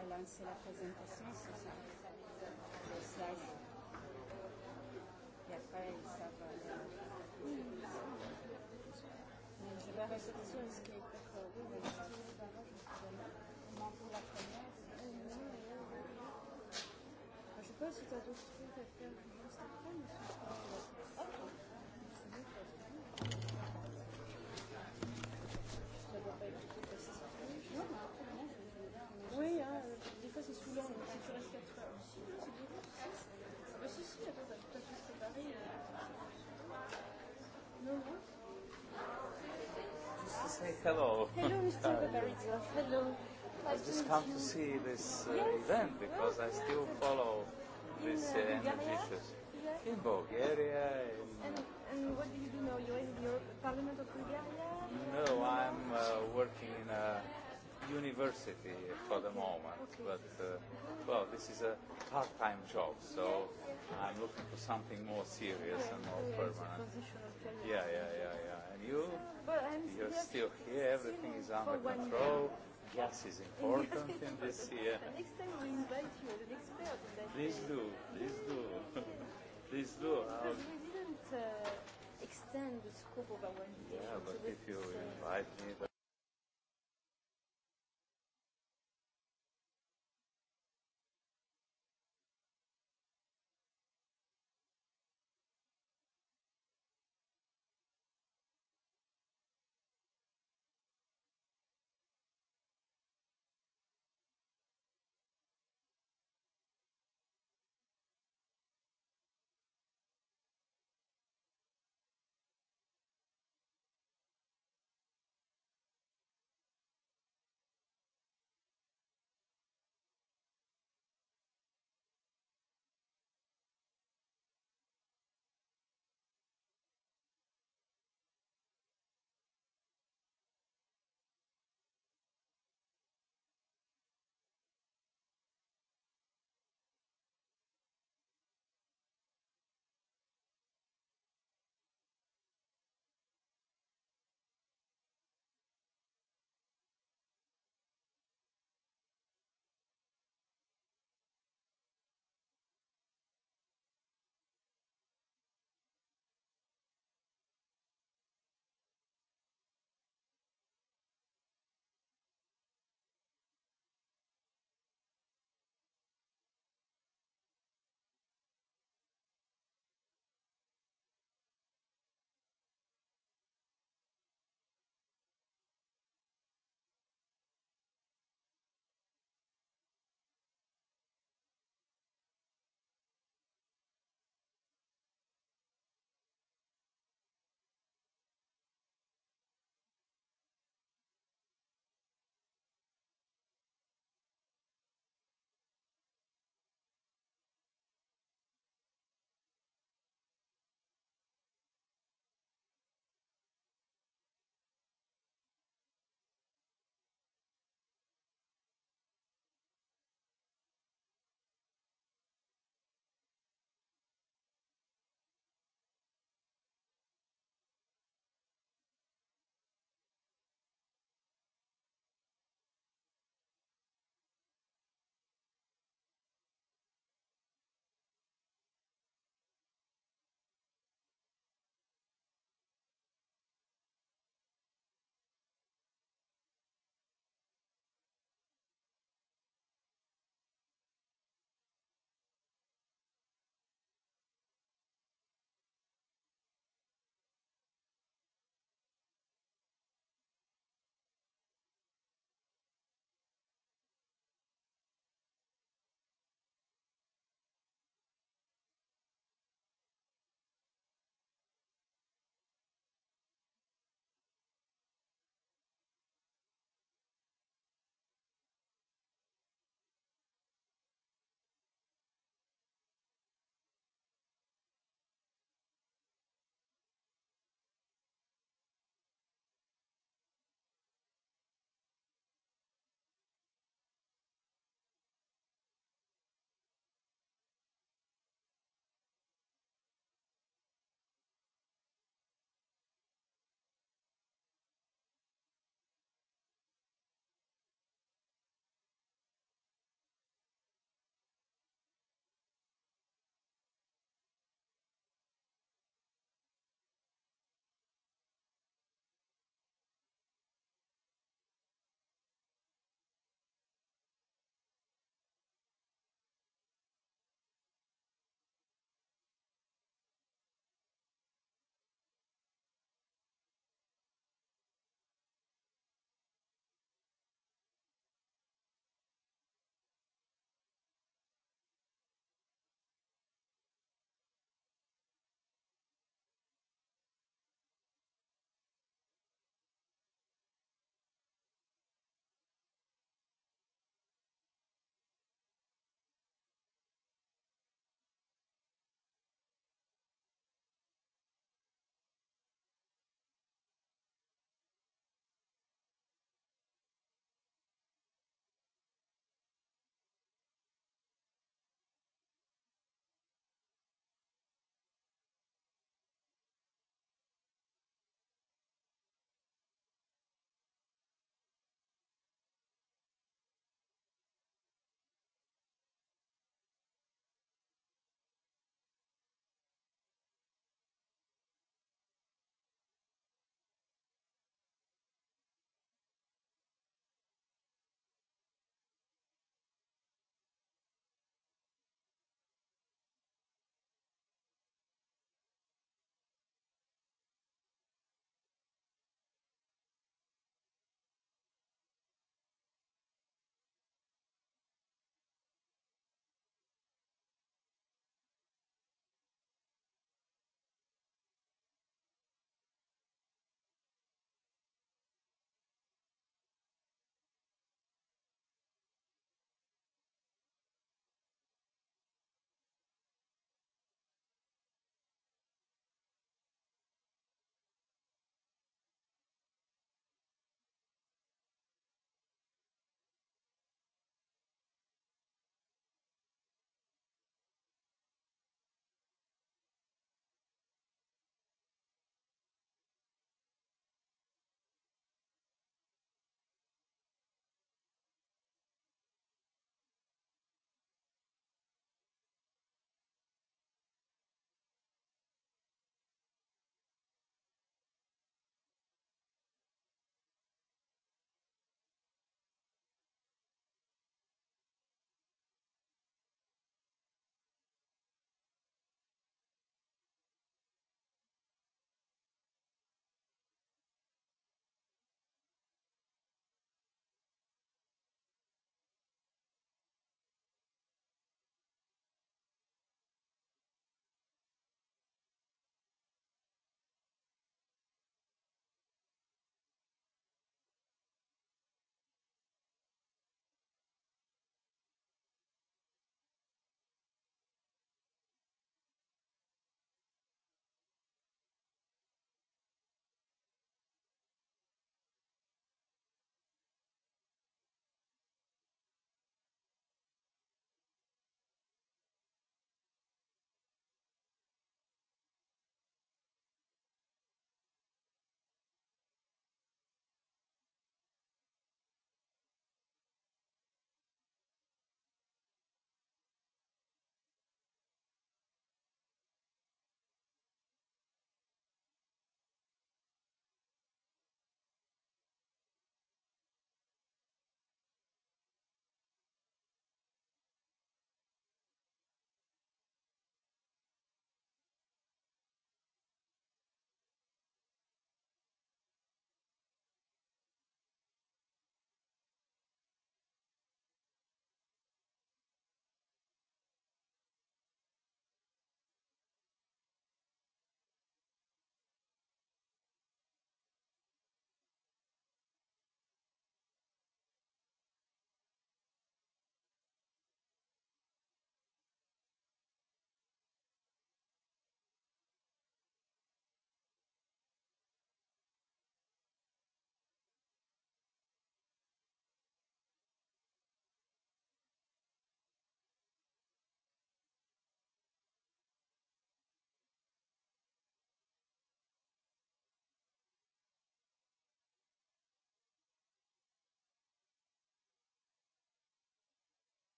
vai lá antes da apresentação, você sabe? Você sabe? E a pai estava lá. Hum, sim. E a recepção escrita com o Google, uma por la conhece? Não, não, não. Eu acho que você está tudo bem, você está tudo bem, você está tudo bem. hello. Hello, Mr. Gagarin. Uh, hello. I've just come you. to see this uh, yes. event because I still follow this uh, energetic. Uh, yes. In Bulgaria. In and, and what do you do now? You're in the Parliament of Bulgaria? No, I'm uh, working in a. Uh, university for the moment, okay. but uh, well, this is a part time job, so yes. I'm looking for something more serious yeah, and more yeah, permanent. Yeah, yeah, yeah, yeah. And you, but I'm you're here still here, everything is under control. Gas is important in this year. The next time we invite you, an expert. Please do, please do. please do. Because we didn't uh, extend the scope of our invitation. Yeah, but so if you uh, invite me.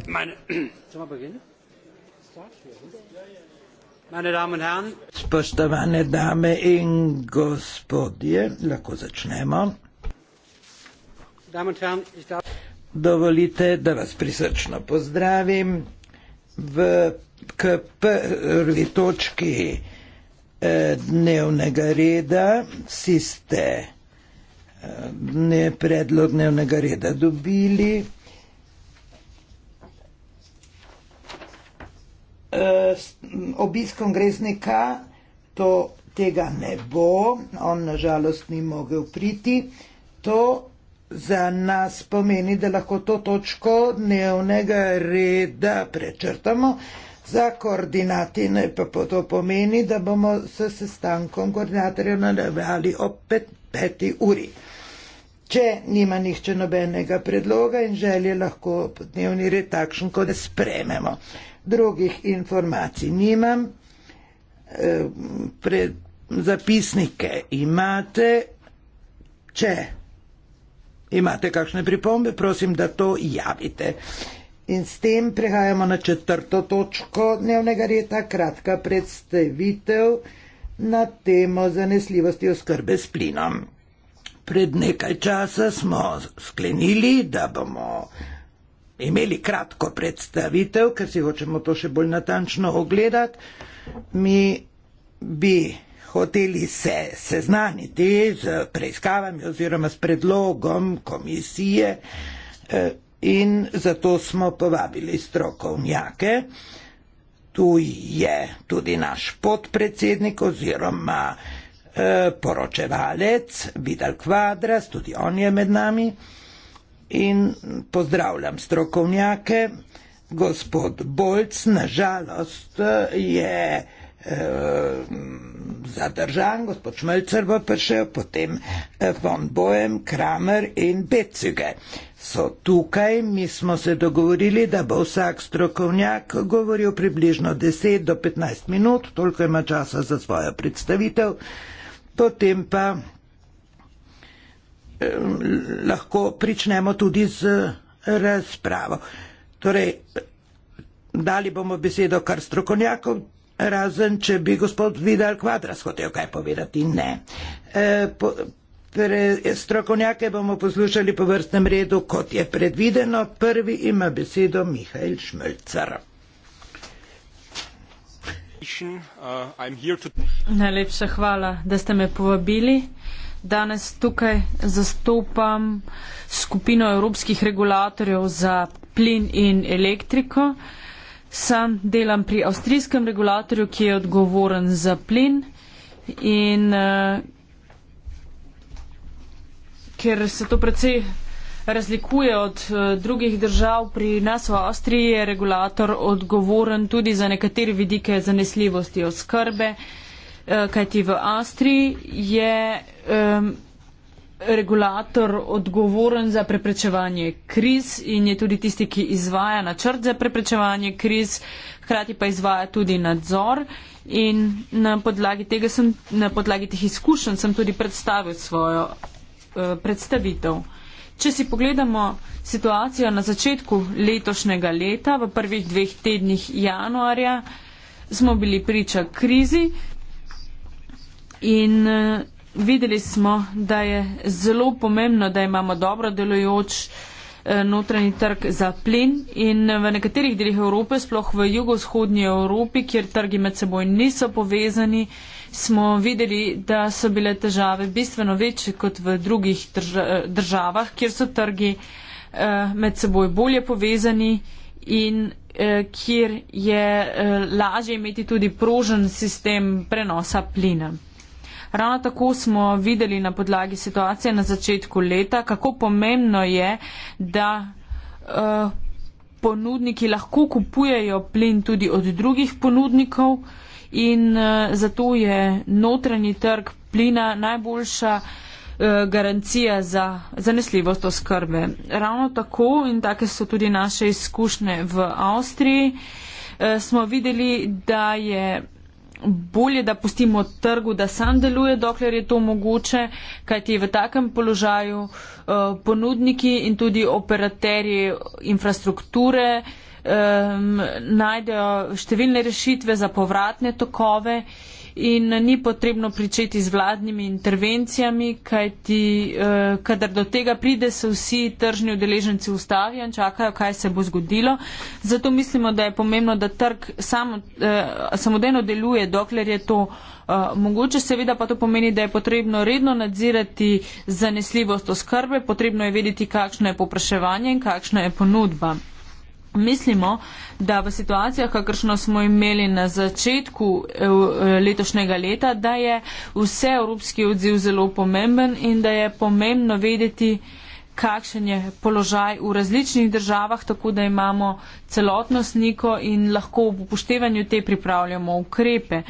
Hm? Meine Damen und Herren, spoštovane dame in gospodje, lahko začnemo. Dovolite, da vas prisrčno pozdravim v prvi točki eh, dnevnega reda. Vsi ste eh, predlog dnevnega reda dobili. s eh, obisk kongresnika to, tega ne bo, on nažalost ni mogel priti. To za nas pomeni, da lahko to točko dnevnega reda prečrtamo. Za koordinatine pa to pomeni, da bomo s sestankom koordinatorjev nadaljevali ob 5. uri. Če nima nihče nobenega predloga in želje, lahko dnevni red takšen, kot ga sprememo drugih informacij nimam. E, zapisnike imate, če imate kakšne pripombe, prosim, da to javite. In s tem prehajamo na četrto točko dnevnega reda, kratka predstavitev na temo zanesljivosti oskrbe s plinom. Pred nekaj časa smo sklenili, da bomo imeli kratko predstavitev, ker si hočemo to še bolj natančno ogledati. Mi bi hoteli se seznaniti z preiskavami oziroma s predlogom komisije eh, in zato smo povabili strokovnjake. Tu je tudi naš podpredsednik oziroma eh, poročevalec Vidal Kvadras, tudi on je med nami in pozdravljam strokovnjake. Gospod Bolc, nažalost, je eh, zadržan, gospod Šmelcer bo prišel, potem eh, von Bojem, Kramer in Becige so tukaj. Mi smo se dogovorili, da bo vsak strokovnjak govoril približno 10 do 15 minut, toliko ima časa za svojo predstavitev. Potem pa Eh, lahko pričnemo tudi z eh, razpravo. Torej, dali bomo besedo kar strokovnjakom, razen če bi gospod Vidal Kvadras hotel kaj povedati. Ne. E, po, pre, strokovnjake bomo poslušali po vrstnem redu, kot je predvideno. Prvi ima besedo Mihajl Šmelcar. Uh, Najlepša hvala, da ste me povabili. Danes tukaj zastopam skupino evropskih regulatorjev za plin in elektriko. Sam delam pri avstrijskem regulatorju, ki je odgovoren za plin in uh, ker se to precej razlikuje od uh, drugih držav, pri nas v Avstriji je regulator odgovoren tudi za nekatere vidike zanesljivosti oskrbe, uh, Eh, kajti v Avstriji je um, regulator odgovoren za preprečevanje kriz in je tudi tisti, ki izvaja načrt za preprečevanje kriz, hkrati pa izvaja tudi nadzor. In na podlagi tega sem, na podlagi teh izkušenj sem tudi predstavil svojo uh, predstavitev. Če si pogledamo situacijo na začetku letošnjega leta, v prvih dveh tednih januarja, smo bili priča krizi, In eh, videli smo, da je zelo pomembno, da imamo dobro delujoč eh, notranji trg za plin in eh, v nekaterih delih Evrope, sploh v jugovzhodnji Evropi, kjer trgi med seboj niso povezani, smo videli, da so bile težave bistveno večje kot v drugih državah, kjer so trgi med seboj bolje povezani in kjer je lažje imeti tudi prožen sistem prenosa plina. Ravno tako smo videli na podlagi situacije na začetku leta, kako pomembno je, da uh, ponudniki lahko kupujejo plin tudi od drugih ponudnikov in uh, zato je notranji trg plina najboljša eh, garancija za zanesljivost oskrbe. Ravno tako in take so tudi naše izkušnje v Avstriji, smo videli, da je bolje, da pustimo trgu, da sam deluje, dokler je to mogoče, kajti v takem položaju uh, ponudniki in tudi operaterji infrastrukture um, najdejo številne rešitve za povratne tokove. Uh, in ni potrebno pričeti z vladnimi intervencijami, kajti eh, kadar do tega pride, se vsi tržni udeleženci ustavijo in čakajo, kaj se bo zgodilo. Zato mislimo, da je pomembno, da trg samo, eh, samodejno deluje, dokler je to. Eh, mogoče seveda pa to pomeni, da je potrebno redno nadzirati zanesljivost oskrbe, potrebno je vedeti, kakšno je popraševanje in kakšna je ponudba. Mislimo, da v situacijah, kakršno smo imeli na začetku letošnjega leta, da je vse evropski odziv zelo pomemben in da je pomembno vedeti, kakšen je položaj v različnih državah, tako da imamo celotno sniko in lahko v upoštevanju te pripravljamo ukrepe.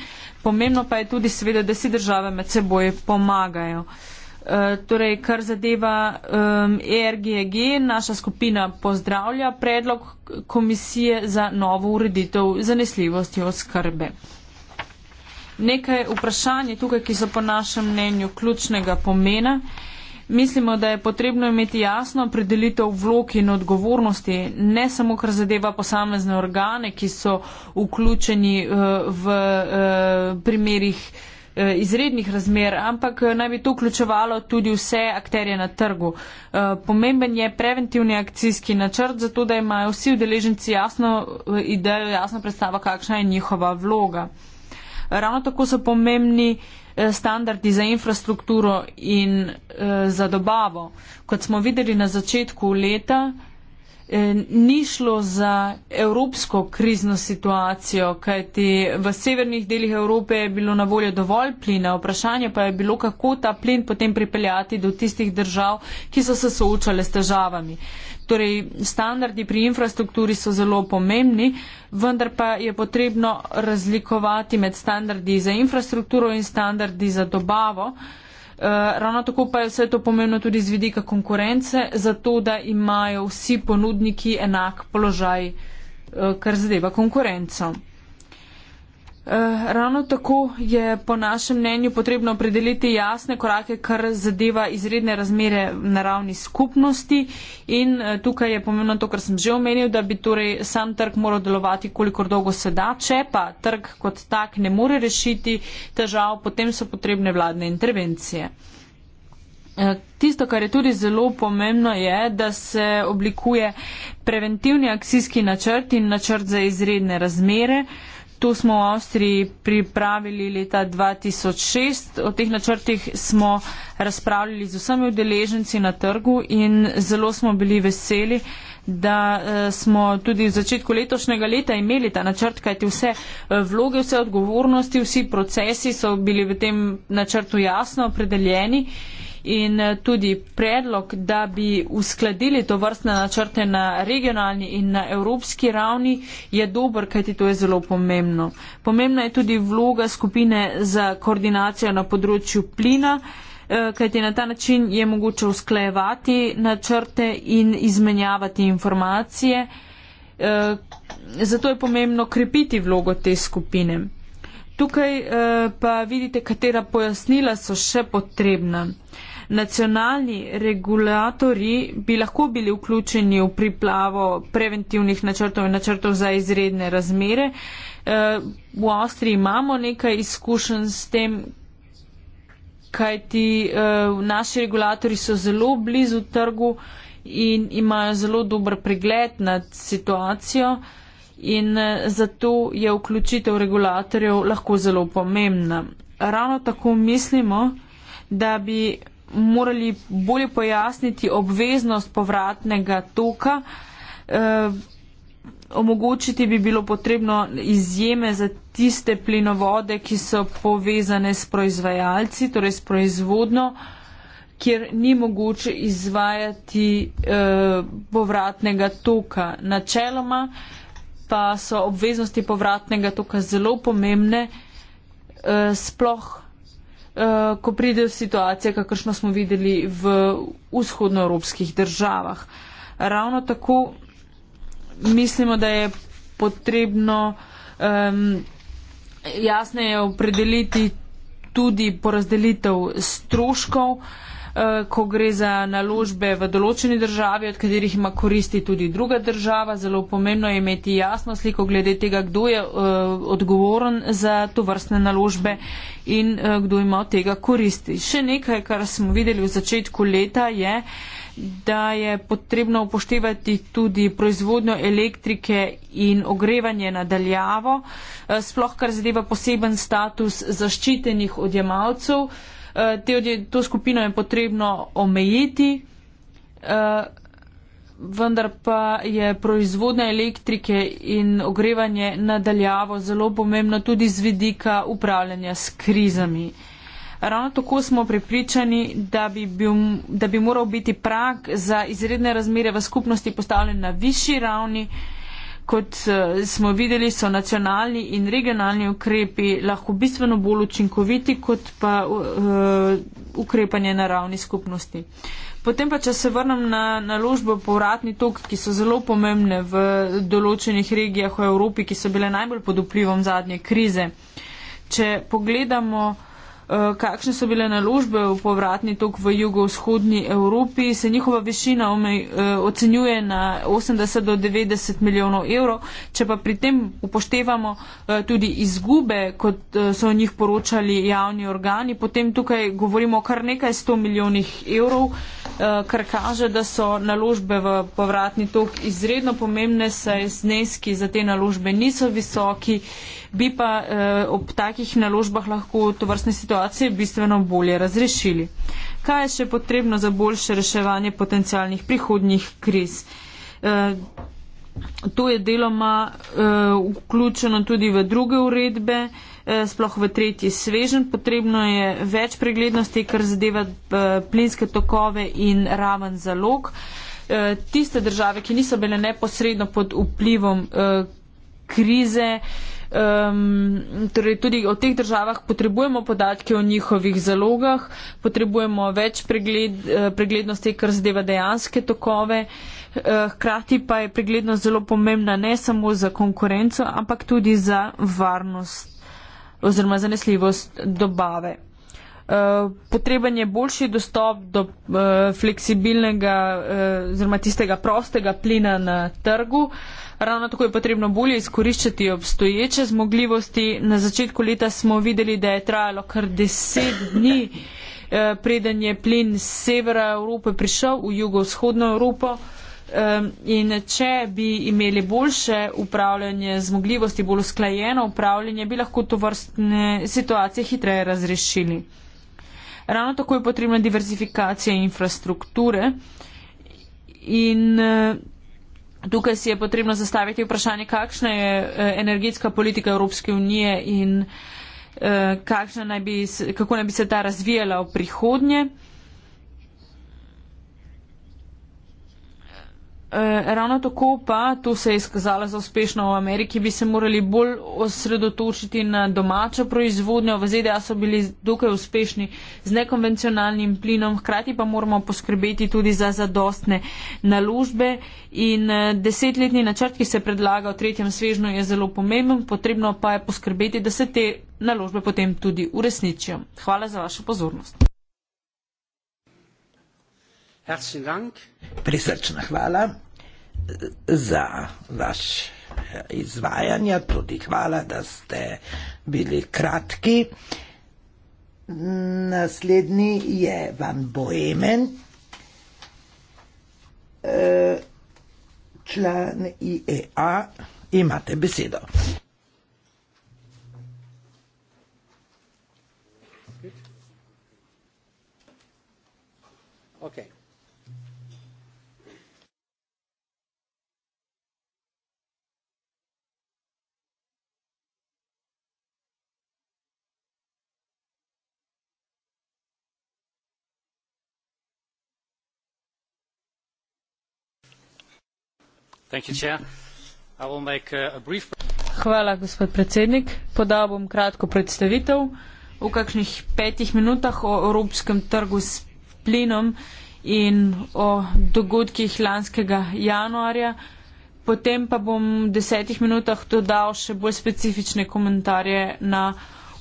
Pomembno pa je tudi seveda, da si države med seboj pomagajo. Uh, Eh, torej, kar zadeva um, ERGG, naša skupina pozdravlja predlog komisije za novo ureditev zanesljivosti oskrbe. Nekaj vprašanj je tukaj, ki so po našem mnenju ključnega pomena. Mislimo, da je potrebno imeti jasno predelitev vlog in odgovornosti, ne samo kar zadeva posamezne organe, ki so vključeni uh, v uh, primerih uh, Eh, izrednih razmer, ampak eh, naj bi to vključevalo tudi vse akterje na trgu. Eh, pomemben je preventivni akcijski načrt, zato da imajo vsi udeleženci jasno idejo, jasno predstavo, kakšna je njihova vloga. Ravno tako so pomembni standardi za infrastrukturo in za dobavo. Kot smo videli na začetku leta, Eh, ni šlo za evropsko krizno situacijo, kajti v severnih delih Evrope je bilo na voljo dovolj plina. Vprašanje pa je bilo, kako ta plin potem pripeljati do tistih držav, ki so se soočale s težavami. Torej, standardi pri infrastrukturi so zelo pomembni, vendar pa je potrebno razlikovati med standardi za infrastrukturo in standardi za dobavo. Eh, ravno tako pa je vse to pomembno tudi z vidika konkurence, zato da imajo vsi ponudniki enak položaj, eh, kar zadeva konkurenco. Eh, ravno tako je po našem mnenju potrebno opredeliti jasne korake, kar zadeva izredne razmere na ravni skupnosti. In eh, tukaj je pomembno to, kar sem že omenil, da bi torej sam trg moral delovati, kolikor dolgo se da. Če pa trg kot tak ne more rešiti težav, potem so potrebne vladne intervencije. Eh, tisto, kar je tudi zelo pomembno, je, da se oblikuje preventivni akcijski načrt in načrt za izredne razmere. Uh, To smo v Avstriji pripravili leta 2006. O teh načrtih smo razpravljali z vsemi udeleženci na trgu in zelo smo bili veseli, da eh, smo tudi v začetku letošnjega leta imeli ta načrt, kajti vse eh, vloge, vse odgovornosti, vsi procesi so bili v tem načrtu jasno opredeljeni in eh, tudi predlog, da bi uskladili to vrstne načrte na regionalni in na evropski ravni, je dober, kajti to je zelo pomembno. Pomembna je tudi vloga skupine za koordinacijo na področju plina, eh, kajti na ta način je mogoče usklajevati načrte in izmenjavati informacije. Eh, zato je pomembno krepiti vlogo te skupine. Tukaj pa vidite, katera pojasnila so še potrebna nacionalni regulatori bi lahko bili vključeni v priplavo preventivnih načrtov in načrtov za izredne razmere. Eh, v Avstriji imamo nekaj izkušenj s tem, kaj ti eh, naši regulatori so zelo blizu trgu in imajo zelo dober pregled nad situacijo in eh, zato je vključitev regulatorjev lahko zelo pomembna. Ravno tako mislimo, da bi morali bolje pojasniti obveznost povratnega toka. Eh, omogočiti bi bilo potrebno izjeme za tiste plinovode, ki so povezane s proizvajalci, torej s proizvodno, kjer ni mogoče izvajati eh, povratnega toka. Načeloma pa so obveznosti povratnega toka zelo pomembne, eh, sploh Eh, ko pride situacija, kakršno smo videli v vzhodnoevropskih državah. Ravno tako mislimo, da je potrebno um, jasneje opredeliti tudi porazdelitev stroškov. Uh, Eh, ko gre za naložbe v določeni državi, od katerih ima koristi tudi druga država. Zelo pomembno je imeti jasno sliko glede tega, kdo je eh, odgovoren za to vrstne naložbe in eh, kdo ima od tega koristi. Še nekaj, kar smo videli v začetku leta, je, da je potrebno upoštevati tudi proizvodnjo elektrike in ogrevanje nadaljavo, sploh kar zadeva poseben status zaščitenih odjemalcev. Eh, te, to skupino je potrebno omejiti, eh, vendar pa je proizvodnja elektrike in ogrevanje nadaljavo zelo pomembno tudi z vidika upravljanja s krizami. Ravno tako smo prepričani, da bi, bil, da bi moral biti prag za izredne razmere v skupnosti postavljen na višji ravni, Kot eh, smo videli, so nacionalni in regionalni ukrepi lahko bistveno bolj učinkoviti, kot pa uh, ukrepanje na ravni skupnosti. Potem pa, če se vrnem na naložbo povratni tok, ki so zelo pomembne v določenih regijah v Evropi, ki so bile najbolj pod vplivom zadnje krize. Če pogledamo, Eh, kakšne so bile naložbe v povratni tok v jugovzhodni Evropi, se njihova višina eh, ocenjuje na 80 do 90 milijonov evrov, če pa pri tem upoštevamo eh, tudi izgube, kot so o njih poročali javni organi, potem tukaj govorimo o kar nekaj 100 milijonih evrov, kar kaže, da so naložbe v povratni tok izredno pomembne, saj zneski za te naložbe niso visoki bi pa eh, ob takih naložbah lahko to vrstne situacije bistveno bolje razrešili. Kaj je še potrebno za boljše reševanje potencijalnih prihodnjih kriz? Eh, to je deloma eh, vključeno tudi v druge uredbe, eh, sploh v tretji svežen. Potrebno je več preglednosti, kar zadeva eh, plinske tokove in raven zalog. Eh, tiste države, ki niso bile neposredno pod vplivom eh, krize, eh, Um, torej tudi o teh državah potrebujemo podatke o njihovih zalogah, potrebujemo več pregled, eh, preglednosti, kar zadeva dejanske tokove. Eh, hkrati pa je preglednost zelo pomembna ne samo za konkurenco, ampak tudi za varnost oziroma zanesljivost dobave. Eh, potreben je boljši dostop do uh, fleksibilnega uh, oziroma tistega prostega plina na trgu. Ravno tako je potrebno bolje izkoriščati obstoječe zmogljivosti. Na začetku leta smo videli, da je trajalo kar deset dni, uh, preden je plin z severa Evrope prišel v jugovzhodno Evropo. In če bi imeli boljše upravljanje zmogljivosti, bolj usklajeno upravljanje, bi lahko to vrstne situacije hitreje razrešili ravno tako je potrebna diversifikacija infrastrukture in eh, tukaj si je potrebno zastaviti vprašanje, kakšna je eh, energetska politika Evropske unije in eh, naj bi, kako naj bi se ta razvijala v prihodnje. Eh, ravno tako pa, to se je izkazalo za uspešno v Ameriki, bi se morali bolj osredotočiti na domačo proizvodnjo. V ZDA so bili dokaj uspešni z nekonvencionalnim plinom, hkrati pa moramo poskrbeti tudi za zadostne naložbe. In eh, desetletni načrt, ki se predlaga v tretjem svežnju, je zelo pomemben, potrebno pa je poskrbeti, da se te naložbe potem tudi uresničijo. Hvala za vašo pozornost. Prisrčna hvala eh, za vaš eh, izvajanje, tudi hvala, da ste bili kratki. Naslednji je Van Bohemen, eh, član IEA, imate besedo. Okay. Uh, Hvala, gospod predsednik. Podal bom kratko predstavitev v kakšnih petih minutah o evropskem trgu s plinom in o dogodkih lanskega januarja. Potem pa bom v desetih minutah dodal še bolj specifične komentarje na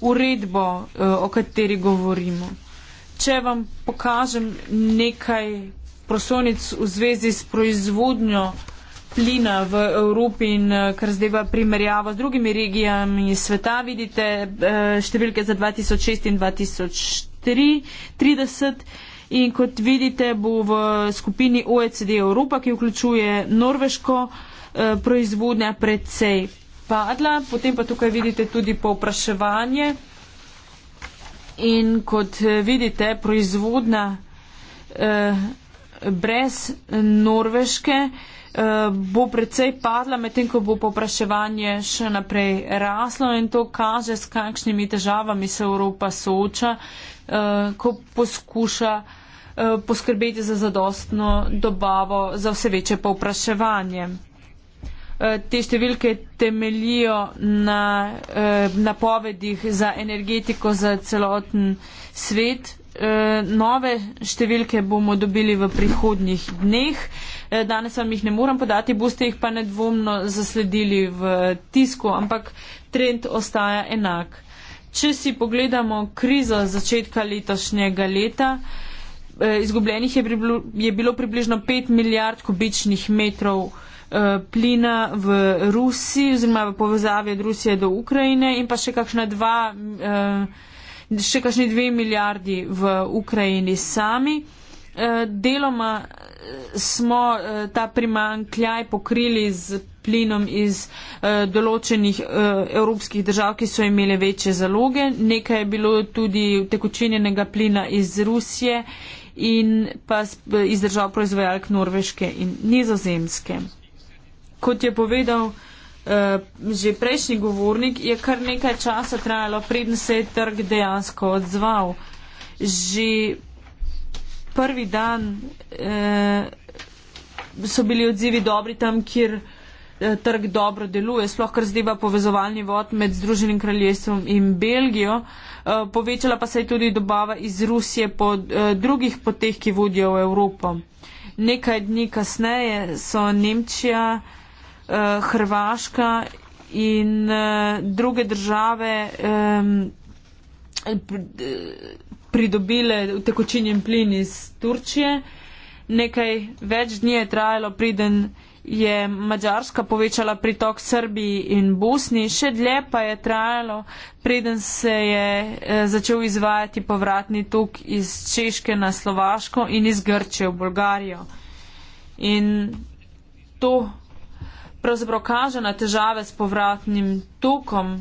uredbo, e, o kateri govorimo. Če vam pokažem nekaj prosonic v zvezi s proizvodnjo plina v Evropi in eh, kar zdajva primerjavo z drugimi regijami sveta. Vidite eh, številke za 2006 in 2030 in kot vidite bo v skupini OECD Evropa, ki vključuje norveško eh, proizvodnja predvsej padla. Potem pa tukaj vidite tudi povpraševanje in kot vidite proizvodnja brez norveške uh, Eh, bo precej padla, medtem ko bo popraševanje še naprej raslo in to kaže, s kakšnimi težavami se Evropa sooča, eh, ko poskuša eh, poskrbeti za zadostno dobavo za vse večje popraševanje. Te številke temelijo na napovedih za energetiko za celoten svet, Eh, nove številke bomo dobili v prihodnjih dneh. Eh, danes vam jih ne morem podati, boste jih pa nedvomno zasledili v tisku, ampak trend ostaja enak. Če si pogledamo krizo začetka letošnjega leta, eh, izgubljenih je, priblu, je bilo približno 5 milijard kubičnih metrov plina v Rusiji oziroma v povezavi od Rusije do Ukrajine in pa še kakšna dva še kakšni dve milijardi v Ukrajini sami. Eh, deloma eh, smo eh, ta primankljaj pokrili z plinom iz določenih evropskih držav, ki so imele večje zaloge. Nekaj je bilo tudi tekočinjenega plina iz Rusije in pa iz držav proizvajalk Norveške in Nizozemske. Kot je povedal, Eh, že prejšnji govornik, je kar nekaj časa trajalo, preden se je trg dejansko odzval. Že prvi dan eh, so bili odzivi dobri tam, kjer eh, trg dobro deluje, sploh kar zdaj pa povezovalni vod med Združenim kraljestvom in Belgijo. Eh, povečala pa se je tudi dobava iz Rusije po eh, drugih poteh, ki vodijo v Evropo. Nekaj dni kasneje so Nemčija, uh, Hrvaška in uh, druge države um, pridobile tekočinjen plin iz Turčije. Nekaj več dni je trajalo, priden je Mačarska povečala pritok Srbiji in Bosni, še dlje pa je trajalo, preden se je eh, začel izvajati povratni tok iz Češke na Slovaško in iz Grče v Bolgarijo. In to pravzaprav kaže na težave s povratnim tokom,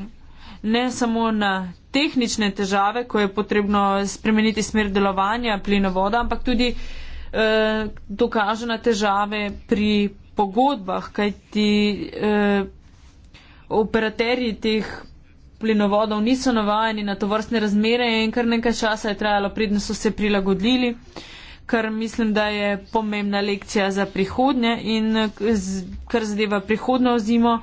ne samo na tehnične težave, ko je potrebno spremeniti smer delovanja plinovoda, ampak tudi eh, to kaže na težave pri pogodbah, kajti eh, operaterji teh plinovodov niso navajeni na to vrstne razmere in kar nekaj časa je trajalo, predno so se prilagodili. Eh, kar mislim, da je pomembna lekcija za prihodnje in kar zadeva prihodno zimo.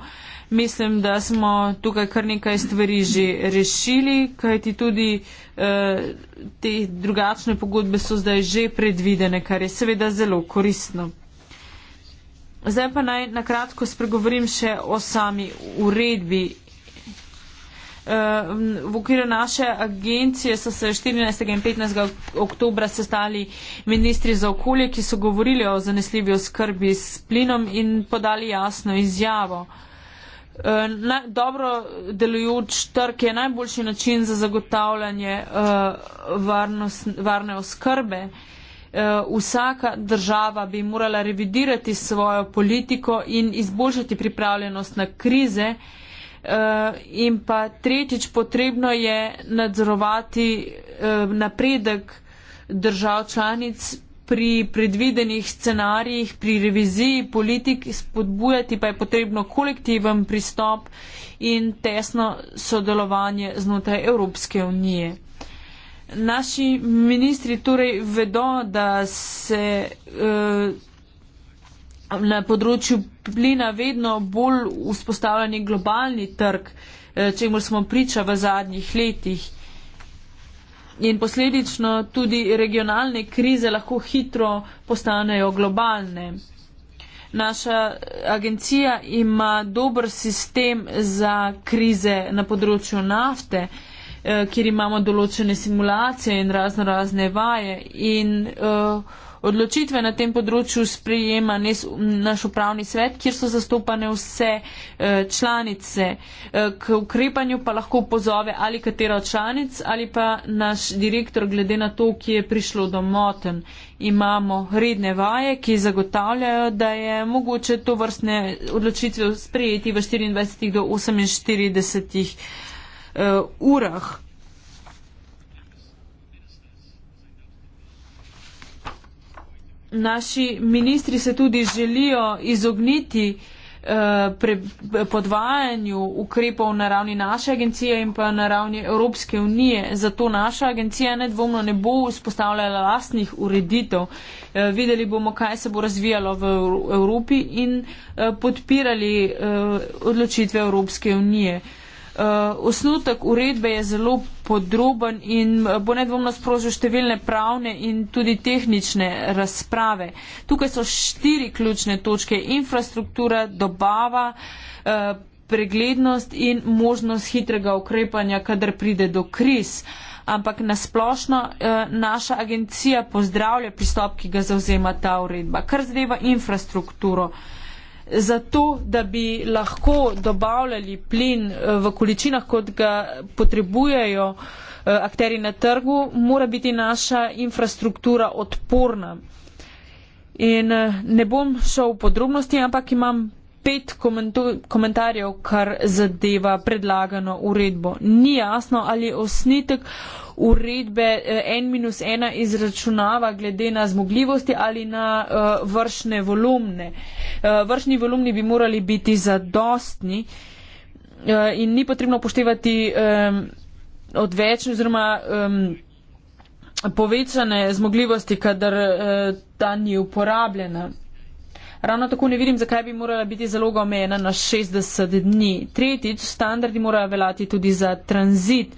Mislim, da smo tukaj kar nekaj stvari že rešili, kajti tudi eh, te drugačne pogodbe so zdaj že predvidene, kar je seveda zelo koristno. Zdaj pa naj nakratko spregovorim še o sami uredbi Eh, v okviru naše agencije so se 14. in 15. oktober sestali ministri za okolje, ki so govorili o zanesljivi oskrbi s plinom in podali jasno izjavo. Eh, dobro delujoč trg je najboljši način za zagotavljanje eh, varnost, varne oskrbe. Vsaka država bi morala revidirati svojo politiko in izboljšati pripravljenost na krize, Eh, in pa tretjič potrebno je nadzorovati eh, napredek držav članic pri predvidenih scenarijih, pri reviziji politik, spodbujati pa je potrebno kolektiven pristop in tesno sodelovanje znotraj Evropske unije. Naši ministri torej vedo, da se. Uh, na področju plina vedno bolj vzpostavljen globalni trg, eh, čemu smo priča v zadnjih letih. In posledično tudi regionalne krize lahko hitro postanejo globalne. Naša agencija ima dober sistem za krize na področju nafte, eh, kjer imamo določene simulacije in razno razne vaje. In, uh, odločitve na tem področju sprejema nes, naš upravni svet, kjer so zastopane vse e, članice. E, k ukrepanju pa lahko pozove ali katero članic ali pa naš direktor, glede na to, ki je prišlo do moten. Imamo redne vaje, ki zagotavljajo, da je mogoče to vrstne odločitve sprejeti v 24 do 48 e, eh, urah. naši ministri se tudi želijo izogniti eh, pre podvajanju ukrepov na ravni naše agencije in pa na ravni Evropske unije. Zato naša agencija nedvomno ne bo vzpostavljala lastnih ureditev. Eh, videli bomo, kaj se bo razvijalo v Evropi in eh, podpirali odločitve Evropske unije. Eh, osnutek uredbe je zelo podroben in eh, bo nedvomno sprožil številne pravne in tudi tehnične razprave. Tukaj so štiri ključne točke. Infrastruktura, dobava, eh, preglednost in možnost hitrega ukrepanja, kadar pride do kriz. Ampak nasplošno naša agencija pozdravlja pristop, ki ga zauzema ta uredba, kar zadeva infrastrukturo zato, da bi lahko dobavljali plin eh, v količinah, kot ga potrebujejo eh, akteri na trgu, mora biti naša infrastruktura odporna. In eh, ne bom šel v podrobnosti, ampak imam pet komentarjev, kar zadeva predlagano uredbo. Ni jasno, ali osnitek uredbe eh, N-1 izračunava glede na zmogljivosti ali na uh, vršne volumne. Uh, vršni volumni bi morali biti zadostni uh, in ni potrebno poštevati um, odveč oziroma um, povečane zmogljivosti, kadar uh, ta ni uporabljena. Ravno tako ne vidim, zakaj bi morala biti zaloga omejena na 60 dni. Tretjič, standardi morajo veljati tudi za tranzit.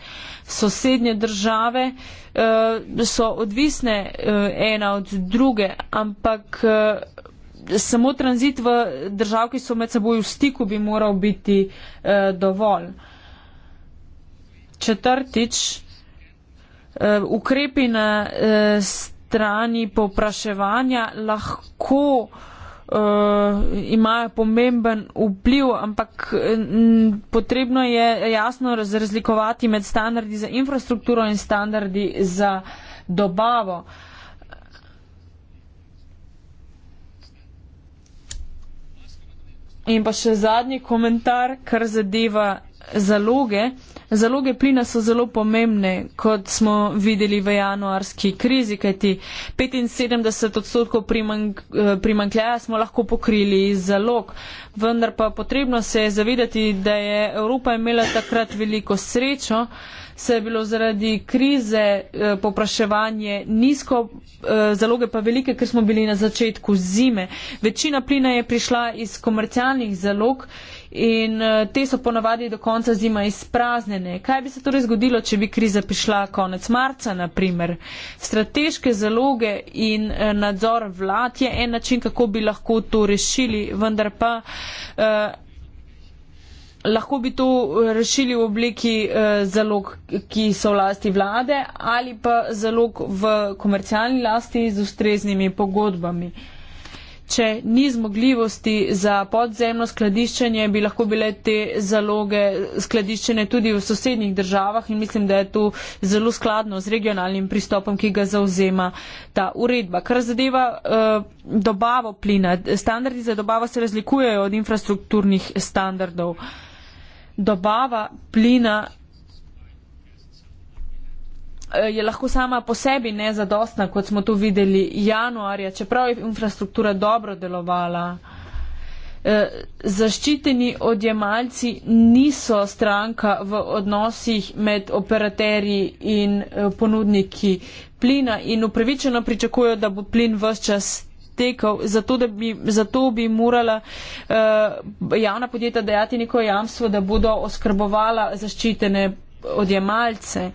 Sosednje države uh, so odvisne uh, ena od druge, ampak uh, samo tranzit v držav, ki so med seboj v stiku, bi moral biti uh, dovolj. Četrtič, uh, ukrepi na uh, strani popraševanja lahko uh, uh, eh, imajo pomemben vpliv, ampak m, eh, potrebno je jasno razlikovati med standardi za infrastrukturo in standardi za dobavo. In pa še zadnji komentar, kar zadeva zaloge. Zaloge plina so zelo pomembne, kot smo videli v januarski krizi, kajti 75 odstotkov primankljaja eh, smo lahko pokrili iz zalog. Vendar pa potrebno se je zavedati, da je Evropa imela takrat veliko srečo, se je bilo zaradi krize eh, popraševanje nizko, eh, zaloge pa velike, ker smo bili na začetku zime. Večina plina je prišla iz komercialnih zalog in eh, te so ponavadi do konca zima izpraznjene. Kaj bi se torej zgodilo, če bi kriza prišla konec marca, na primer? Strateške zaloge in eh, nadzor vlad je en način, kako bi lahko to rešili, vendar pa. Uh, Lahko bi to rešili v obliki eh, zalog, ki so v lasti vlade ali pa zalog v komercialni lasti z ustreznimi pogodbami. Eh, Če ni zmogljivosti za podzemno skladiščenje, bi lahko bile te zaloge skladiščene tudi v sosednjih državah in mislim, da je to zelo skladno z regionalnim pristopom, ki ga zauzema ta uredba. Kar zadeva uh, dobavo plina, standardi za dobavo se razlikujejo od infrastrukturnih standardov. Dobava plina Eh, je lahko sama po sebi nezadostna, kot smo to videli januarja, čeprav je infrastruktura dobro delovala. Eh, zaščiteni odjemalci niso stranka v odnosih med operaterji in eh, ponudniki plina in upravičeno pričakujo, da bo plin v vse čas tekel, zato, bi, zato bi morala javna podjetja dajati neko jamstvo, da bodo oskrbovala zaščitene odjemalce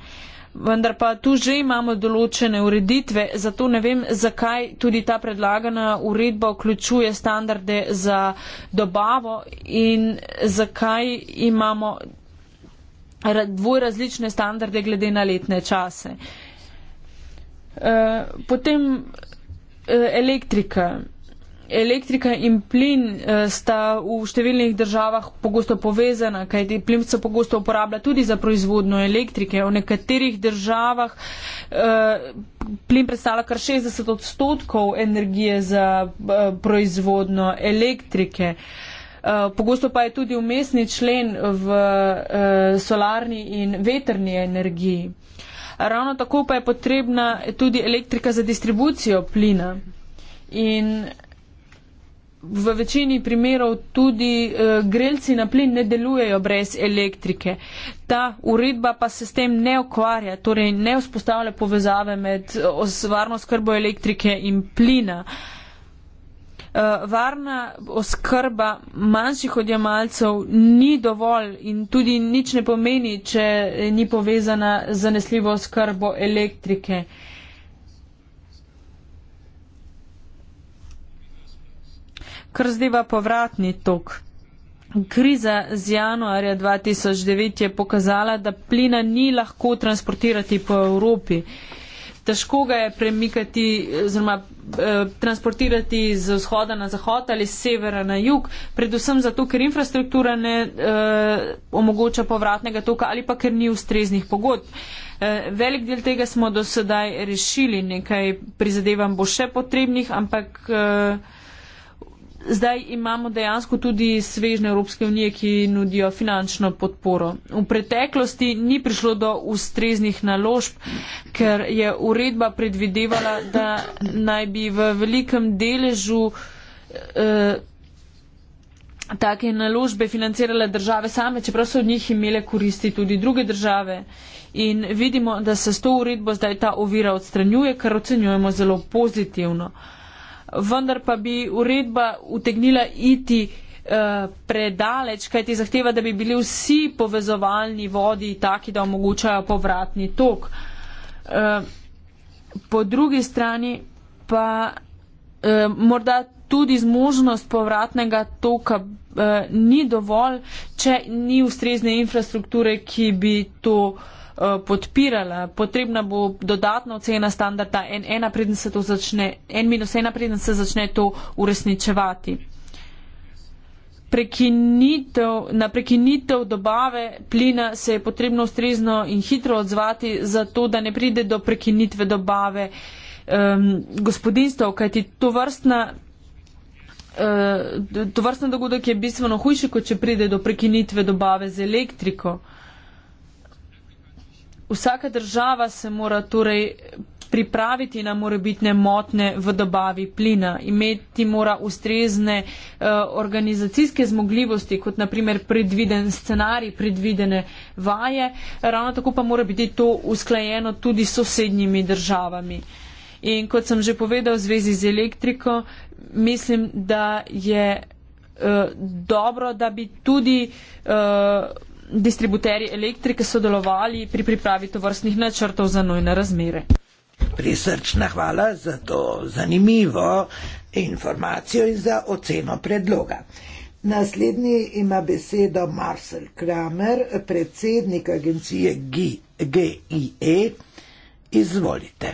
vendar pa tu že imamo določene ureditve, zato ne vem, zakaj tudi ta predlagana uredba vključuje standarde za dobavo in zakaj imamo dvoj različne standarde glede na letne čase. Eh, potem eh, elektrika elektrika in plin eh, sta v številnih državah pogosto povezana, kajti plin se pogosto uporablja tudi za proizvodno elektrike. V nekaterih državah eh, plin predstavlja kar 60 odstotkov energije za eh, proizvodno elektrike. Pogosto pa je tudi umestni člen v solarni in veterni energiji. Ravno tako pa je potrebna tudi elektrika za distribucijo plina. In v večini primerov tudi uh, grelci na plin ne delujejo brez elektrike. Ta uredba pa se s tem ne okvarja, torej ne vzpostavlja povezave med uh, varno skrbo elektrike in plina. Uh, varna oskrba manjših odjemalcev ni dovolj in tudi nič ne pomeni, če ni povezana z zanesljivo oskrbo elektrike. Uh, kar zdeva povratni tok. Kriza z januarja 2009 je pokazala, da plina ni lahko transportirati po Evropi. Težko ga je premikati, oziroma eh, transportirati z vzhoda na zahod ali z severa na jug, predvsem zato, ker infrastruktura ne eh, omogoča povratnega toka ali pa ker ni ustreznih pogodb. Eh, velik del tega smo do sedaj rešili, nekaj prizadevam bo še potrebnih, ampak. Eh, Zdaj imamo dejansko tudi svežne Evropske unije, ki nudijo finančno podporo. V preteklosti ni prišlo do ustreznih naložb, ker je uredba predvidevala, da naj bi v velikem deležu eh, take naložbe financirale države same, čeprav so od njih imele koristi tudi druge države. In vidimo, da se s to uredbo zdaj ta ovira odstranjuje, kar ocenjujemo zelo pozitivno. Eh, vendar pa bi uredba utegnila iti eh, predaleč, kaj ti zahteva, da bi bili vsi povezovalni vodi taki, da omogočajo povratni tok. Eh, po drugi strani pa eh, morda tudi zmožnost povratnega toka ni dovolj, če ni ustrezne infrastrukture, ki bi to uh, Eh, podpirala. Potrebna bo dodatna ocena standarda N1, preden se to začne, N minus 1, preden se začne to uresničevati. Prekinitev, na prekinitev dobave plina se je potrebno ustrezno in hitro odzvati, zato da ne pride do prekinitve dobave um, gospodinstv, kajti to vrstna. Eh, to vrstno dogodek je bistveno hujši, kot če pride do prekinitve dobave z elektriko. Vsaka država se mora torej pripraviti na morebitne motne v dobavi plina, imeti mora ustrezne uh, organizacijske zmogljivosti, kot naprimer predviden scenarij, predvidene vaje, ravno tako pa mora biti to usklajeno tudi s sosednjimi državami. In kot sem že povedal v zvezi z elektriko, mislim, da je uh, dobro, da bi tudi. Uh, distributerji elektrike sodelovali pri pripravi tovrstnih načrtov za nujne razmere. Prisrčna hvala za to zanimivo informacijo in za oceno predloga. Naslednji ima besedo Marcel Kramer, predsednik agencije GIE. Izvolite.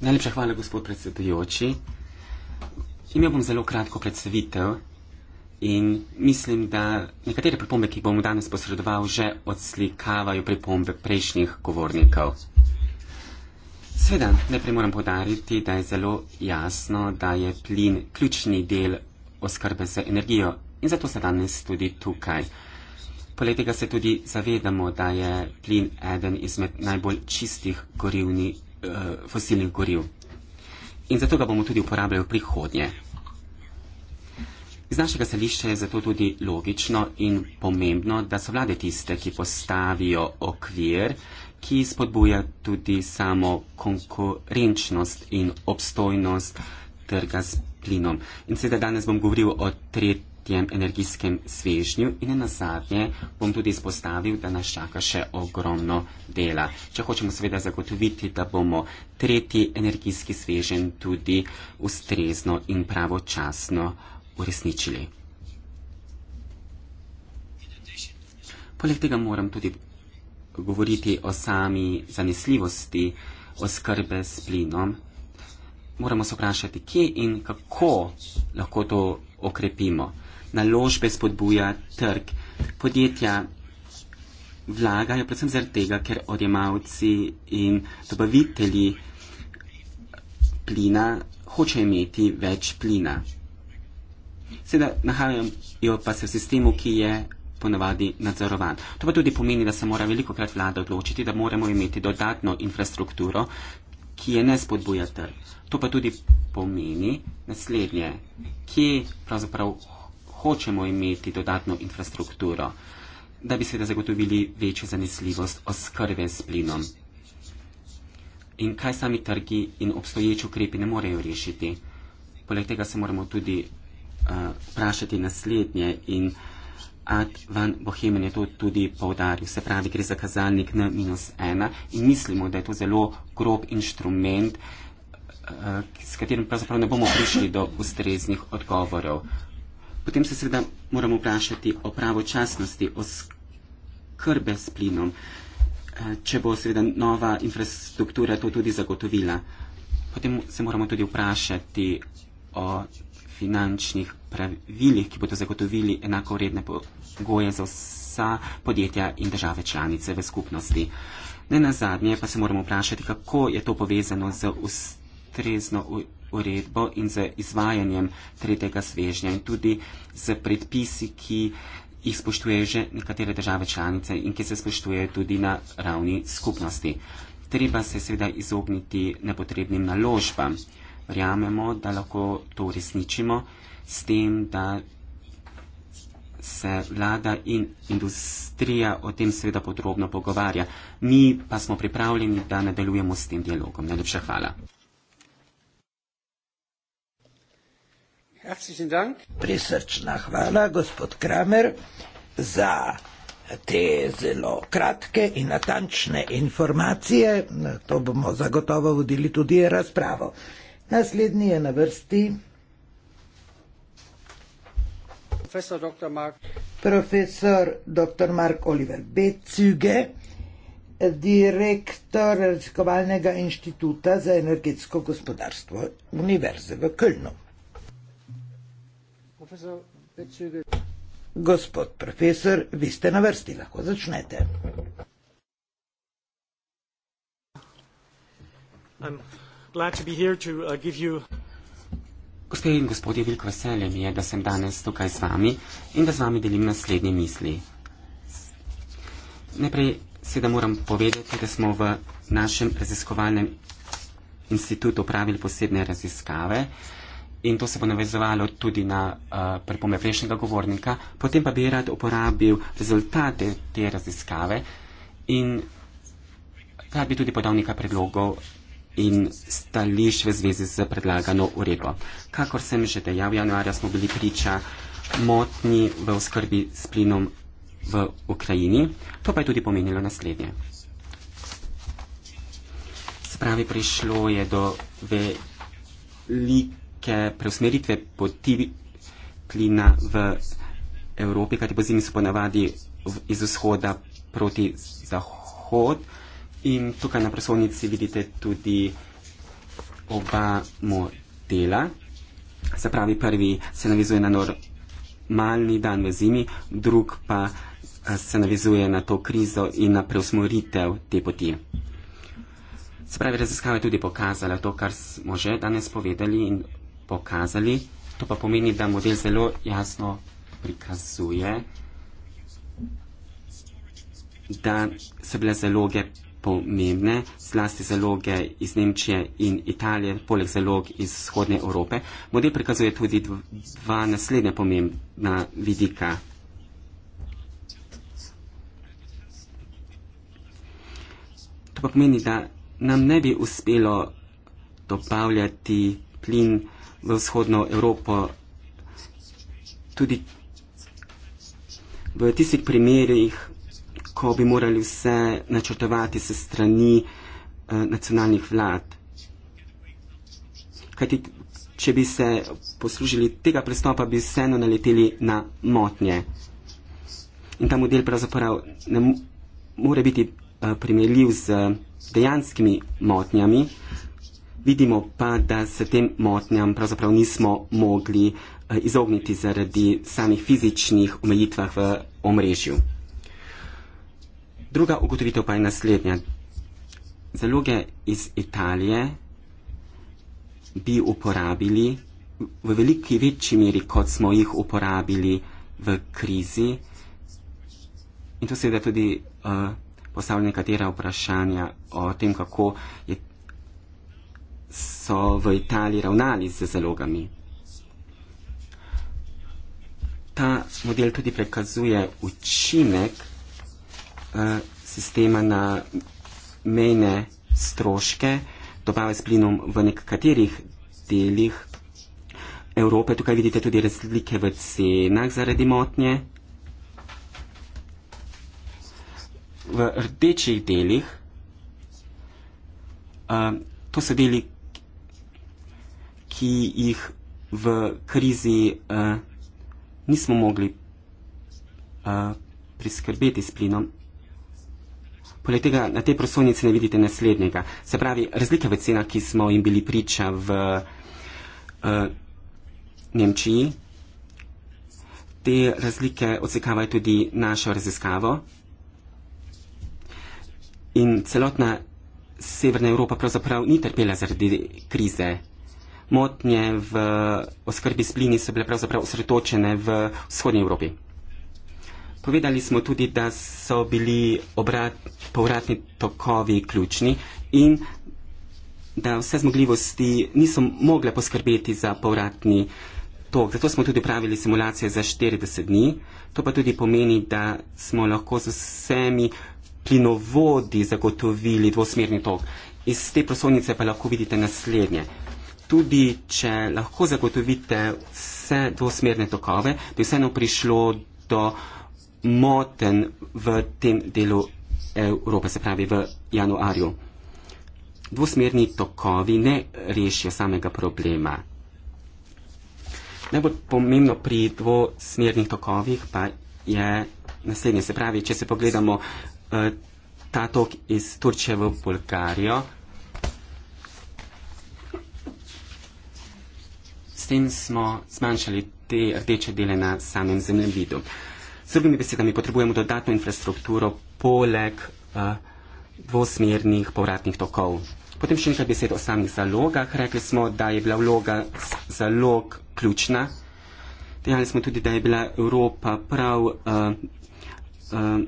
Najlepša hvala, gospod predsedujoči. Imel bom zelo kratko predstavitev in mislim, da nekatere pripombe, ki jih bom danes posredoval, že odslikavajo pripombe prejšnjih govornikov. Sveda, najprej moram podariti, da je zelo jasno, da je plin ključni del oskrbe z energijo in zato se danes tudi tukaj. Poleg tega se tudi zavedamo, da je plin eden izmed najbolj čistih gorivni, eh, fosilnih goriv. In zato ga bomo tudi uporabljali v prihodnje. Z našega stališča je zato tudi logično in pomembno, da so vlade tiste, ki postavijo okvir, ki spodbuja tudi samo konkurenčnost in obstojnost trga s plinom. In seveda danes bom govoril o tretjem energijskem svežnju in na zadnje bom tudi izpostavil, da nas čaka še ogromno dela. Če hočemo seveda zagotoviti, da bomo tretji energijski svežen tudi ustrezno in pravočasno uresničili. Poleg tega moram tudi govoriti o sami zanesljivosti oskrbe s plinom. Moramo se vprašati, kje in kako lahko to okrepimo. Naložbe spodbuja trg. Podjetja vlagajo predvsem zaradi tega, ker odjemalci in dobavitelji plina hoče imeti več plina seveda nahajajo pa se v sistemu, ki je ponavadi nadzorovan. To pa tudi pomeni, da se mora veliko krat vlada odločiti, da moramo imeti dodatno infrastrukturo, ki je ne spodbuja trg. To pa tudi pomeni naslednje, kje pravzaprav hočemo imeti dodatno infrastrukturo, da bi seveda zagotovili večjo zanesljivost oskrbe s plinom. In kaj sami trgi in obstoječi ukrepi ne morejo rešiti. Poleg tega se moramo tudi vprašati naslednje in Ad van Bohemen je to tudi povdaril, se pravi, gre za kazalnik N-1 in mislimo, da je to zelo grob inštrument, eh, s katerim pravzaprav ne bomo prišli do ustreznih odgovorov. Potem se seveda moramo vprašati o pravočasnosti, o skrbe s plinom, eh, če bo seveda nova infrastruktura to tudi zagotovila. Potem se moramo tudi vprašati o finančnih pravilih, ki bodo zagotovili enako redne pogoje za vsa podjetja in države članice v skupnosti. Ne na zadnje pa se moramo vprašati, kako je to povezano z ustrezno uredbo in z izvajanjem tretjega svežnja in tudi z predpisi, ki jih spoštuje že nekatere države članice in ki se spoštuje tudi na ravni skupnosti. Treba se seveda izogniti nepotrebnim naložbam verjamemo, da lahko to uresničimo s tem, da se vlada in industrija o tem seveda podrobno pogovarja. Mi pa smo pripravljeni, da nadaljujemo s tem dialogom. Najlepša hvala. Prisrčna hvala, gospod Kramer, za te zelo kratke in natančne informacije. To bomo zagotovo vodili tudi razpravo. Naslednji je na vrsti profesor dr. Mark, profesor dr. Mark Oliver Becuge, direktor Raziskovalnega inštituta za energetsko gospodarstvo Univerze v Kölnu. Profesor Becuge. Gospod profesor, vi ste na vrsti, lahko začnete. Uh, Gospe in gospodje, veliko veselje mi je, da sem danes tukaj z vami in da z vami delim naslednje misli. Najprej seveda moram povedati, da smo v našem raziskovalnem institutu upravili posebne raziskave in to se bo navezovalo tudi na uh, pripombe prejšnjega govornika. Potem pa bi rad uporabil rezultate te raziskave in rad bi tudi podal nekaj predlogov in stališč v zvezi z predlagano uredbo. Kakor sem že dejal, januarja smo bili priča motni v oskrbi s plinom v Ukrajini. To pa je tudi pomenilo naslednje. Spravi prišlo je do velike preusmeritve poti plina v Evropi, kajti pozimi so ponavadi iz vzhoda proti zahodu. In tukaj na presolnici vidite tudi oba modela. Se pravi, prvi se navizuje na normalni dan v zimi, drug pa eh, se navizuje na to krizo in na preusmoritev te poti. Se pravi, raziskava je tudi pokazala to, kar smo že danes povedali in pokazali. To pa pomeni, da model zelo jasno prikazuje, da so bile zaloge pomembne, zlasti zaloge iz Nemčije in Italije, poleg zalog iz vzhodne Evrope. Model prikazuje tudi dva naslednja pomembna vidika. To pa pomeni, da nam ne bi uspelo dobavljati plin v vzhodno Evropo tudi v tistih primerjih, ko bi morali vse načrtovati se strani eh, nacionalnih vlad. Kajti, če bi se poslužili tega pristopa, bi vseeno naleteli na motnje. In ta model pravzaprav ne more biti eh, primerljiv z dejanskimi motnjami. Vidimo pa, da se tem motnjam pravzaprav nismo mogli eh, izogniti zaradi samih fizičnih omejitvah v omrežju. Druga ugotovitev pa je naslednja. Zaloge iz Italije bi uporabili v veliki večji meri, kot smo jih uporabili v krizi. In to seveda tudi uh, postavlja nekatera vprašanja o tem, kako je, so v Italiji ravnali z zalogami. Ta model tudi prekazuje učinek Eh, sistema na mejne stroške dobave s plinom v nekaterih delih Evrope. Tukaj vidite tudi razlike v cenah zaradi motnje. V rdečih delih, eh, to so deli, ki jih v krizi eh, nismo mogli priskrbeti s plinom. Poleg tega na tej prosovnici ne vidite naslednjega. Se pravi, razlike v cenah, ki smo jim bili priča v uh, Nemčiji, te razlike odsekavajo tudi našo raziskavo. In celotna Severna Evropa pravzaprav ni trpela zaradi krize. Motnje v oskrbi s plini so bile pravzaprav osredotočene v vzhodnji Evropi. Povedali smo tudi, da so bili obrat, povratni tokovi ključni in da vse zmogljivosti niso mogle poskrbeti za povratni tok. Zato smo tudi upravili simulacije za 40 dni. To pa tudi pomeni, da smo lahko z vsemi plinovodi zagotovili dvosmerni tok. Iz te prosovnice pa lahko vidite naslednje. Tudi, če lahko zagotovite vse dvosmerne tokove, da je vseeno prišlo do moten v tem delu Evrope, se pravi v januarju. Dvosmerni tokovi ne rešijo samega problema. Najbolj pomembno pri dvosmernih tokovih pa je naslednje. Se pravi, če se pogledamo eh, ta tok iz Turčije v Bulgarijo, s tem smo zmanjšali te rdeče dele na samem zemljevidu drugimi besedami potrebujemo dodatno infrastrukturo poleg uh, dvosmernih povratnih tokov. Potem še nekaj besed o samih zalogah. Rekli smo, da je bila vloga zalog ključna. Dejali smo tudi, da je bila Evropa prav, uh, uh,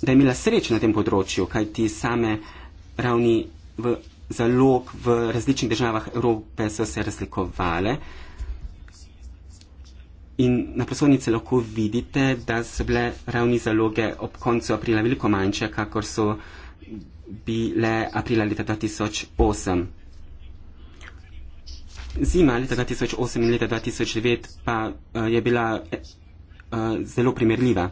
da je imela srečo na tem področju, kaj ti same ravni v zalog v različnih državah Evrope so se razlikovale. In na poslovnici lahko vidite, da so bile ravni zaloge ob koncu aprila veliko manjše, kakor so bile aprila leta 2008. Zima leta 2008 in leta 2009 pa uh, je bila uh, zelo primerljiva.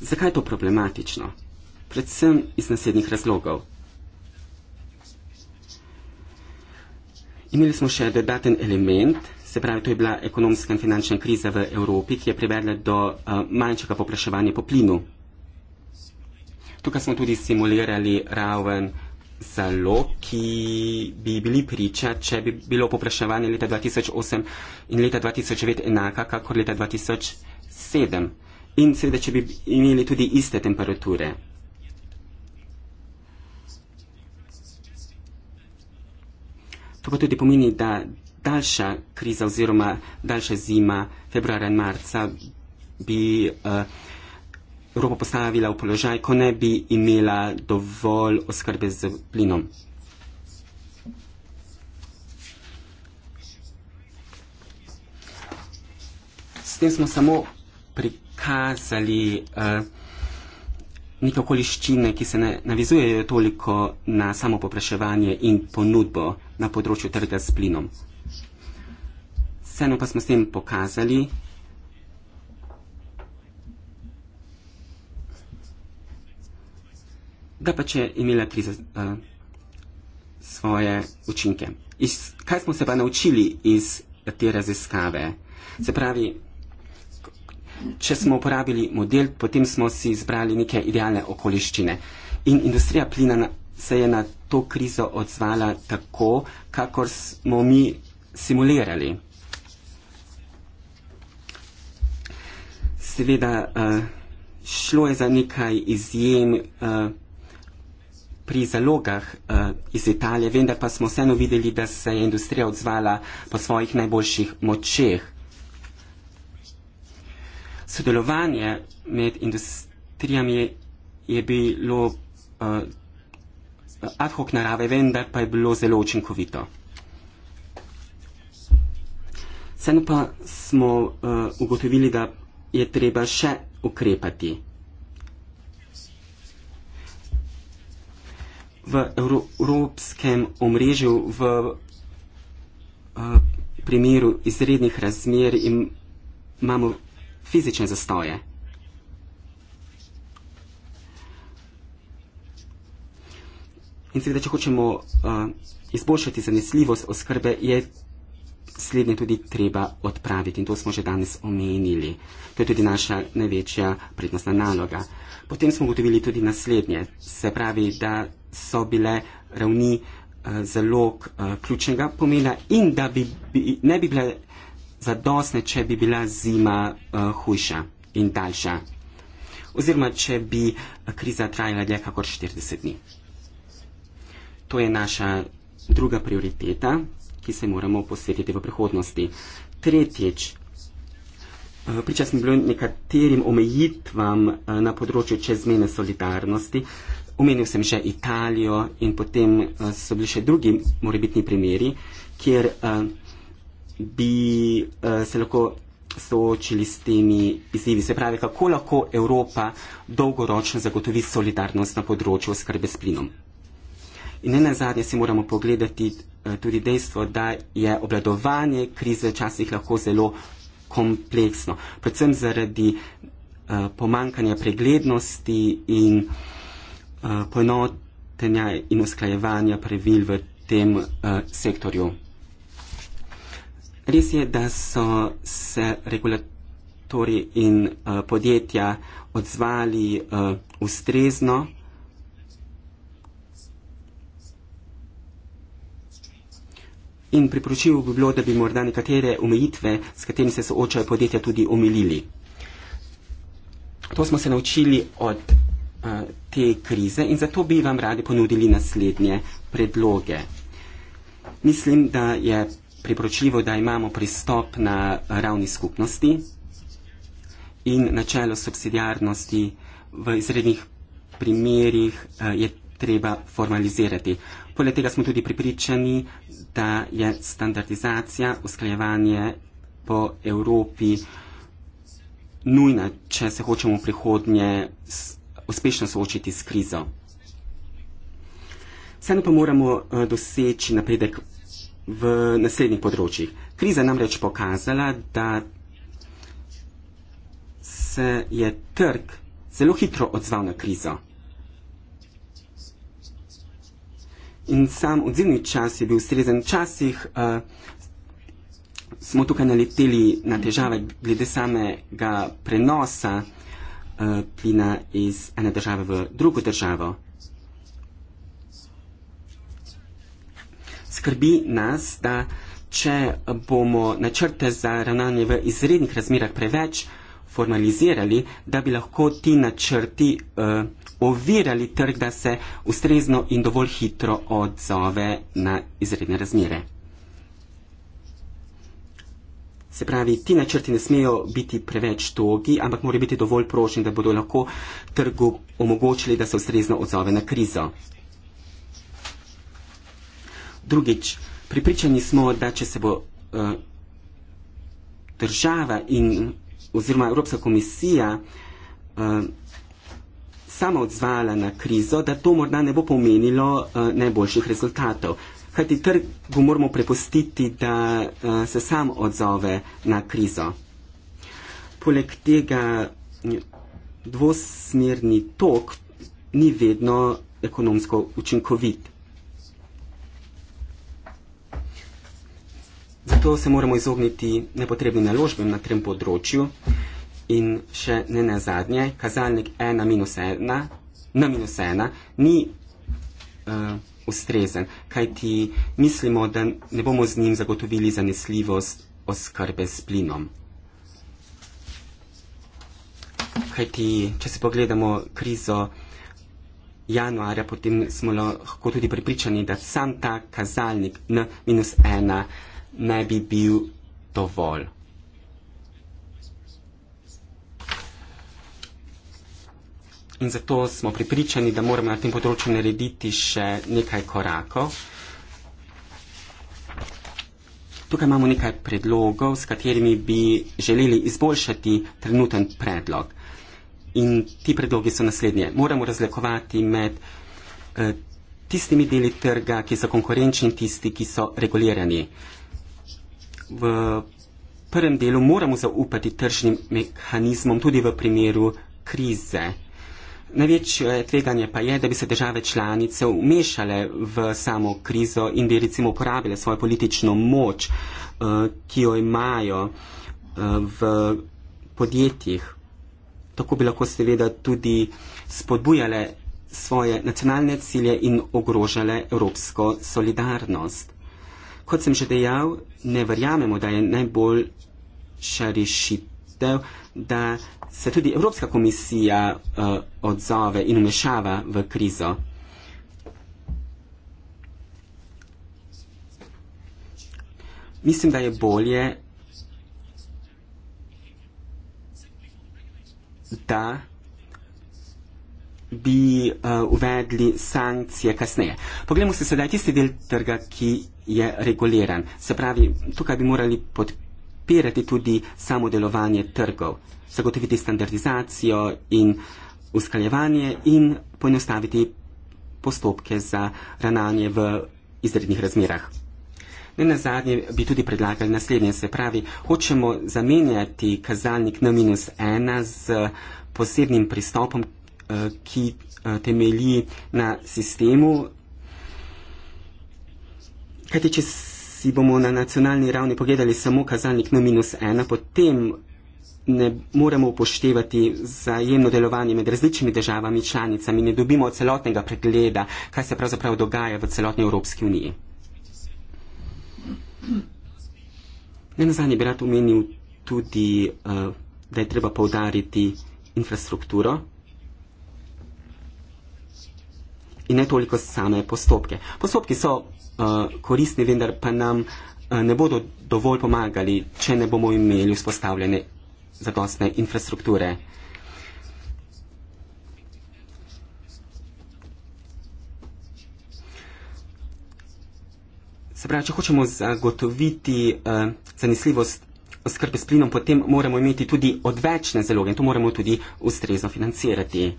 Zakaj je to problematično? Predvsem iz naslednjih razlogov. Imeli smo še dodaten element, se pravi, to je bila ekonomska in finančna kriza v Evropi, ki je privedla do uh, manjšega popraševanja po plinu. Tukaj smo tudi simulirali raven zalo, ki bi bili priča, če bi bilo popraševanje leta 2008 in leta 2009 enaka, kakor leta 2007. In seveda, če bi imeli tudi iste temperature. to pa tudi pomeni, da daljša kriza oziroma daljša zima februarja in marca bi uh, eh, Evropo postavila v položaj, ko ne bi imela dovolj oskrbe z plinom. S tem smo samo prikazali uh, niti okoliščine, ki se ne navizujejo toliko na samo popraševanje in ponudbo na področju trga s plinom. Vseeno pa smo s tem pokazali, da pa če imela kriza uh, svoje učinke. Iz, kaj smo se pa naučili iz te raziskave? Se pravi, če smo uporabili model, potem smo si izbrali neke idealne okoliščine. In industrija plina na, se je na to krizo odzvala tako, kakor smo mi simulirali. Seveda, uh, šlo je za nekaj izjem uh, pri zalogah uh, iz Italije, vendar pa smo vseeno videli, da se je industrija odzvala po svojih najboljših močeh sodelovanje med industrijami je bilo uh, ad hoc narave, vendar pa je bilo zelo učinkovito. Vseeno pa smo uh, ugotovili, da je treba še ukrepati. V Evro evropskem omrežju, v uh, primeru izrednih razmer, imamo fizične zastoje. In seveda, če hočemo uh, izboljšati zanesljivost oskrbe, je slednje tudi treba odpraviti. In to smo že danes omenili. To je tudi naša največja prednostna naloga. Potem smo ugotovili tudi naslednje. Se pravi, da so bile ravni uh, zalog uh, ključnega pomena in da bi, bi, ne bi bile zadostne, če bi bila zima uh, hujša in daljša. Oziroma, če bi eh, kriza trajala dlje kakor 40 dni. To je naša druga prioriteta, ki se moramo posvetiti v prihodnosti. Tretjič, eh, priča smo bili nekaterim omejitvam na področju čezmene solidarnosti. Omenil sem že Italijo in potem so bili še drugi morebitni primeri, kjer uh, bi uh, se lahko soočili s temi izzivi. Se pravi, kako lahko Evropa dolgoročno zagotovi solidarnost na področju oskrbe s plinom. In ne na zadnje si moramo pogledati eh, tudi dejstvo, da je obladovanje krize včasih lahko zelo kompleksno, predvsem zaradi uh, pomankanja preglednosti in uh, poenotenja in usklajevanja pravil v tem uh, sektorju. Res je, da so se regulatori in uh, podjetja odzvali uh, ustrezno. In priporočil bi bilo, da bi morda nekatere omejitve, s katerimi se soočajo podjetja, tudi omilili. To smo se naučili od uh, te krize in zato bi vam radi ponudili naslednje predloge. Mislim, da je priporočljivo, da imamo pristop na ravni skupnosti in načelo subsidijarnosti v izrednih primerjih eh, je treba formalizirati. Poleg tega smo tudi pripričani, da je standardizacija, usklajevanje po Evropi nujna, če se hočemo v prihodnje uspešno soočiti s krizo. Vseeno pa moramo eh, doseči napredek v naslednjih področjih. Kriza namreč pokazala, da se je trg zelo hitro odzval na krizo. In sam odzivni čas je bil ustrezen. Včasih uh, smo tukaj naleteli na težave glede samega prenosa uh, plina iz ene države v drugo državo. skrbi nas, da če bomo načrte za ravnanje v izrednih razmerah preveč formalizirali, da bi lahko ti načrti uh, ovirali trg, da se ustrezno in dovolj hitro odzove na izredne razmere. Se pravi, ti načrti ne smejo biti preveč togi, ampak morajo biti dovolj prošnji, da bodo lahko trgu omogočili, da se ustrezno odzove na krizo. Drugič, pripričani smo, da če se bo uh, država in oziroma Evropska komisija uh, sama odzvala na krizo, da to morda ne bo pomenilo uh, najboljših rezultatov. Kajti trg bo moramo prepustiti, da uh, se sam odzove na krizo. Poleg tega mm, dvosmerni tok ni vedno ekonomsko učinkovit. Zato se moramo izogniti nepotrebnim naložbam na tem področju in še ne na zadnje, kazalnik ena minus ena, na minus ena ni uh, ustrezen, kajti mislimo, da ne bomo z njim zagotovili zanesljivost oskrbe s plinom. Kajti, če si pogledamo krizo januarja, potem smo lahko tudi pripričani, da sam ta kazalnik N-1 uh, ne bi bil dovolj. In zato smo pripričani, da moramo na tem področju narediti še nekaj korakov. Tukaj imamo nekaj predlogov, s katerimi bi želeli izboljšati trenuten predlog. In ti predlogi so naslednje. Moramo razlikovati med eh, tistimi deli trga, ki so konkurenčni in tisti, ki so regulirani v prvem delu moramo zaupati tržnim mehanizmom tudi v primeru krize. Največje tveganje pa je, da bi se države članice umešale v samo krizo in bi recimo uporabile svojo politično moč, eh, ki jo imajo eh, v podjetjih. Tako bi lahko seveda tudi spodbujale svoje nacionalne cilje in ogrožale evropsko solidarnost kot sem že dejal, ne verjamemo, da je najboljša rešitev, da se tudi Evropska komisija uh, odzove in umešava v krizo. Mislim, da je bolje, da bi uh, uvedli sankcije kasneje. Poglejmo si sedaj tisti del trga, ki je reguliran. Se pravi, tukaj bi morali podpirati tudi samo delovanje trgov, zagotoviti standardizacijo in uskaljevanje in poenostaviti postopke za ravnanje v izrednih razmerah. In na zadnje bi tudi predlagali naslednje, se pravi, hočemo zamenjati kazalnik N-1 z posebnim pristopom, ki eh, temelji na sistemu. Kajti, če si bomo na nacionalni ravni pogledali samo kazalnik na minus ena, potem ne moremo upoštevati zajemno delovanje med različnimi državami članicami, ne dobimo celotnega pregleda, kaj se pravzaprav dogaja v celotni Evropski uniji. Ne nazadnje bi rad omenil tudi, eh, da je treba povdariti infrastrukturo. in ne toliko same postopke. Postopki so uh, koristni, vendar pa nam uh, ne bodo dovolj pomagali, če ne bomo imeli vzpostavljene zadostne infrastrukture. Se pravi, če hočemo zagotoviti uh, zanesljivost oskrbe s plinom, potem moramo imeti tudi odvečne zaloge in to moramo tudi ustrezno financirati.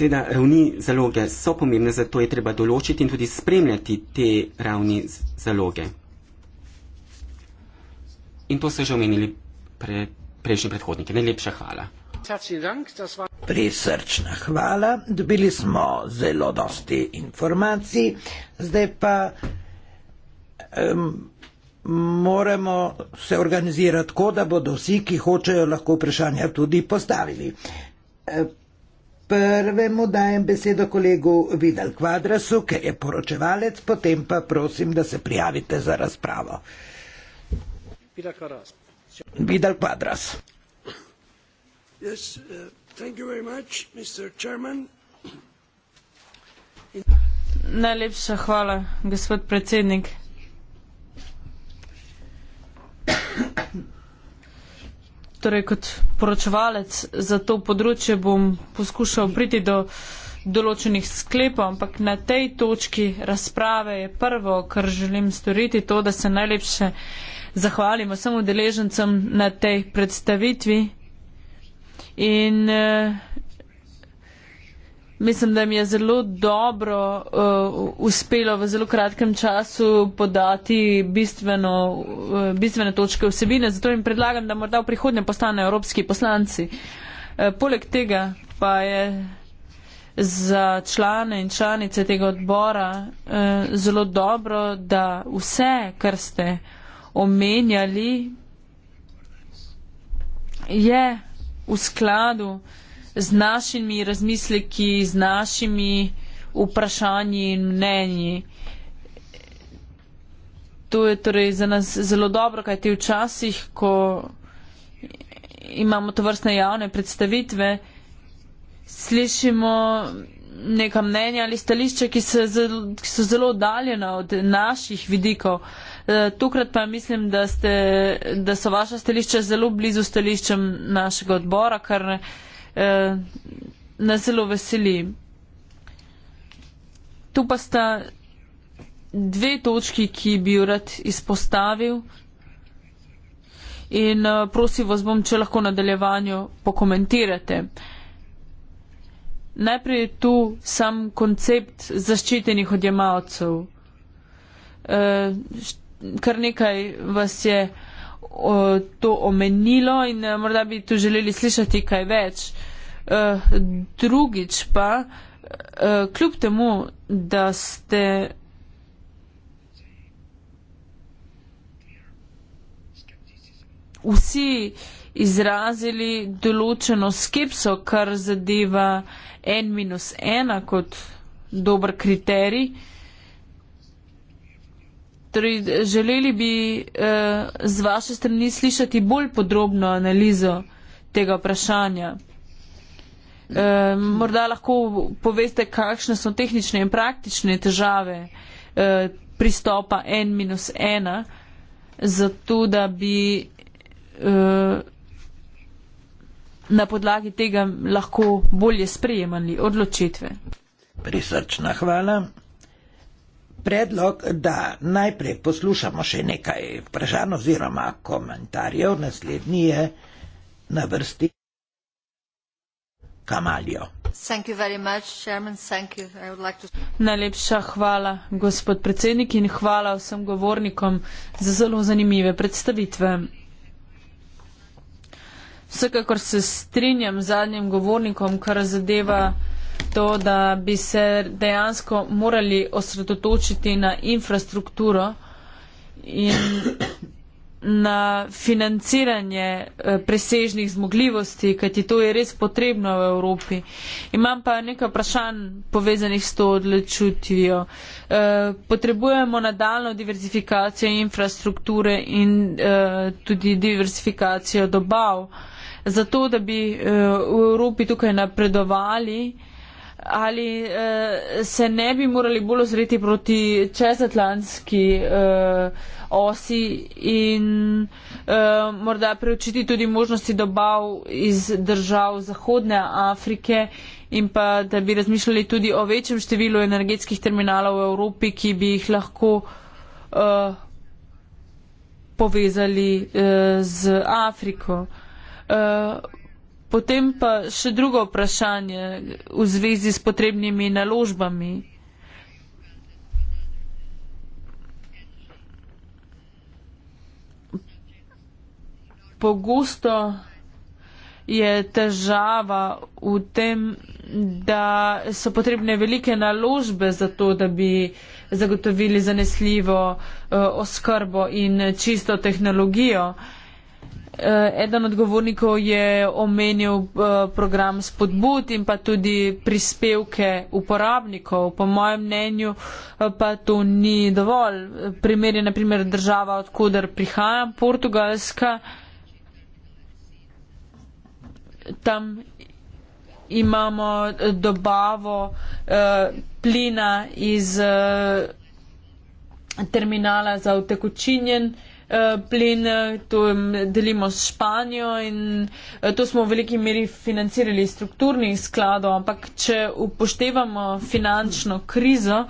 Seveda, ravni zaloge so pomembne, zato je treba določiti in tudi spremljati te ravni zaloge. In to so že omenili pre, prejšnji predhodniki. Najlepša hvala. Prisrčna hvala. Dobili smo zelo dosti informacij. Zdaj pa um, moramo se organizirati tako, da bodo vsi, ki hočejo, lahko vprašanja tudi postavili. Uh, Prvemu dajem besedo kolegu Vidal Kvadrasu, ker je poročevalec, potem pa prosim, da se prijavite za razpravo. Vidal Kvadras. Uh, Najlepša hvala, gospod predsednik torej kot poročevalec za to področje bom poskušal priti do določenih sklepov, ampak na tej točki razprave je prvo, kar želim storiti, to, da se najlepše zahvalimo vsem udeležencem na tej predstavitvi. In eh, Mislim, da mi je zelo dobro uh, uspelo v zelo kratkem času podati bistveno, uh, bistvene točke vsebine, zato jim predlagam, da morda v prihodnje postane evropski poslanci. Uh, poleg tega pa je za člane in članice tega odbora uh, zelo dobro, da vse, kar ste omenjali, je v skladu uh, z našimi razmisleki, z našimi vprašanji in mnenji. To je torej za nas zelo dobro, kajti včasih, ko imamo to vrstne javne predstavitve, slišimo neka mnenja ali stališča, ki, ki so zelo oddaljena od naših vidikov. E, Tukrat pa mislim, da, ste, da so vaše stališče zelo blizu stališčem našega odbora, kar eh, nas zelo veseli. Tu pa sta dve točki, ki bi jo rad izpostavil in eh, prosim vas bom, če lahko nadaljevanju pokomentirate. Najprej je tu sam koncept zaščitenih odjemalcev. Eh, kar nekaj vas je to omenilo in eh, morda bi tu želeli slišati kaj več drugič pa, eh, kljub temu, da ste. Vsi izrazili določeno skepso, kar zadeva en minus ena kot dober kriterij. Torej, želeli bi eh, z vaše strani slišati bolj podrobno analizo tega vprašanja. E, morda lahko poveste, kakšne so tehnične in praktične težave e, pristopa N-1, zato da bi e, na podlagi tega lahko bolje sprejemali odločitve. Prisrčna hvala. Predlog, da najprej poslušamo še nekaj vprašanj oziroma komentarjev, naslednji je na vrsti kamaljo. Najlepša hvala, gospod predsednik, in hvala vsem govornikom za zelo zanimive predstavitve. Vsekakor se strinjam z zadnjim govornikom, kar zadeva to, da bi se dejansko morali osredotočiti na infrastrukturo in na financiranje eh, presežnih zmogljivosti, kajti to je res potrebno v Evropi. Imam pa nekaj vprašanj povezanih s to odločitvijo. Eh, potrebujemo nadaljno diverzifikacijo infrastrukture in eh, tudi diverzifikacijo dobav, zato da bi v Evropi tukaj napredovali. Ali eh, se ne bi morali bolj ozreti proti čezatlantski eh, osi in uh, morda preučiti tudi možnosti dobav iz držav Zahodne Afrike in pa da bi razmišljali tudi o večjem številu energetskih terminalov v Evropi, ki bi jih lahko uh, povezali uh, z Afriko. Uh, Potem pa še drugo vprašanje v zvezi s potrebnimi naložbami. pogosto je težava v tem, da so potrebne velike naložbe za to, da bi zagotovili zanesljivo uh, oskrbo in čisto tehnologijo. Eh, eden od govornikov je omenil eh, program spodbud in pa tudi prispevke uporabnikov. Po mojem mnenju pa to ni dovolj. Primer je naprimer država, odkudar prihajam, Portugalska tam imamo eh, dobavo eh, plina iz eh, terminala za utekočinjen eh, plin, eh, to mm, delimo s Španijo in eh, to smo v veliki meri financirali iz strukturnih skladov, ampak če upoštevamo finančno krizo,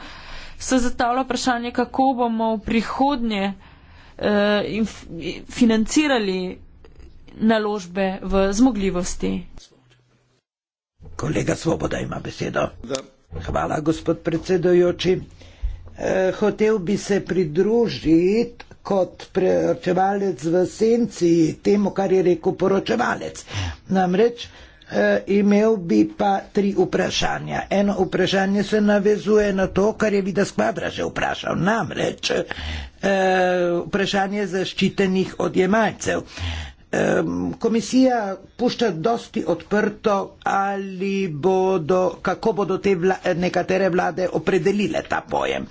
se zatavlja vprašanje, kako bomo v prihodnje eh, financirali naložbe v zmogljivosti. Kolega Svoboda ima besedo. Hvala, gospod predsedojoči. E, eh, hotel bi se pridružiti kot preočevalec v senci temu, kar je rekel poročevalec. Namreč e, imel bi pa tri vprašanja. Eno vprašanje se navezuje na to, kar je Vida Skvadra že vprašal. Namreč e, vprašanje zaščitenih odjemalcev. Komisija pušča dosti odprto, ali bodo, kako bodo te vla, nekatere vlade opredelile ta pojem.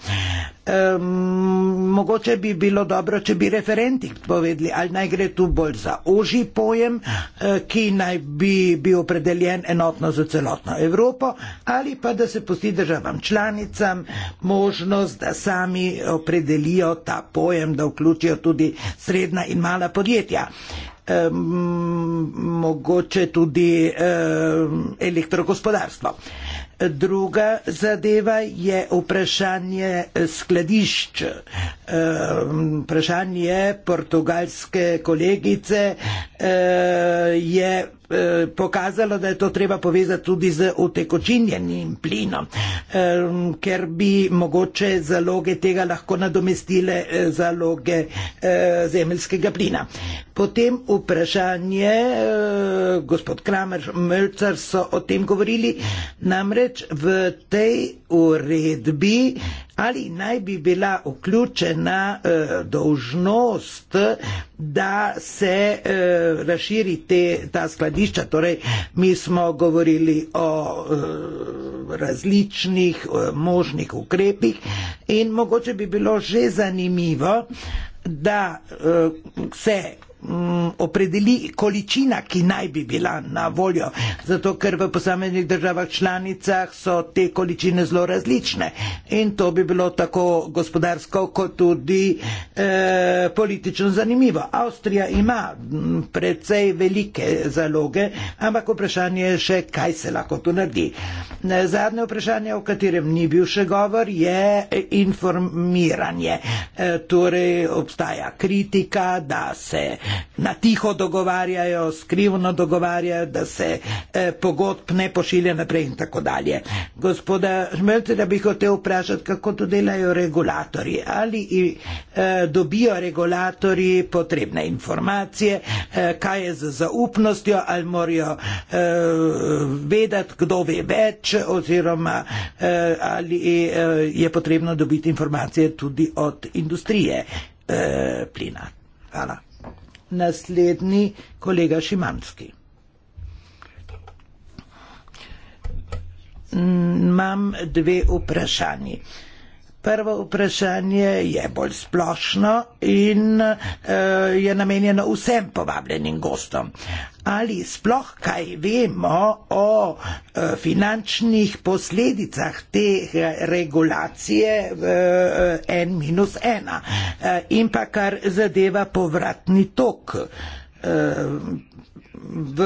Um, mogoče bi bilo dobro, če bi referenti povedali, ali naj gre tu bolj za oži pojem, eh, ki naj bi bil opredeljen enotno za celotno Evropo, ali pa da se posti državam članicam možnost, da sami opredelijo ta pojem, da vključijo tudi srednja in mala podjetja. Uh, mogoče tudi elektrogospodarstvo. Druga zadeva je vprašanje eh, skladišč. Vprašanje portugalske kolegice eh, je Eh, pokazalo, da je to treba povezati tudi z utekočinjenim plinom, eh, ker bi mogoče zaloge tega lahko nadomestile eh, zaloge zemljskega plina. Potem vprašanje, gospod Kramer, Mölcar so o tem govorili, namreč v tej uredbi ali naj bi bila vključena eh, dožnost, da se eh, razširi te, ta skladišča. Torej, mi smo govorili o eh, različnih eh, možnih ukrepih in mogoče bi bilo že zanimivo, da eh, se Mm, opredeli količina, ki naj bi bila na voljo, zato ker v posameznih državah članicah so te količine zelo različne in to bi bilo tako gospodarsko kot tudi eh, politično zanimivo. Avstrija ima mm, precej velike zaloge, ampak vprašanje je še, kaj se lahko tu naredi. Zadnje vprašanje, o katerem ni bil še govor, je eh, informiranje. Eh, torej obstaja kritika, da se eh, Na tiho dogovarjajo, skrivno dogovarjajo, da se eh, pogodb ne pošilja naprej in tako dalje. Gospoda Šmeltera bi hotel vprašati, kako to delajo regulatori. Ali eh, dobijo regulatori potrebne informacije, eh, kaj je z zaupnostjo, ali morajo eh, vedeti, kdo ve več, oziroma eh, ali eh, je potrebno dobiti informacije tudi od industrije eh, plina. Hvala naslednji kolega Šimanski. Mm, imam dve vprašanji. Prvo vprašanje je bolj splošno in uh, je namenjeno vsem povabljenim gostom. Ali sploh kaj vemo o uh, finančnih posledicah te regulacije eh, N minus ena in pa kar zadeva povratni tok. V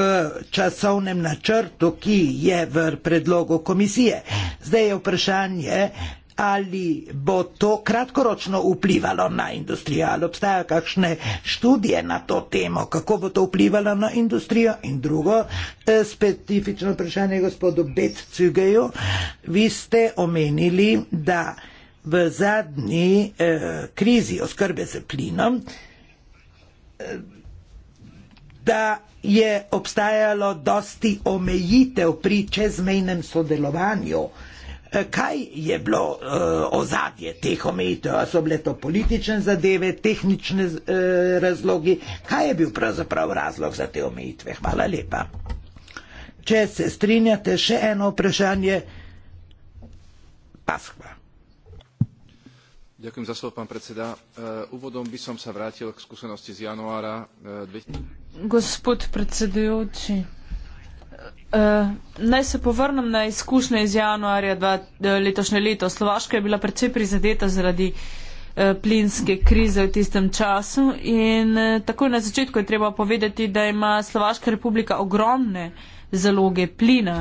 časovnem načrtu, ki je v predlogu komisije. Zdaj je vprašanje, Ali bo to kratkoročno vplivalo na industrijo, ali obstajajo kakšne študije na to temo, kako bo to vplivalo na industrijo? In drugo, eh, specifično vprašanje gospodu Betcugeju, vi ste omenili, da v zadnji eh, krizi oskrbe z plinom, eh, da je obstajalo dosti omejitev pri čezmejnem sodelovanju. Eh, kaj je bilo uh, ozadje teh omejitev, ali so bile to politične zadeve, tehnične uh, razlogi, kaj je bil pravzaprav razlog za te omejitve. Hvala lepa. Če se strinjate, še eno vprašanje. Paskva. Ďakujem za slovo, pán predseda. Uh, úvodom by som sa vrátil k skúsenosti z januára. Uh, dve... Gospod predsedujúci, Eh, naj se povrnem na izkušnje iz januarja dva, eh, letošnje leto. Slovaška je bila precej prizadeta zaradi eh, plinske krize v tistem času in takoj na začetku je treba povedati, da ima Slovaška republika ogromne zaloge plina.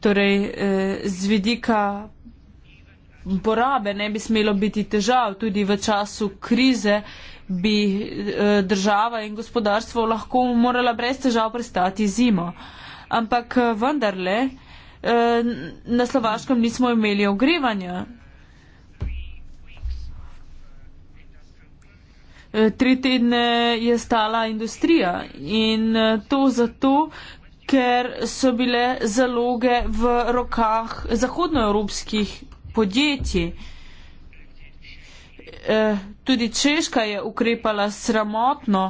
Torej, z vidika porabe ne bi smelo biti težav, tudi v času krize bi država in gospodarstvo lahko morala brez težav prestati zimo ampak eh, vendarle eh, na Slovaškem nismo imeli ogrevanja. Eh, tri tedne je stala industrija in to zato, ker so bile zaloge v rokah zahodnoevropskih podjetij. Tudi Češka je ukrepala sramotno,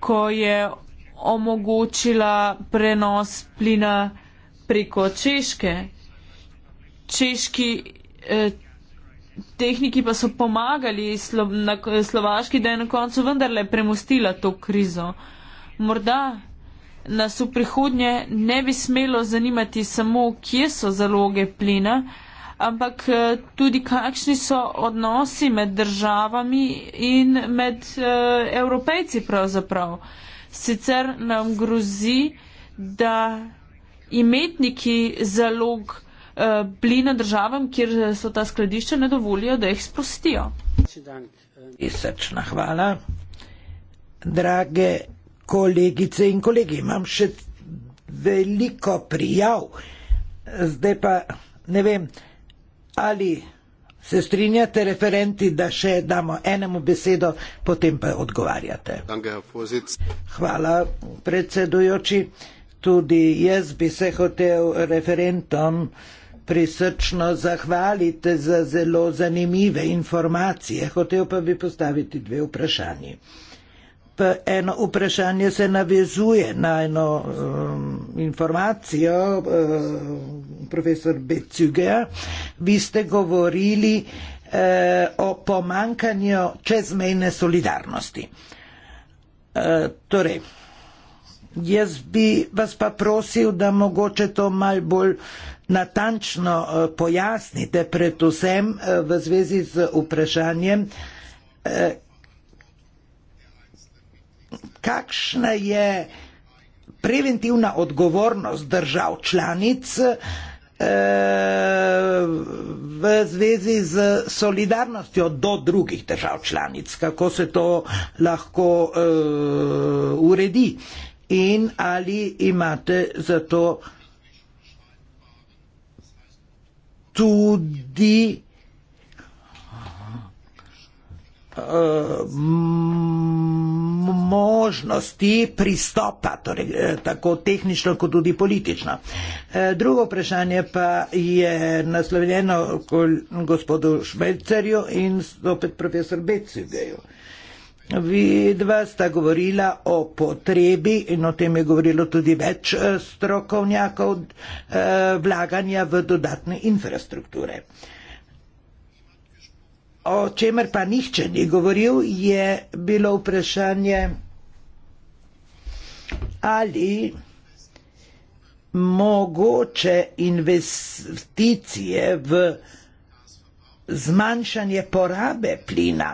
ko je omogočila prenos plina preko Češke. Češki eh, tehniki pa so pomagali slo, na, Slovaški, da je na koncu vendarle premustila to krizo. Morda nas v prihodnje ne bi smelo zanimati samo, kje so zaloge plina, ampak eh, tudi kakšni so odnosi med državami in med eh, evropejci pravzaprav. Eh, sicer nam grozi, da imetniki zalog bili eh, na državam, kjer so ta skladišča, ne dovolijo, da jih spustijo. Srečna hvala. Drage kolegice in kolegi, imam še veliko prijav. Zdaj pa ne vem, ali Se strinjate, referenti, da še damo enemu besedo, potem pa odgovarjate. Hvala, predsedujoči. Tudi jaz bi se hotel referentom prisrčno zahvaliti za zelo zanimive informacije. Hotel pa bi postaviti dve vprašanje eno vprašanje se navezuje na eno um, informacijo uh, profesor Becugeja. Vi ste govorili uh, o pomankanju čezmejne solidarnosti. Uh, torej, jaz bi vas pa prosil, da mogoče to mal bolj natančno uh, pojasnite, predvsem uh, v zvezi z vprašanjem, uh, kakšna je preventivna odgovornost držav članic eh, v zvezi z solidarnostjo do drugih držav članic, kako se to lahko uh, uredi in ali imate za to tudi Eh, možnosti pristopa, torej, eh, tako tehnično kot tudi politično. Eh, drugo vprašanje pa je naslovljeno gospodu Švecerju in opet profesor Becigeju. Vi dva sta govorila o potrebi in o tem je govorilo tudi več strokovnjakov vlaganja v dodatne infrastrukture. O čemer pa nihče ni govoril, je bilo vprašanje, ali mogoče investicije v zmanjšanje porabe plina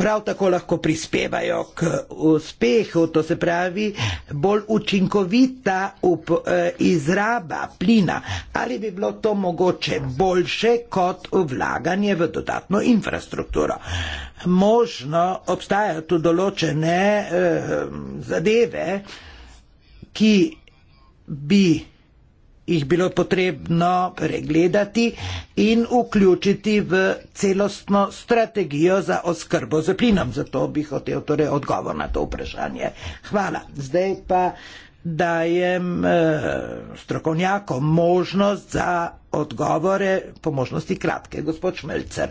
prav tako lahko prispevajo k uspehu, to se pravi bolj učinkovita up, eh, izraba plina. Ali bi bilo to mogoče boljše kot vlaganje v dodatno infrastrukturo? Možno obstajajo tu določene eh, zadeve, ki bi jih bilo potrebno pregledati in vključiti v celostno strategijo za oskrbo z plinom. Zato bi hotel torej odgovor na to vprašanje. Hvala. Zdaj pa dajem eh, strokovnjakom možnost za odgovore, po možnosti kratke, gospod Šmelcer.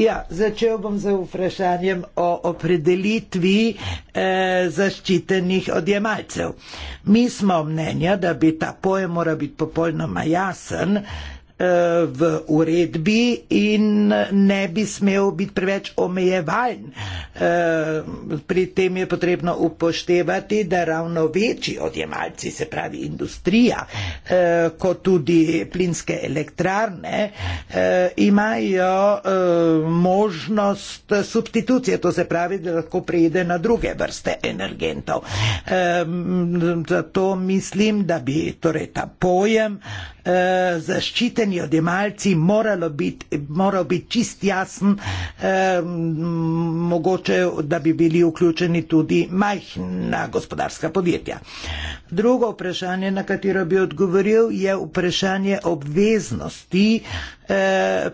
Ja, začel bom z vprašanjem o opredelitvi eh, zaščitenih odjemalcev. Mi smo mnenja, da bi ta pojem mora biti popolnoma jasen, Eh, v uredbi in ne bi smel biti preveč omejevalj. Eh, pri tem je potrebno upoštevati, da ravno večji odjemalci, se pravi industrija, eh, kot tudi plinske elektrarne, imajo možnost substitucije, to se pravi, da lahko prejde na druge vrste energentov. Zato mislim, da bi torej ta pojem Eh, zaščiteni odjemalci, moralo biti, moral biti čist jasen, eh, mogoče, da bi bili vključeni tudi majhna gospodarska podjetja. Drugo vprašanje, na katero bi odgovoril, je vprašanje obveznosti eh,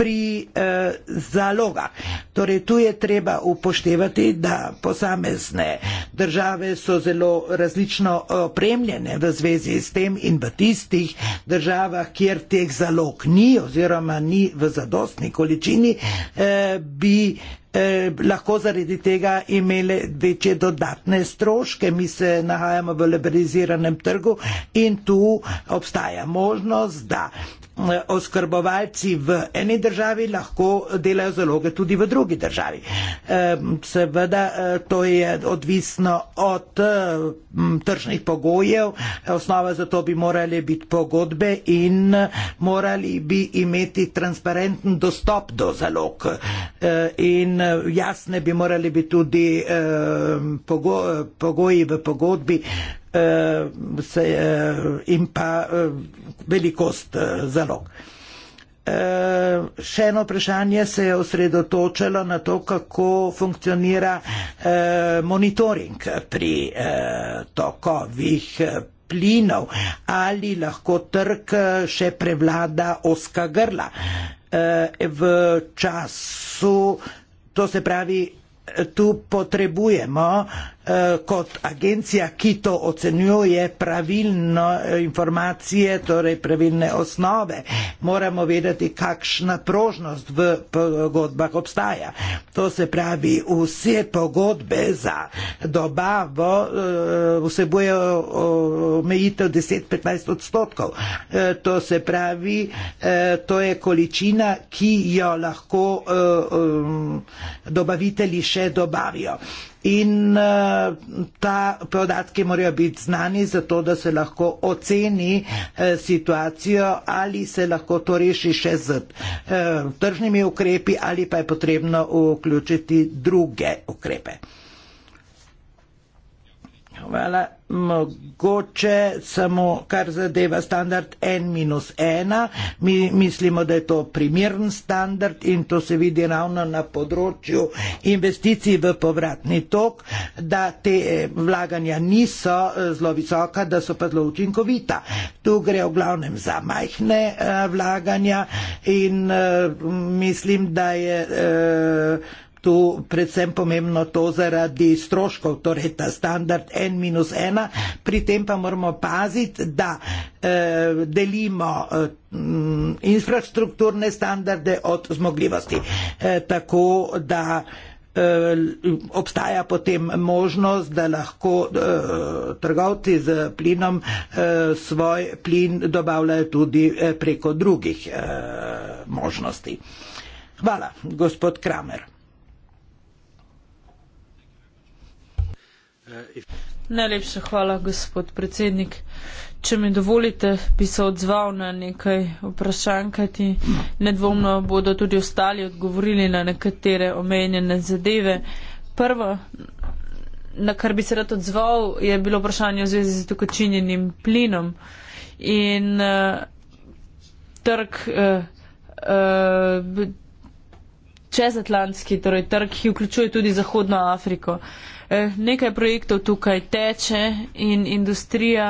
pri eh, zalogah. Torej, tu je treba upoštevati, da posamezne države so zelo različno opremljene v zvezi s tem in v tistih državah, kjer teh zalog ni oziroma ni v zadostni količini, eh, bi eh, lahko zaradi tega imele večje dodatne stroške. Mi se nahajamo v liberaliziranem trgu in tu obstaja možnost, da eh, oskrbovalci v eni državi lahko delajo zaloge tudi v drugi državi. Eh, seveda eh, to je odvisno od tržnih pogojev, osnova za to bi morali biti pogodbe in morali bi imeti transparenten dostop do zalog. In Eh, jasne bi morali biti tudi eh, pogo, pogoji v pogodbi eh, se, eh, in pa eh, velikost eh, zalog. Eh, še eno vprašanje se je osredotočilo na to, kako funkcionira eh, monitoring pri eh, tokovih eh, plinov, ali lahko trg še prevlada oska grla. Eh, v času eh, To se pravi, tu potrebujemo Eh, kot agencija, ki to ocenjuje pravilno eh, informacije, torej pravilne osnove, moramo vedeti, kakšna prožnost v pogodbah obstaja. To se pravi, vse pogodbe za dobavo eh, vsebujejo omejitev 10-15 odstotkov. To se pravi, to je količina, ki jo lahko dobavitelji še dobavijo. In eh, ta podatke morajo biti znani, zato da se lahko oceni eh, situacijo, ali se lahko to reši še z eh, tržnimi ukrepi ali pa je potrebno vključiti druge ukrepe. Hvala. Mogoče samo kar zadeva standard N-1, mi mislimo, da je to primern standard in to se vidi ravno na področju investicij v povratni tok, da te eh, vlaganja niso eh, zelo visoka, da so pa zelo učinkovita. Tu gre v glavnem za majhne eh, vlaganja in mislim, da je tu predvsem pomembno to zaradi stroškov, torej ta standard n minus ena, pri tem pa moramo paziti, da eh, delimo eh, infrastrukturne standarde od zmogljivosti, eh, tako da eh, obstaja potem možnost, da lahko eh, trgovci z plinom eh, svoj plin dobavljajo tudi eh, preko drugih eh, možnosti. Hvala, gospod Kramer. Najlepša hvala, gospod predsednik. Če mi dovolite, bi se odzval na nekaj vprašanj, kajti nedvomno bodo tudi ostali odgovorili na nekatere omenjene zadeve. Prvo, na kar bi se rad odzval, je bilo vprašanje v zvezi z dokočinjenim plinom in uh, trg. Uh, uh, Čezatlantski torej trg, ki vključuje tudi Zahodno Afriko. Uh, Eh, nekaj projektov tukaj teče in industrija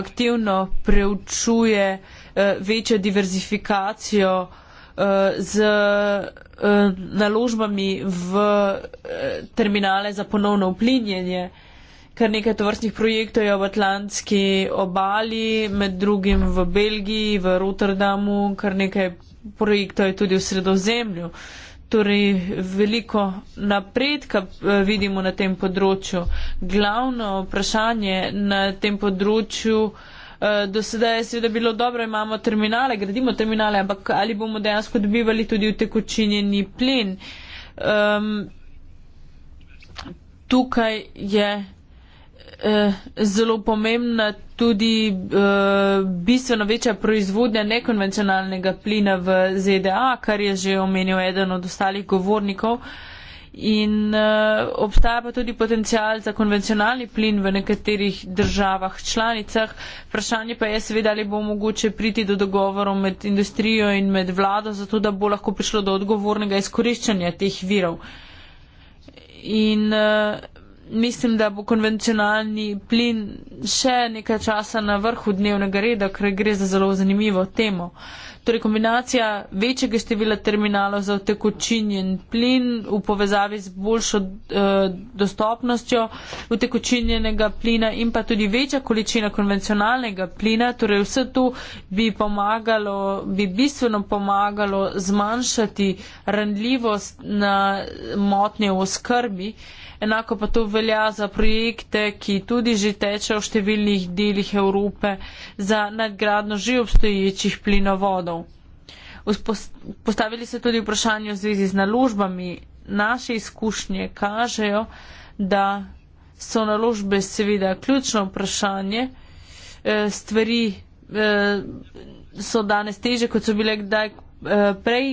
aktivno preučuje eh, večjo diverzifikacijo eh, z naložbami v terminale za ponovno uplinjenje. Kar nekaj tovrstnih projektov je v Atlantski obali, med drugim v Belgiji, v Rotterdamu, kar nekaj projektov je tudi v sredozemlju. Uh, torej veliko napredka eh, vidimo na tem področju. Glavno vprašanje na tem področju eh, do sedaj je seveda bilo dobro, imamo terminale, gradimo terminale, ampak ali bomo dejansko dobivali tudi utekočinjeni plin. Um, tukaj je Eh, zelo pomembna tudi eh, bistveno večja proizvodnja nekonvencionalnega plina v ZDA, kar je že omenil eden od ostalih govornikov. In eh, obstaja pa tudi potencial za konvencionalni plin v nekaterih državah članicah. Vprašanje pa je seveda, ali bo mogoče priti do dogovorov med industrijo in med vlado, zato da bo lahko prišlo do odgovornega izkoriščanja teh virov. In eh, mislim, da bo konvencionalni plin še nekaj časa na vrhu dnevnega reda, ker gre za zelo zanimivo temo. Torej kombinacija večjega števila terminalov za utekočinjen plin v povezavi z boljšo uh, dostopnostjo utekočinjenega plina in pa tudi večja količina konvencionalnega plina, torej vse to bi pomagalo, bi bistveno pomagalo zmanjšati randljivost na motnje v oskrbi. Enako pa to velja za projekte, ki tudi že tečejo v številnih delih Evrope za nadgradno že obstoječih plinovodov. Postavili so tudi vprašanje v zvezi z naložbami. Naše izkušnje kažejo, da so naložbe seveda ključno vprašanje. E, stvari e, so danes teže, kot so bile kdaj e, prej.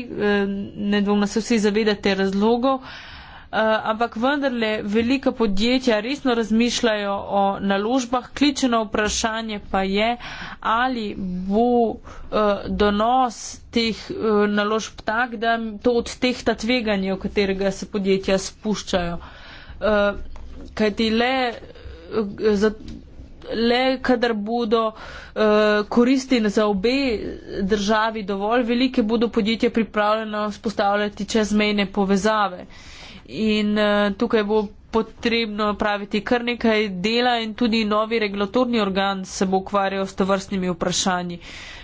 Ne dvomno se vsi zavedate razlogov. Eh, ampak vendarle velika podjetja resno razmišljajo o naložbah. Ključno vprašanje pa je, ali bo eh, donos teh eh, naložb tak, da to od teh ta tveganja, v katerega se podjetja spuščajo. Kaj ti le, le kadar bodo koristi za obe državi dovolj velike, bodo podjetja pripravljena vzpostavljati čezmejne povezave in uh, tukaj bo potrebno praviti kar nekaj dela in tudi novi regulatorni organ se bo ukvarjal s tovrstnimi vprašanji.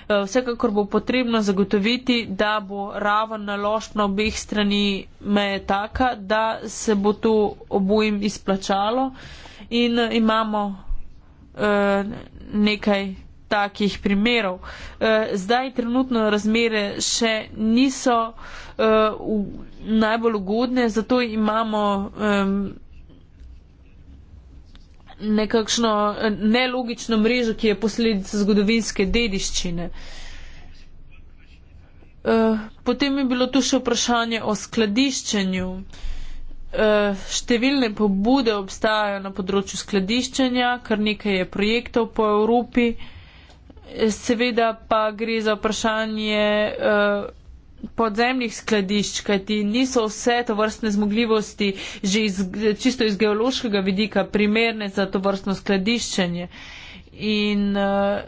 Eh, vsekakor bo potrebno zagotoviti, da bo raven naložb na obeh strani meje taka, da se bo to obojim izplačalo in eh, imamo eh, nekaj takih primerov. Eh, zdaj trenutno razmere še niso eh, uh, v, najbolj ugodne, zato imamo um, nekakšno eh, nelogično mrežo, ki je posledica zgodovinske dediščine. Eh, potem je bilo tu še vprašanje o skladiščenju. Številne pobude obstajajo na področju skladiščenja, kar nekaj je projektov po Evropi. Seveda pa gre za vprašanje podzemnih skladišč, kajti niso vse to vrstne zmogljivosti že iz, čisto iz geološkega vidika primerne za to vrstno skladiščenje. In eh,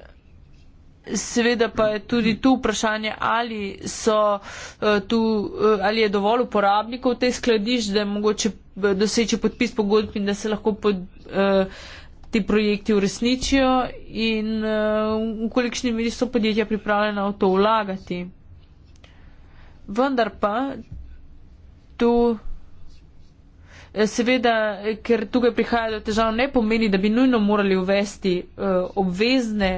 seveda pa je tudi tu vprašanje, ali, so, eh, tu, eh, ali je dovolj uporabnikov te skladišč, da je mogoče doseči podpis pogodb in da se lahko pod, ti projekti uresničijo in v kolikšni meri so podjetja pripravljena v to vlagati vendar pa tu eh, seveda, ker tukaj prihaja do težav, ne pomeni, da bi nujno morali uvesti uh, obvezne,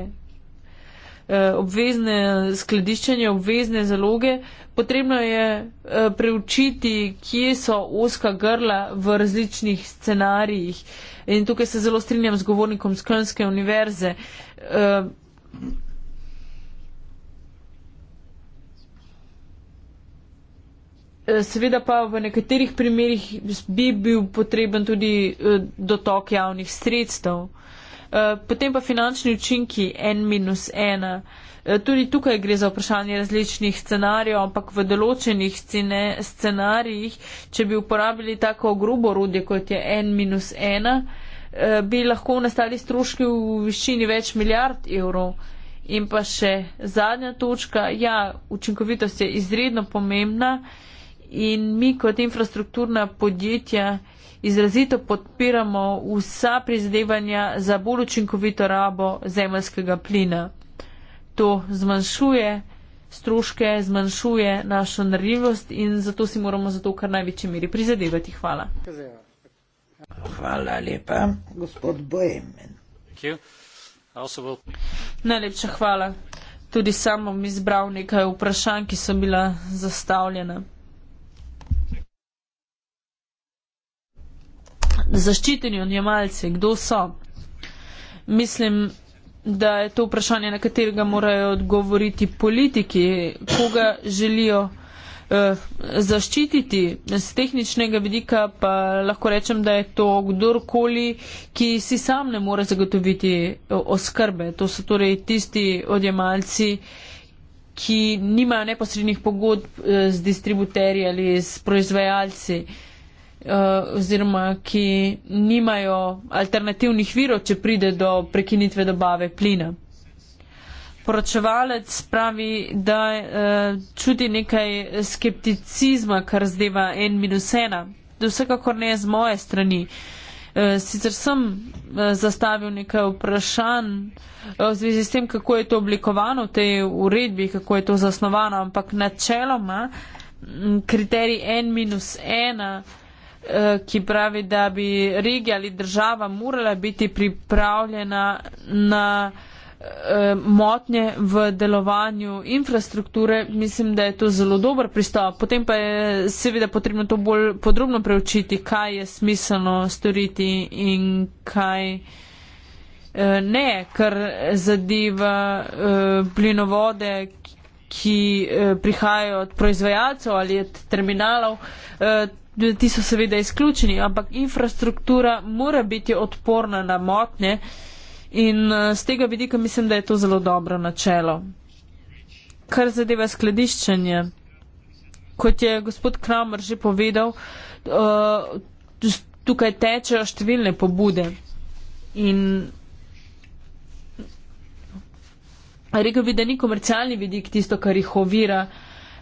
uh, obvezne skladiščenje, obvezne zaloge. Potrebno je uh, preučiti, kje so oska grla v različnih scenarijih. In tukaj se zelo strinjam z govornikom z Kölnske univerze. Uh, Eh, seveda pa v nekaterih primerjih bi bil potreben tudi eh, dotok javnih sredstev. Eh, potem pa finančni učinki N minus ena. Tudi tukaj gre za vprašanje različnih scenarijev, ampak v določenih scene, scenarijih, če bi uporabili tako grobo rodje, kot je N minus ena, bi lahko nastali stroški v višini več milijard evrov. In pa še zadnja točka, ja, učinkovitost je izredno pomembna in mi kot infrastrukturna podjetja izrazito podpiramo vsa prizadevanja za bolj učinkovito rabo zemljskega plina. To zmanjšuje stroške, zmanjšuje našo narivost in zato si moramo za to kar največji meri prizadevati. Hvala. Hvala lepa, gospod Bojemen. Najlepša hvala. Tudi sam bom izbral nekaj vprašanj, ki so bila zastavljena. zaščiteni odjemalci, kdo so. Mislim, da je to vprašanje, na katerega morajo odgovoriti politiki, koga želijo eh, zaščititi. Z tehničnega vidika pa lahko rečem, da je to kdorkoli, ki si sam ne more zagotoviti eh, oskrbe. To so torej tisti odjemalci, ki nimajo neposrednih pogodb eh, z distributerji ali s proizvajalci. Eh, Eh, oziroma ki nimajo alternativnih virov, če pride do prekinitve dobave plina. Poročevalec pravi, da uh, čuti nekaj skepticizma, kar zdeva en minus ena. Vsekakor ne z moje strani. Uh, sicer sem uh, zastavil nekaj vprašanj uh, v zvezi s tem, kako je to oblikovano v tej uredbi, kako je to zasnovano, ampak načeloma kriterij en minus ena uh, Eh, ki pravi, da bi regija ali država morala biti pripravljena na eh, motnje v delovanju infrastrukture, mislim, da je to zelo dober pristop. Potem pa je seveda potrebno to bolj podrobno preučiti, kaj je smiselno storiti in kaj eh, ne, kar zadeva plinovode, ki prihajajo od proizvajalcev ali od terminalov ti so seveda izključeni, ampak infrastruktura mora biti odporna na motnje in z eh, tega vidika mislim, da je to zelo dobro načelo. Kar zadeva skladiščenje, kot je gospod Kramer že povedal, eh, tukaj tečejo številne pobude in rekel bi, da ni komercialni vidik tisto, kar jih ovira.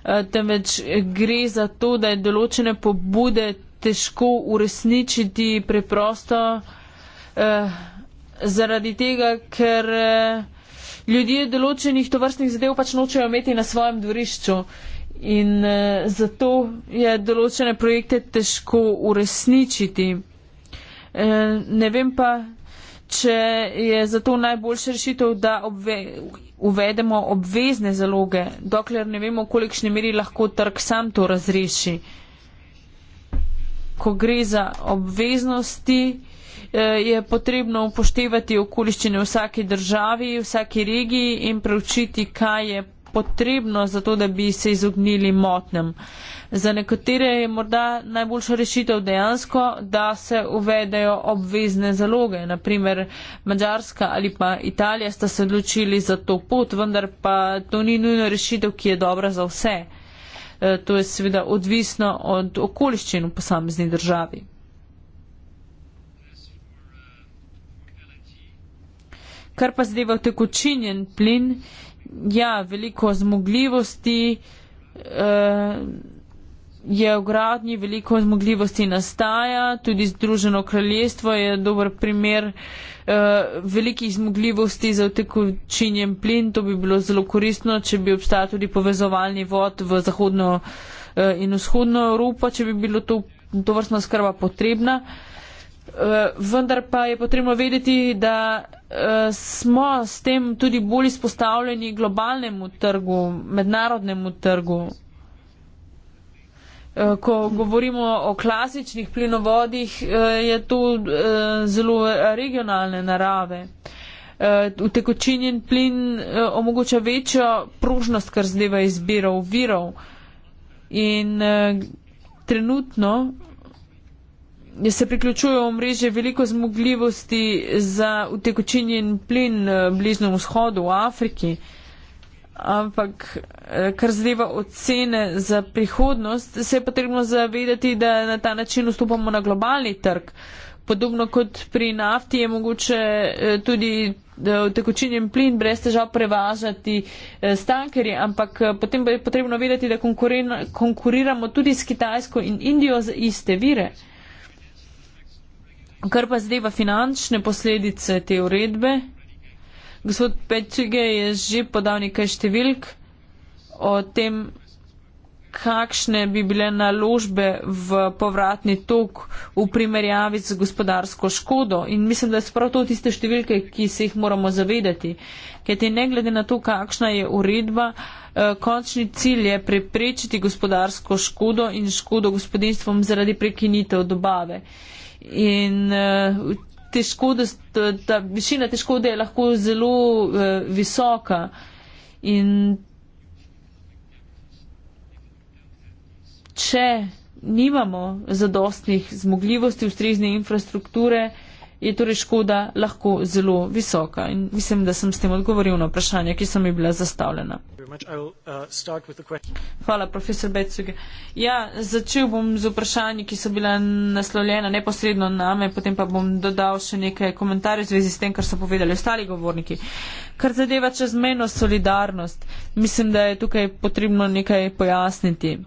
Eh, temveč gre za to, da je določene pobude težko uresničiti preprosto eh, zaradi tega, ker eh, ljudje določenih tovrstnih zadev pač nočejo imeti na svojem dvorišču in eh, zato je določene projekte težko uresničiti. Eh, ne vem pa, če je zato najboljša rešitev, da obve, uvedemo obvezne zaloge, dokler ne vemo, kolikšne meri lahko trg sam to razreši. Ko gre za obveznosti, eh, je potrebno upoštevati okoliščine vsake državi, vsake regiji in preučiti, kaj je potrebno, zato da bi se izognili motnjem. Za nekatere je morda najboljša rešitev dejansko, da se uvedejo obvezne zaloge. Naprimer, Mačarska ali pa Italija sta se odločili za to pot, vendar pa to ni nujno rešitev, ki je dobra za vse. E, to je seveda odvisno od okoliščin v posamezni državi. Kar pa zdaj v tekočinjen plin, ja, veliko zmogljivosti uh, je v gradnji, veliko zmogljivosti nastaja, tudi Združeno kraljestvo je dober primer uh, velikih zmogljivosti za utekočinjen plin. To bi bilo zelo koristno, če bi obstajal tudi povezovalni vod v zahodno uh, in vzhodno Evropo, če bi bilo to, to vrstna skrba potrebna. Uh, Eh, vendar pa je potrebno vedeti, da eh, smo s tem tudi bolj izpostavljeni globalnemu trgu, mednarodnemu trgu. Eh, ko govorimo o klasičnih plinovodih, je to zelo regionalne narave. Utekočinjen plin omogoča večjo prožnost, kar zdeva izbira virov. In trenutno se priključuje v mreže veliko zmogljivosti za utekočinjen plin eh, bližnjem vzhodu v Afriki, ampak eh, kar zadeva ocene za prihodnost, se je potrebno zavedati, da na ta način vstopamo na globalni trg. Podobno kot pri nafti je mogoče eh, tudi tekočinjen plin brez težav prevažati s tankerji, ampak potem je potrebno vedeti, da konkuriramo tudi s Kitajsko in Indijo za iste vire. Kar pa zdaj pa finančne posledice te uredbe. Gospod Pečige je že podal nekaj številk o tem, kakšne bi bile naložbe v povratni tok v primerjavi z gospodarsko škodo. In mislim, da so prav to tiste številke, ki se jih moramo zavedati. Ker te ne glede na to, kakšna je uredba, eh, končni cilj je preprečiti gospodarsko škodo in škodo gospodinstvom zaradi prekinitev dobave. In eh, težko, da, ta višina te škode je lahko zelo eh, visoka. In če nimamo zadostnih zmogljivosti, ustrezne infrastrukture, je torej škoda lahko zelo visoka. In mislim, da sem s tem odgovoril na vprašanje, ki so mi bila zastavljena. Hvala, profesor Becuge. Ja, začel bom z vprašanji, ki so bila naslovljena neposredno name, potem pa bom dodal še nekaj komentarjev v zvezi s tem, kar so povedali ostali govorniki. Kar zadeva čezmeno solidarnost, mislim, da je tukaj potrebno nekaj pojasniti.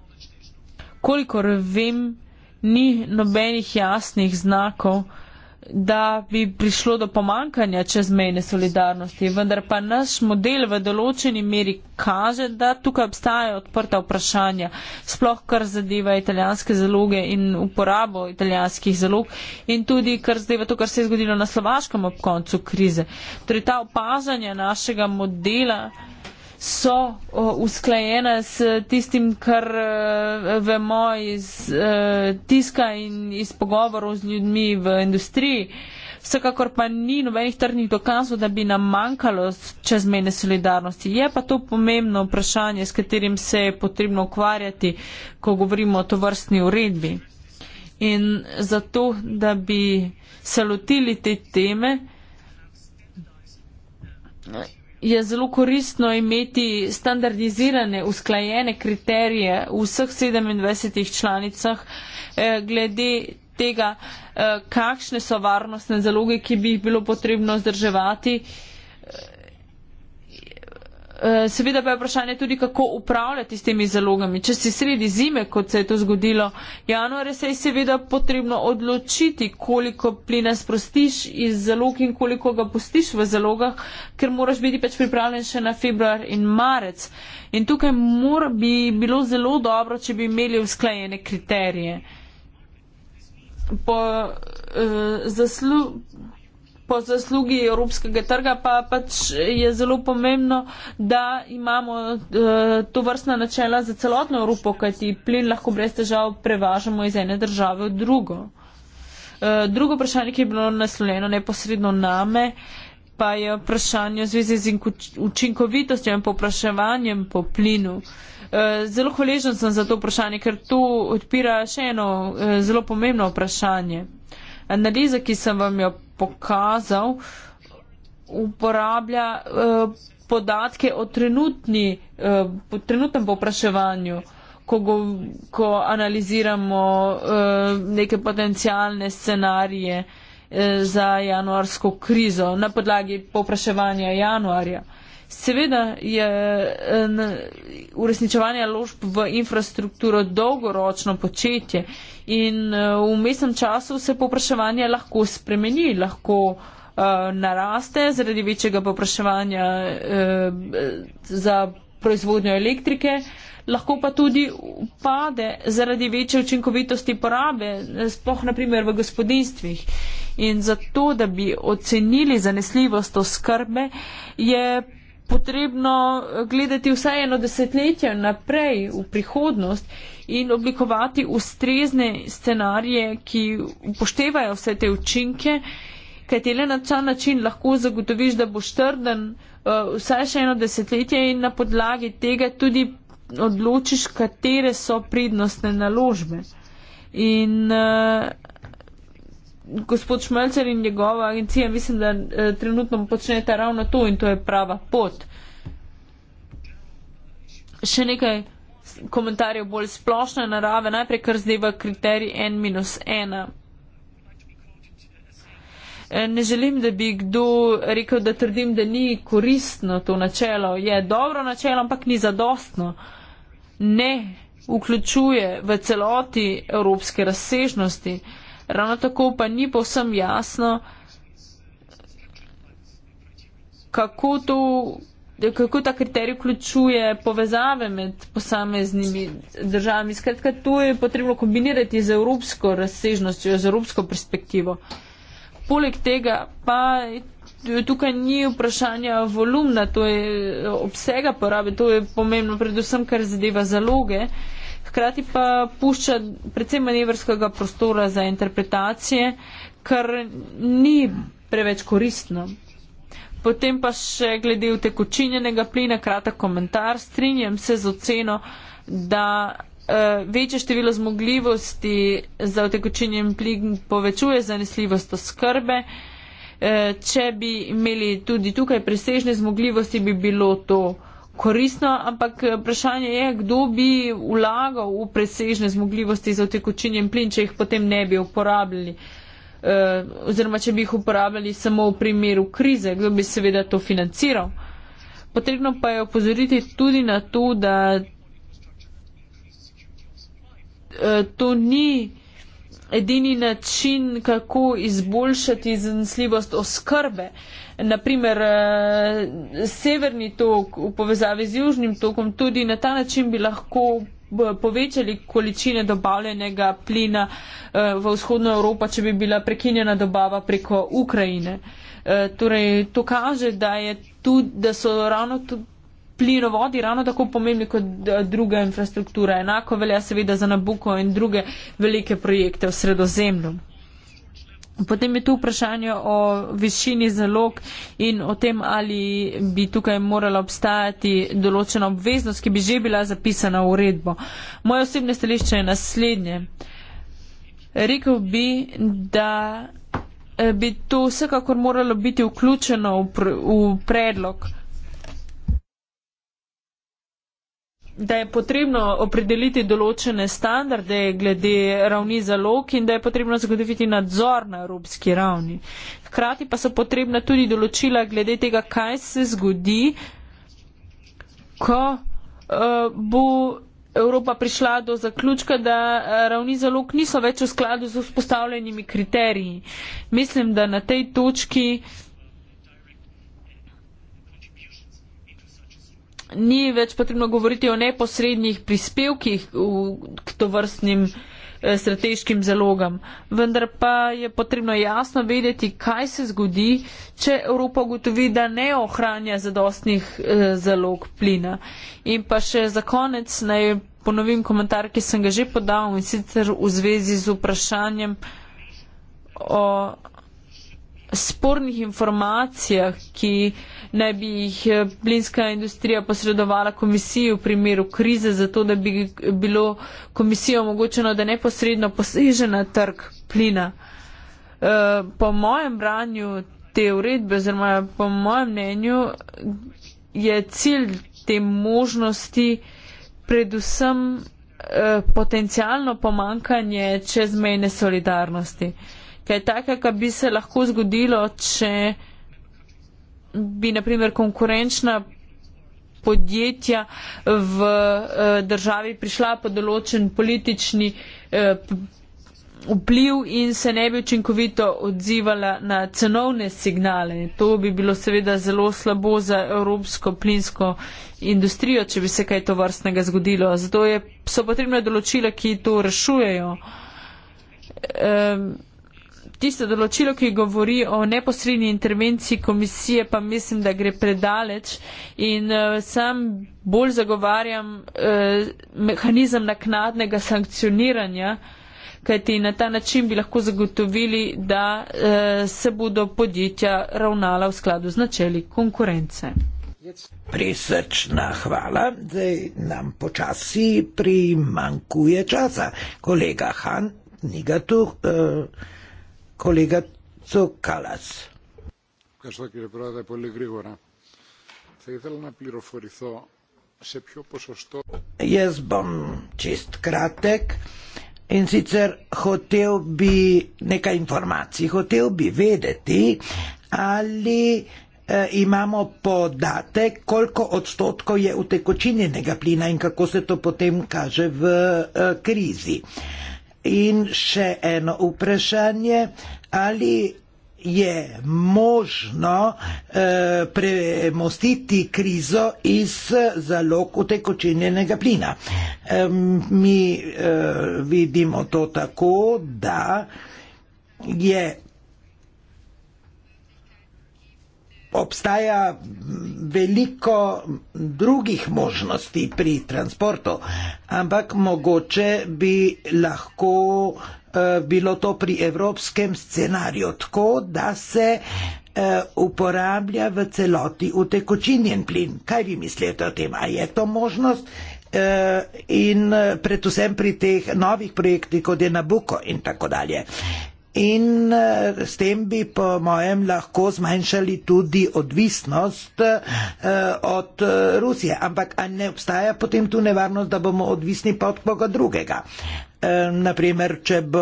Kolikor vem, ni nobenih jasnih znakov, da bi prišlo do pomankanja čezmejne solidarnosti, vendar pa naš model v določeni meri kaže, da tukaj obstajajo odprta vprašanja, sploh kar zadeva italijanske zaloge in uporabo italijanskih zalog in tudi kar zadeva to, kar se je zgodilo na Slovaškem ob koncu krize. Torej ta opažanja našega modela so usklajena s tistim, kar e, vemo iz e, tiska in iz pogovorov z ljudmi v industriji. Vsekakor pa ni nobenih trdnih dokazov, da bi nam manjkalo čezmejne solidarnosti. Je pa to pomembno vprašanje, s katerim se je potrebno ukvarjati, ko govorimo o tovrstni uredbi. In zato, da bi se lotili te teme, je zelo koristno imeti standardizirane, usklajene kriterije v vseh 27 članicah eh, glede tega, eh, kakšne so varnostne zaloge, ki bi jih bilo potrebno zdrževati. Eh, seveda pa je vprašanje tudi, kako upravljati s temi zalogami. Če si sredi zime, kot se je to zgodilo, januarja se je seveda potrebno odločiti, koliko plina sprostiš iz zalog in koliko ga pustiš v zalogah, ker moraš biti pač pripravljen še na februar in marec. In tukaj mora bi bilo zelo dobro, če bi imeli usklajene kriterije. Po, eh, zaslu, po zaslugi evropskega trga, pa pač je zelo pomembno, da imamo uh, eh, to vrstna načela za celotno Evropo, kajti plin lahko brez težav prevažamo iz ene države v drugo. Uh, drugo vprašanje, ki je bilo naslovljeno neposredno name, pa je vprašanje v zvezi z učinkovitostjo in popraševanjem po plinu. Eh, zelo hvaležen sem za to vprašanje, ker tu odpira še eno zelo pomembno vprašanje. Analiza, ki sem vam jo pokazal, uporablja eh, podatke o trenutni, eh, po trenutnem popraševanju, ko, go, ko analiziramo eh, neke potencijalne scenarije eh, za januarsko krizo na podlagi popraševanja januarja. Seveda je eh, uresničevanje ložb v infrastrukturo dolgoročno početje in eh, v mestnem času se popraševanje lahko spremeni, lahko eh, naraste zaradi večjega popraševanja za proizvodnjo elektrike, lahko pa tudi upade zaradi večje učinkovitosti porabe, spoh naprimer v gospodinstvih. In zato, da bi ocenili zanesljivost oskrbe, je potrebno eh, gledati vsaj eno desetletje naprej v prihodnost in oblikovati ustrezne scenarije, ki upoštevajo vse te učinke, kaj te le na ta način lahko zagotoviš, da boš trden eh, vsaj še eno desetletje in na podlagi tega tudi odločiš, katere so prednostne naložbe. In uh, gospod Šmelcer in njegova agencija mislim, da eh, trenutno počnete ravno to in to je prava pot. Še nekaj komentarjev bolj splošne narave, najprej kar zdeva kriterij N-1. Eh, ne želim, da bi kdo rekel, da trdim, da ni koristno to načelo. Je dobro načelo, ampak ni zadostno. Ne vključuje v celoti evropske razsežnosti. Uh, Ravno tako pa ni povsem jasno, kako, to, kako ta kriterij vključuje povezave med posameznimi državami. Skratka, to je potrebno kombinirati z evropsko razsežnostjo, z evropsko perspektivo. Poleg tega pa tukaj ni vprašanja volumna, to je obsega porabe, to je pomembno predvsem, kar zadeva zaloge. Uh, hkrati pa pušča predvsem manevrskega prostora za interpretacije, kar ni preveč koristno. Potem pa še glede utekočinjenega plina, kratek komentar, strinjam se z oceno, da uh, večje število zmogljivosti za utekočinjen plin povečuje zanesljivost oskrbe. Uh, če bi imeli tudi tukaj presežne zmogljivosti, bi bilo to uh, koristna, ampak eh, vprašanje je, kdo bi vlagal v presežne zmogljivosti za tekočinjen plin, če jih potem ne bi uporabljali. Eh, oziroma, če bi jih uporabljali samo v primeru krize, kdo bi seveda to financiral. Potrebno pa je opozoriti tudi na to, da eh, to ni edini način, kako izboljšati zanesljivost oskrbe. Naprimer, eh, severni tok v povezavi z južnim tokom, tudi na ta način bi lahko eh, povečali količine dobavljenega plina eh, v vzhodno Evropo, če bi bila prekinjena dobava preko Ukrajine. Torej, to kaže, da, tudi, da so ravno tudi plinovodi ravno tako pomembni kot eh, druga infrastruktura. Enako velja seveda za Nabuko in druge velike projekte v sredozemlju. Potem je tu vprašanje o višini zalog in o tem, ali bi tukaj morala obstajati določena obveznost, ki bi že bila zapisana v uredbo. Moje osebne stališče je naslednje. Rekel bi, da eh, bi to vsekakor moralo biti vključeno v predlog da je potrebno opredeliti določene standarde glede ravni zalog in da je potrebno zagotoviti nadzor na evropski ravni. Hkrati pa so potrebna tudi določila glede tega, kaj se zgodi, ko uh, bo Evropa prišla do zaključka, da eh, ravni zalog niso več v skladu z vzpostavljenimi kriteriji. Mislim, da na tej točki. ni več potrebno govoriti o neposrednih prispevkih v, k tovrstnim eh, strateškim zalogam. Vendar pa je potrebno jasno vedeti, kaj se zgodi, če Evropa ugotovi, da ne ohranja zadostnih eh, zalog plina. In pa še za konec naj ponovim komentar, ki sem ga že podal in sicer v zvezi z vprašanjem o spornih informacijah, ki naj bi jih eh, plinska industrija posredovala komisiji v primeru krize, zato da bi bilo komisijo omogočeno, da neposredno poseže na trg plina. Eh, po mojem branju te uredbe, oziroma po mojem mnenju, je cilj te možnosti predvsem eh, potencijalno pomankanje čezmejne solidarnosti. Uh, kaj takega, kar bi se lahko zgodilo, če bi naprimer konkurenčna podjetja v eh, državi prišla pod določen politični eh, vpliv in se ne bi učinkovito odzivala na cenovne signale. To bi bilo seveda zelo slabo za evropsko plinsko industrijo, če bi se kaj to vrstnega zgodilo. Zato je, so potrebne določila, ki to rešujejo. Um, Tisto določilo, ki govori o neposrednji intervenciji komisije, pa mislim, da gre predaleč in uh, sam bolj zagovarjam uh, mehanizem naknadnega sankcioniranja, kajti na ta način bi lahko zagotovili, da uh, se bodo podjetja ravnala v skladu z načeli konkurence. Prisrčna hvala, da nam počasi primankuje časa. Kolega Han, ni ga tu. Uh, kolega Tsoukalas. Ευχαριστώ κύριε Πρόεδρε, πολύ γρήγορα. Θα ήθελα να πληροφορηθώ σε ποιο ποσοστό... Yes, bon, čist kratek. In sicer hotel bi nekaj informacij, hotel bi vedeti, ali eh, imamo podatek, koliko odstotkov je utekočinjenega plina in kako se to potem kaže v eh, krizi. Eh, In še eno vprašanje, ali je možno eh, premostiti krizo iz zalog utekočinjenega plina. Eh, mi eh, vidimo to tako, da je obstaja veliko drugih možnosti pri transportu, ampak mogoče bi lahko eh, bilo to pri evropskem scenariju tako, da se eh, uporablja v celoti utekočinjen plin. Kaj vi mislite o tem? A je to možnost? Eh, in eh, predvsem pri teh novih projektih, kot je Nabuko in tako dalje. In eh, s tem bi, po mojem, lahko zmanjšali tudi odvisnost eh, od eh, Rusije. Ampak ali ne obstaja potem tu nevarnost, da bomo odvisni pa od koga drugega? Naprimer, če bo,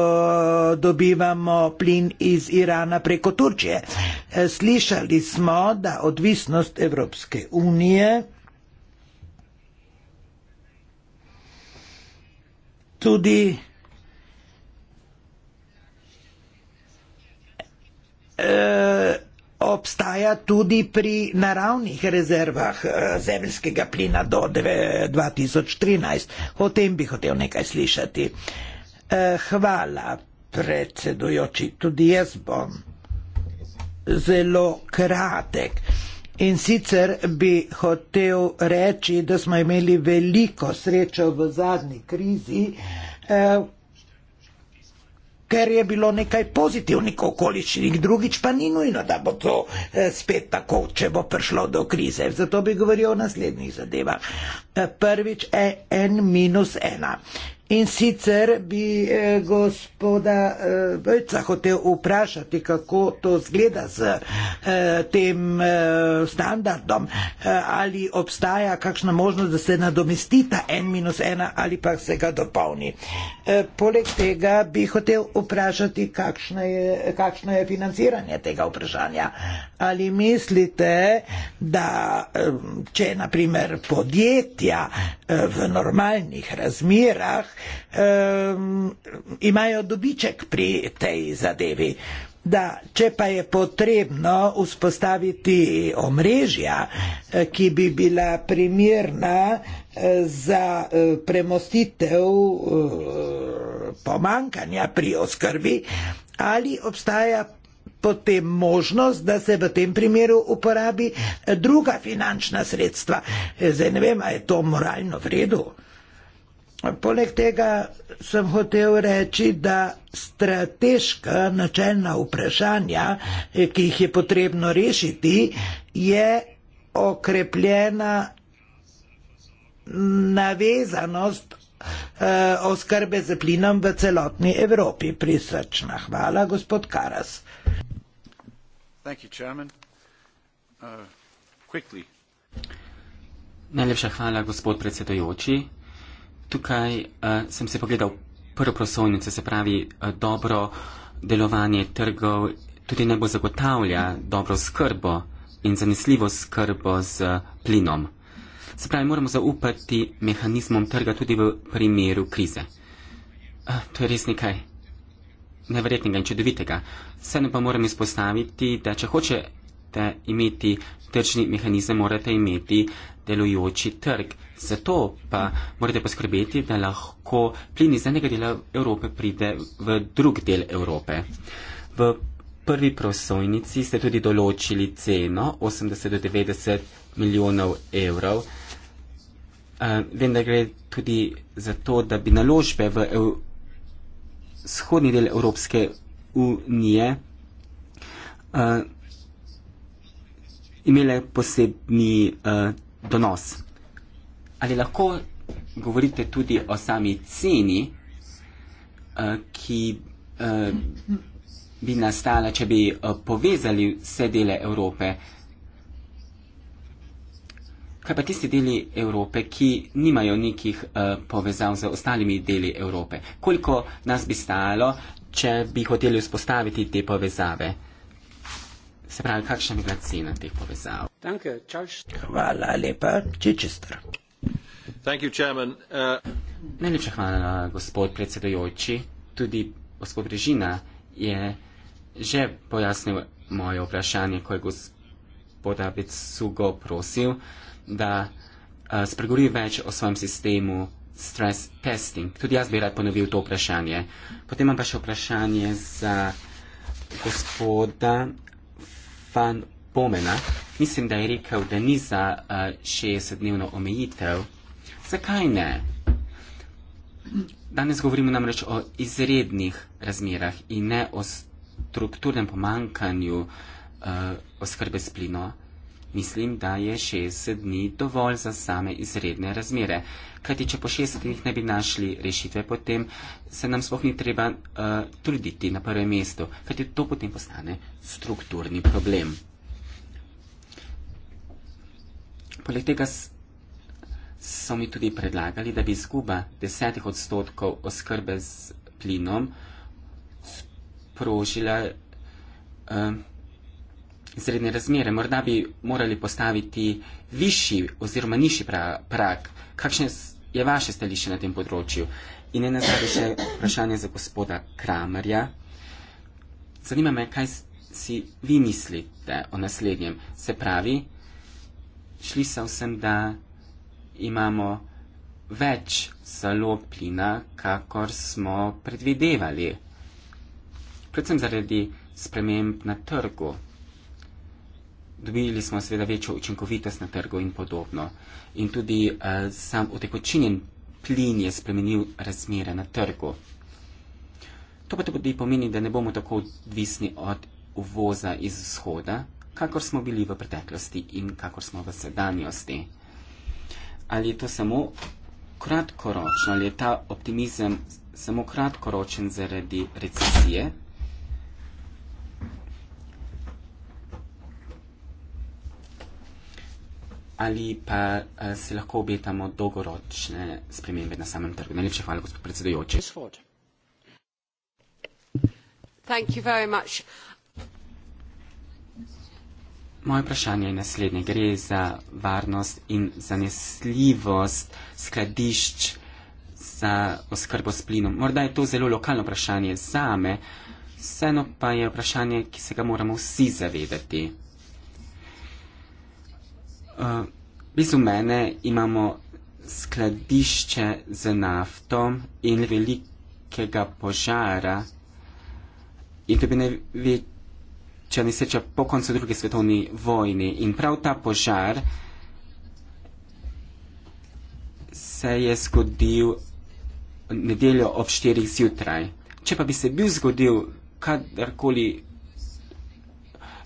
dobivamo plin iz Irana preko Turčije. Slišali smo, da odvisnost Evropske unije tudi Eh, obstaja tudi pri naravnih rezervah eh, zemljskega plina do 2013. O tem bi hotel nekaj slišati. Eh, hvala, predsedujoči, tudi jaz bom zelo kratek. In sicer bi hotel reči, da smo imeli veliko srečo v zadnji krizi, ker je bilo nekaj pozitivnih okoliščin, drugič pa ni nujno, da bo to eh, spet tako, če bo prišlo do krize. Zato bi govoril o naslednjih zadevah. Eh, prvič je en minus ena. In sicer bi eh, gospoda eh, Bojca hotel vprašati, kako to zgleda z eh, tem eh, standardom, eh, ali obstaja kakšna možnost, da se nadomesti ta en minus ena ali pa se ga dopolni. Eh, poleg tega bi hotel vprašati, kakšno je, kakšno je financiranje tega vprašanja. Ali mislite, da eh, če naprimer podjetja eh, v normalnih razmerah, um, imajo dobiček pri tej zadevi. Da, če pa je potrebno vzpostaviti omrežja, eh, ki bi bila primirna eh, za eh, premostitev pomankanja pri oskrbi, ali obstaja potem možnost, da se v tem primeru uporabi druga finančna sredstva. Zdaj ne vem, ali je to moralno vredno. Poleg tega sem hotel reči, da strateška načelna vprašanja, ki jih je potrebno rešiti, je okrepljena navezanost eh, oskrbe z plinom v celotni Evropi. Prisrčna hvala, gospod Karas. Uh, Najlepša hvala, gospod predsedujoči. Tukaj uh, sem se pogledal prvo prosojnico, se pravi uh, dobro delovanje trgov, tudi ne bo zagotavlja dobro skrbo in zanesljivo skrbo z eh, plinom. Se pravi, moramo zaupati mehanizmom trga tudi v primeru krize. Uh, to je res nekaj nevrednega in čudovitega. Vseeno pa moram izpostaviti, da če hočete imeti tržni mehanizem, morate imeti delujoči trg. Zato pa morate poskrbeti, da lahko plin iz enega dela Evrope pride v drug del Evrope. V prvi prosojnici ste tudi določili ceno 80 do 90 milijonov evrov. Eh, vendar gre tudi za to, da bi naložbe v vzhodni del Evropske unije eh, imele posebni eh, donos. Ali lahko govorite tudi o sami ceni, eh, ki eh, bi nastala, če bi eh, povezali vse dele Evrope? Kaj pa tisti deli Evrope, ki nimajo nekih povezav z ostalimi deli Evrope? Koliko nas bi stalo, če bi hoteli vzpostaviti te povezave? Se pravi, kakšna bi bila cena teh povezav? Hvala lepa, Chichester. Uh, Najlepša hvala, gospod predsedujoči. Tudi gospod Režina je že pojasnil moje vprašanje, ko je gospod Abitsugo prosil, da uh, spregovori več o svojem sistemu stress testing. Tudi jaz bi rad ponovil to vprašanje. Potem imam pa še vprašanje za gospoda Van Bomena, mislim, da je rekel, da ni za uh, eh, 60-dnevno omejitev. Zakaj ne? Danes govorimo namreč o izrednih razmerah in ne o strukturnem pomankanju uh, oskrbe s plino. Mislim, da je 60 dni dovolj za same izredne razmere. Kajti, če po 60 dneh ne bi našli rešitve, potem se nam sploh ni treba uh, truditi na prvem mestu, kajti to potem postane strukturni problem. Poleg tega so mi tudi predlagali, da bi izguba desetih odstotkov oskrbe z plinom sprožila uh, izredne razmere. Morda bi morali postaviti višji oziroma nižji pra prak. Kakšne je vaše stališče na tem področju? In ena zadnja še vprašanje za gospoda Kramerja. Zanima me, kaj si vi mislite o naslednjem. Se pravi, slišal sem, da imamo več zelo plina, kakor smo predvidevali, predvsem zaradi sprememb na trgu. Dobili smo seveda večjo učinkovitost na trgu in podobno. In tudi uh, sam utekočinjen plin je spremenil razmere na trgu. To pa tudi pomeni, da ne bomo tako odvisni od uvoza iz vzhoda, kakor smo bili v preteklosti in kakor smo v sedanjosti. Ali je to samo kratkoročno, ali je ta optimizem samo kratkoročen zaradi recesije? Ali pa uh, se lahko obetamo dolgoročne spremembe na samem trgu? Najlepša hvala, gospod predsedujoči. Thank you very much. Moje vprašanje je naslednje. Gre za varnost in zanesljivost skladišč za oskrbo s plinom. Morda je to zelo lokalno vprašanje zame, vseeno pa je vprašanje, ki se ga moramo vsi zavedati. Uh, Blizu mene imamo skladišče z nafto in velikega požara in to bi največji če ne seče po koncu druge svetovne vojne. In prav ta požar se je zgodil nedeljo ob 4 zjutraj. Če pa bi se bil zgodil kadarkoli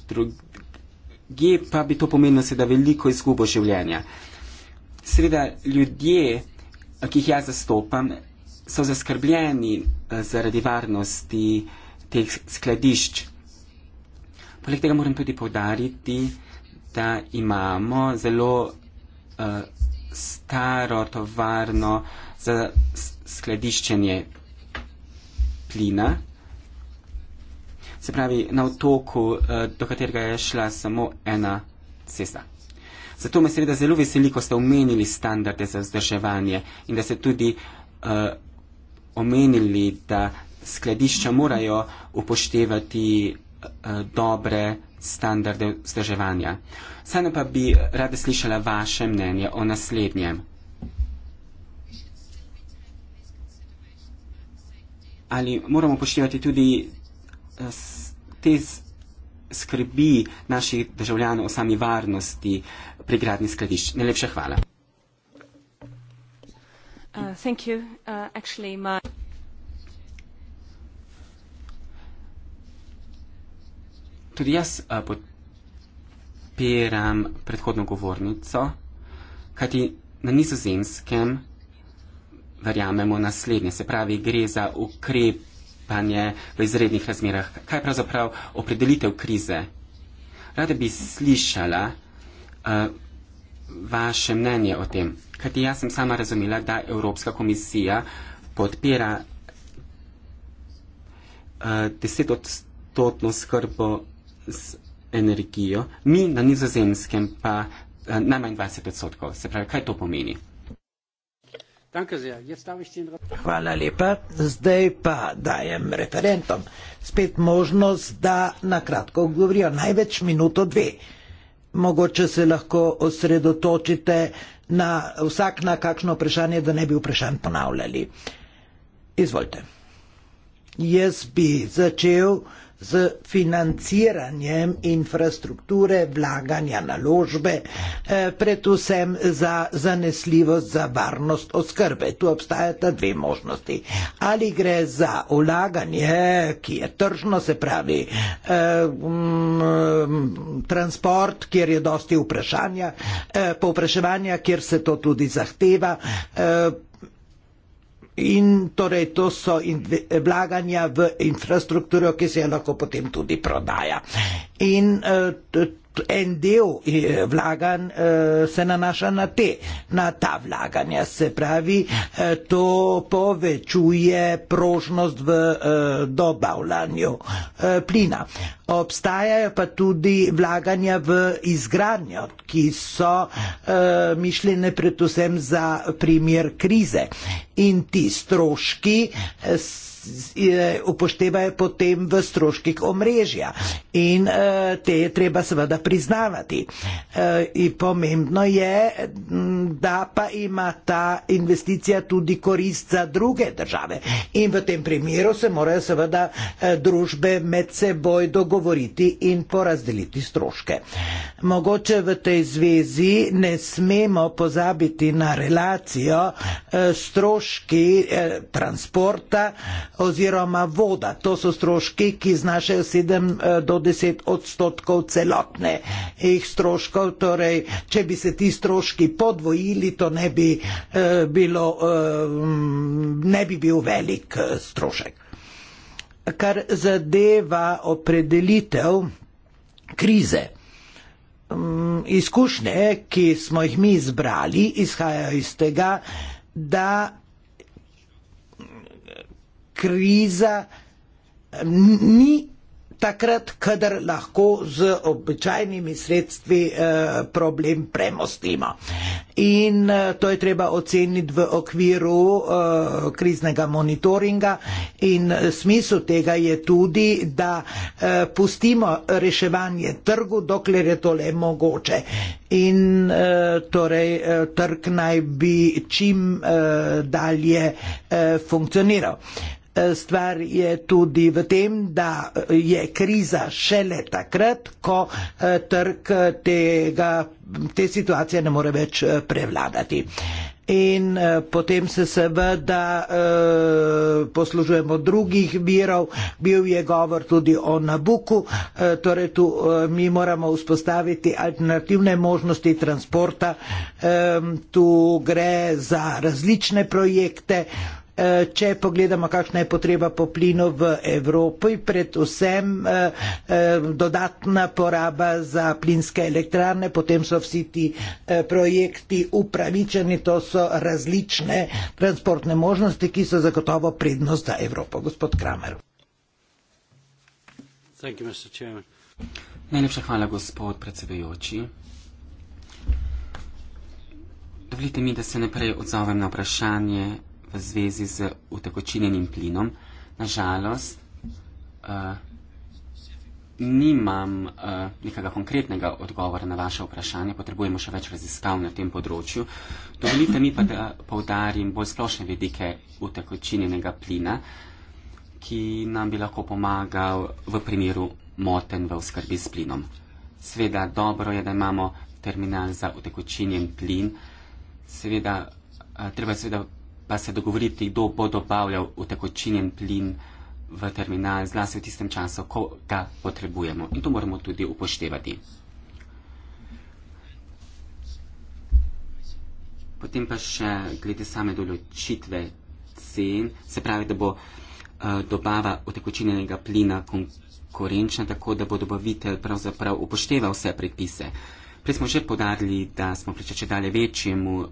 drugje, pa bi to pomenilo seveda veliko izgubo življenja. Seveda ljudje, ki jih jaz zastopam, so zaskrbljeni eh, zaradi varnosti teh skladišč. Poleg tega moram tudi povdariti, da imamo zelo uh, staro tovarno za skladiščenje plina. Se pravi, na otoku, uh, do katerega je šla samo ena cesta. Zato me seveda zelo veseli, ko ste omenili standarde za vzdrževanje in da ste tudi uh, omenili, da skladišča morajo upoštevati Eh, dobre standarde vzdrževanja. Sedaj pa bi rada slišala vaše mnenje o naslednjem. Ali moramo poštevati tudi eh, te skrbi naših državljanov o sami varnosti pri gradni skladišč? Najlepša hvala. Uh, thank you. Uh, actually, my tudi jaz uh, podpiram predhodno govornico, kajti na nizozemskem verjamemo naslednje. Se pravi, gre za ukrepanje v izrednih razmerah. Kaj je pravzaprav opredelitev krize? Rada bi slišala uh, vaše mnenje o tem, kajti jaz sem sama razumela, da Evropska komisija podpira uh, eh, deset odstotno skrbo z energijo, mi na nizozemskem pa eh, najmanj 20 odstotkov. Se pravi, kaj to pomeni? Hvala lepa. Zdaj pa dajem referentom spet možnost, da na kratko govorijo največ minuto dve. Mogoče se lahko osredotočite na vsak na kakšno vprašanje, da ne bi vprašanj ponavljali. Izvolite. Jaz bi začel z financiranjem infrastrukture, vlaganja naložbe, eh, predvsem za zanesljivost, za varnost oskrbe. Tu obstajata dve možnosti. Ali gre za vlaganje, ki je tržno, se pravi eh, transport, kjer je dosti vprašanja, eh, povpraševanja, kjer se to tudi zahteva in torej to so vlaganja v infrastrukturo, ki se je lahko potem tudi prodaja. In, uh, en del eh, vlagan eh, se nanaša na te, na ta vlaganja. Se pravi, eh, to povečuje prožnost v dobavljanju plina. Obstajajo pa tudi vlaganja v izgradnjo, ki so e, mišljene predvsem za primer krize in ti stroški. E, upoštevajo potem v stroških omrežja in eh, te je treba seveda priznavati. Eh, in pomembno je, da pa ima ta investicija tudi korist za druge države in v tem primeru se morajo seveda eh, družbe med seboj dogovoriti in porazdeliti stroške. Mogoče v tej zvezi ne smemo pozabiti na relacijo stroški transporta, oziroma voda. To so stroški, ki znašajo 7 eh, do 10 odstotkov celotne jih stroškov. Torej, če bi se ti stroški podvojili, to ne bi, eh, bilo, eh, ne bi bil velik eh, strošek. Kar zadeva opredelitev krize. Mm, izkušnje, ki smo jih mi izbrali, izhajajo iz tega, da kriza ni takrat, kadar lahko z običajnimi sredstvi eh, problem premostimo. In eh, to je treba oceniti v okviru eh, kriznega monitoringa in smislu tega je tudi, da pustimo reševanje trgu, dokler je to le mogoče. In torej trg naj bi čim dalje funkcioniral. Stvar je tudi v tem, da je kriza šele takrat, ko eh, trg tega, te situacije ne more več eh, prevladati. In eh, potem se seveda poslužujemo drugih virov, bil je govor tudi o Nabuku, torej tu mi moramo vzpostaviti alternativne možnosti transporta, tu gre za različne projekte. Eh, če pogledamo, kakšna je potreba po plinu v Evropi, predvsem eh, eh, dodatna poraba za plinske elektrarne, potem so vsi ti projekti upravičeni, to so različne transportne možnosti, ki so zagotovo prednost za Evropo. Gospod Kramer. Najlepša hvala, gospod predsedujoči. Dovolite mi, da se najprej odzovem na vprašanje v zvezi z utekočinjenim plinom. Nažalost, uh, eh, nimam uh, nekega konkretnega odgovora na vaše vprašanje, potrebujemo še več raziskav na tem področju. Dovolite mi pa, da povdarim bolj splošne vedike utekočinjenega plina, ki nam bi lahko pomagal v primeru moten v oskrbi s plinom. Sveda dobro je, da imamo terminal za utekočinjen plin. Seveda, eh, treba seveda pa se dogovoriti, kdo bo dobavljal utekočinjen plin v terminal, zlasti v tistem času, ko ga potrebujemo. In to moramo tudi upoštevati. Potem pa še glede same določitve cen, se pravi, da bo eh, dobava utekočinjenega plina konkurenčna, tako da bo dobavitelj pravzaprav upošteval vse predpise. Prej smo že podarili, da smo pričače dale večjemu uh,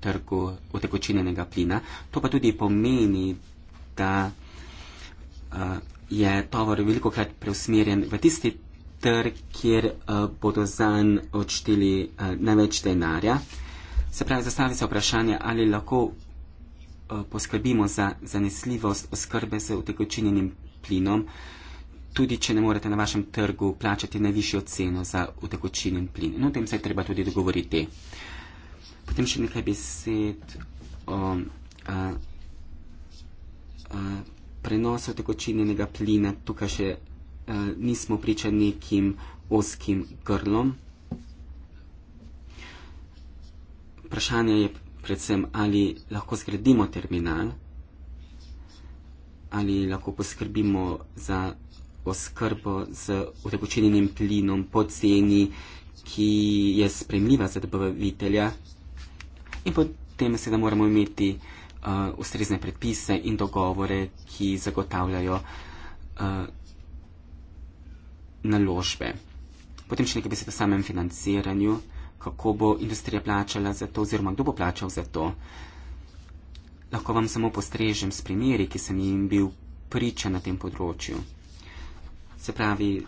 trgu otekočinenega plina. To pa tudi pomeni, da uh, je tovor veliko krat preusmerjen v tisti trg, kjer uh, bodo zanj odšteli uh, največ denarja. Se pravi, zastavi se vprašanje, ali lahko uh, poskrbimo za zanesljivost oskrbe z otekočinenim plinom. Uh, tudi če ne morete na vašem trgu plačati najvišjo ceno za utekočin in plin. No, o tem se je treba tudi dogovoriti. Potem še nekaj besed o a, a, prenosu utekočinjenega plina. Tukaj še a, nismo priča nekim oskim grlom. Vprašanje je predvsem, ali lahko zgradimo terminal, ali lahko poskrbimo za oskrbo z utekočenjenim plinom po ceni, ki je sprejemljiva za dobavitelja. In potem seveda moramo imeti uh, ustrezne predpise in dogovore, ki zagotavljajo uh, naložbe. Potem še nekaj besed o samem financiranju, kako bo industrija plačala za to oziroma kdo bo plačal za to. Lahko vam samo postrežem s primeri, ki sem jim bil priča na tem področju. Se pravi,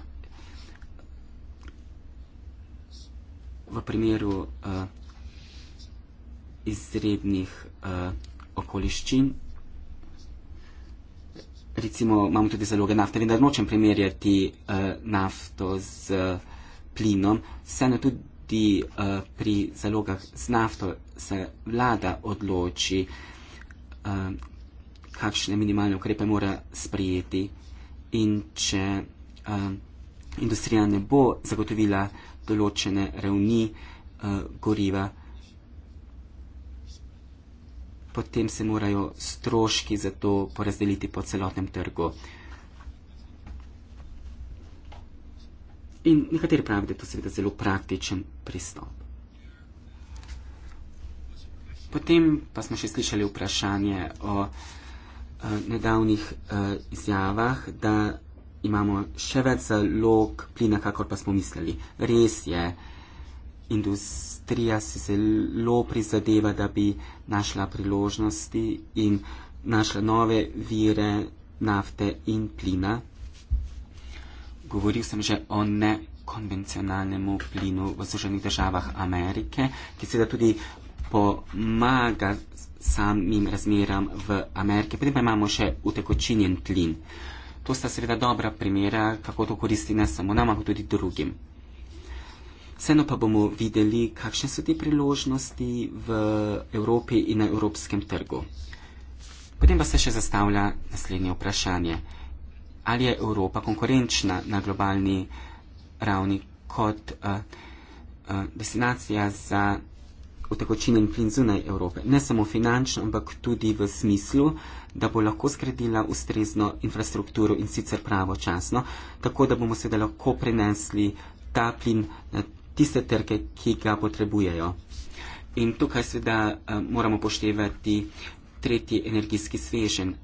v primeru uh, izrednih uh, okoliščin, recimo imamo tudi zaloge nafte, vendar nočem primerjati uh, nafto z uh, plinom, vseeno tudi uh, pri zalogah z nafto se vlada odloči, uh, kakšne minimalne ukrepe mora sprijeti. In če uh, industrija ne bo zagotovila določene ravni uh, goriva, potem se morajo stroški za to porazdeliti po celotnem trgu. In nekateri pravijo, da je to seveda zelo praktičen pristop. Potem pa smo še slišali vprašanje o, o nedavnih o, izjavah, da imamo še več zalog plina, kakor pa smo mislili. Res je, industrija si zelo prizadeva, da bi našla priložnosti in našla nove vire nafte in plina. Govoril sem že o nekonvencionalnemu plinu v Združenih državah Amerike, ki seveda tudi pomaga samim razmeram v Ameriki. Potem pa imamo še utekočinjen plin. Uh, To sta seveda dobra primera, kako to koristi ne samo nam, ampak tudi drugim. Vseeno pa bomo videli, kakšne so te priložnosti v Evropi in na evropskem trgu. Potem pa se še zastavlja naslednje vprašanje. Ali je Evropa konkurenčna na globalni ravni kot uh, uh, destinacija za utekočinjen plin zunaj Evrope? Ne samo finančno, ampak tudi v smislu, uh, da bo lahko zgradila ustrezno infrastrukturo in sicer pravočasno, tako da bomo seveda lahko prenesli ta plin na tiste trge, ki ga potrebujejo. In tukaj seveda eh, moramo poštevati tretji energijski svežen.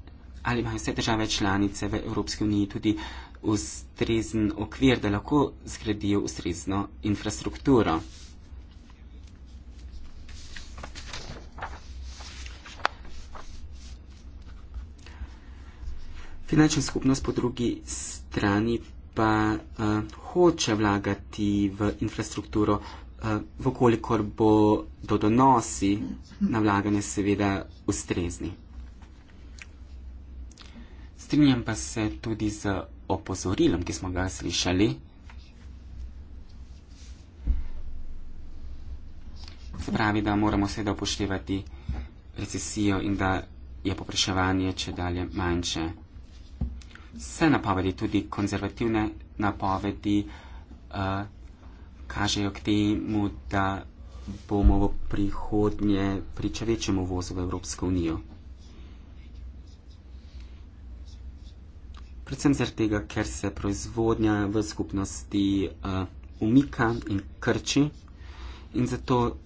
Ali imajo vse države članice v Evropski uniji tudi ustrezen okvir, da lahko zgradijo ustrezno infrastrukturo? finančna skupnost po drugi strani pa uh, hoče vlagati v infrastrukturo, uh, eh, vokolikor bo do donosi na vlaganje seveda ustrezni. Strinjam pa se tudi z opozorilom, ki smo ga slišali. Se pravi, da moramo seveda upoštevati recesijo in da je popraševanje če dalje manjše vse napovedi, tudi konzervativne napovedi, uh, kažejo k temu, da bomo v prihodnje priča večjemu vozu v Evropsko unijo. Predvsem zato, ker se proizvodnja v skupnosti uh, umika in krči, in zato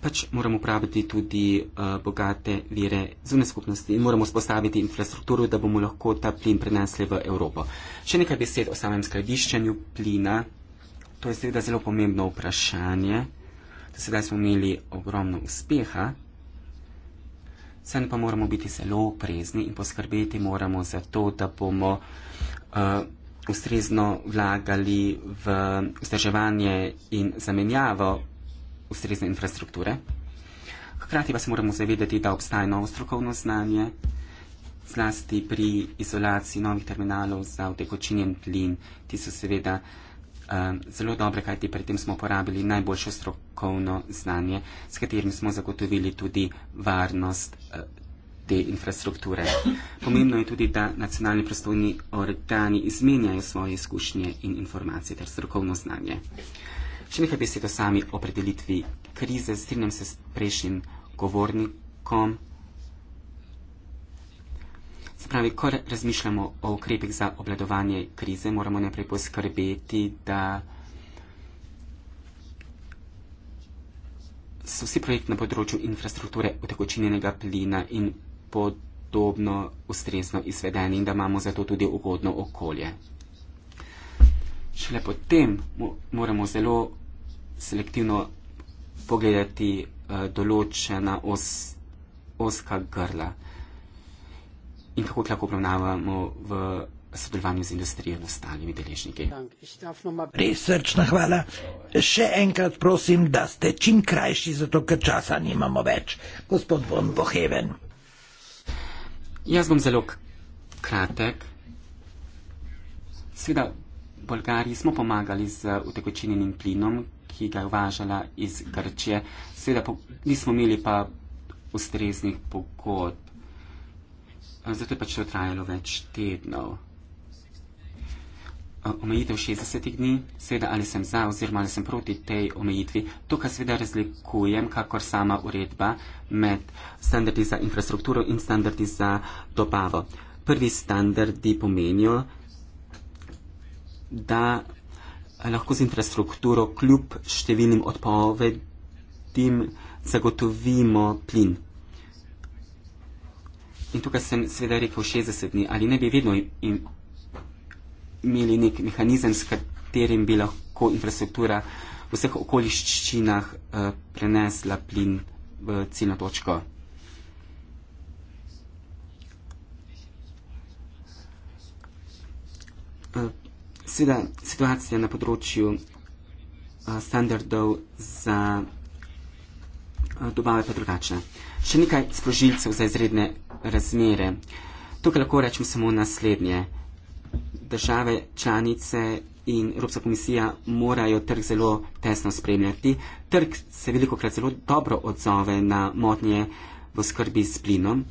pač moramo uporabiti tudi uh, bogate vire zunaj skupnosti in moramo spostaviti infrastrukturo, da bomo lahko ta plin prenesli v Evropo. Še nekaj besed o samem skladiščenju plina. To je seveda zelo pomembno vprašanje. Do sedaj smo imeli ogromno uspeha. Sen pa moramo biti zelo oprezni in poskrbeti moramo za to, da bomo uh, ustrezno vlagali v vzdrževanje in zamenjavo ustrezne infrastrukture. Hkrati pa se moramo zavedati, da obstaja novo strokovno znanje, zlasti pri izolaciji novih terminalov za utekočinjen plin. Ti so seveda uh, zelo dobre, kajti pri tem smo uporabili najboljše strokovno znanje, s katerim smo zagotovili tudi varnost uh, te infrastrukture. Pomembno je tudi, da nacionalni prostovni organi izmenjajo svoje izkušnje in informacije ter strokovno znanje. Uh, Še nekaj besed o sami opredelitvi krize. Strinjam se s prejšnjim govornikom. Se pravi, ko razmišljamo o ukrepih za obladovanje krize, moramo najprej poskrbeti, da so vsi projekti na področju infrastrukture utekočinjenega plina in podobno ustrezno izvedeni in da imamo zato tudi ugodno okolje. Šele potem moramo zelo selektivno pogledati uh, določena os, oska grla in kako lahko obravnavamo v sodelovanju z industrijo in ostalimi deležniki. Resrčna hvala. Še enkrat prosim, da ste čim krajši, zato ker časa nimamo več. Gospod von Boheven. Jaz bom zelo kratek. Seveda, Bolgariji smo pomagali z utekočinjenim plinom, ki ga je uvažala iz Grčije. Seveda po, nismo imeli pa ustreznih pogodb. Zato je pač to trajalo več tednov. Omejitev 60 dni, seveda ali sem za oziroma ali sem proti tej omejitvi. Tukaj seveda razlikujem, kakor sama uredba, med standardi za infrastrukturo in standardi za dobavo. Prvi standardi pomenijo, da Eh, lahko z infrastrukturo kljub številnim odpovedim zagotovimo plin. In tukaj sem seveda rekel 60 dni, ali ne bi vedno imeli nek mehanizem, s katerim bi lahko infrastruktura v vseh okoliščinah uh, prenesla plin v ciljno točko. Seveda situacija na področju uh, standardov za uh, dobave pa drugačna. Še nekaj sprožilcev za izredne razmere. Tukaj lahko rečem samo naslednje. Države članice in Evropska komisija morajo trg zelo tesno spremljati. Trg se veliko krat zelo dobro odzove na motnje v skrbi s plinom.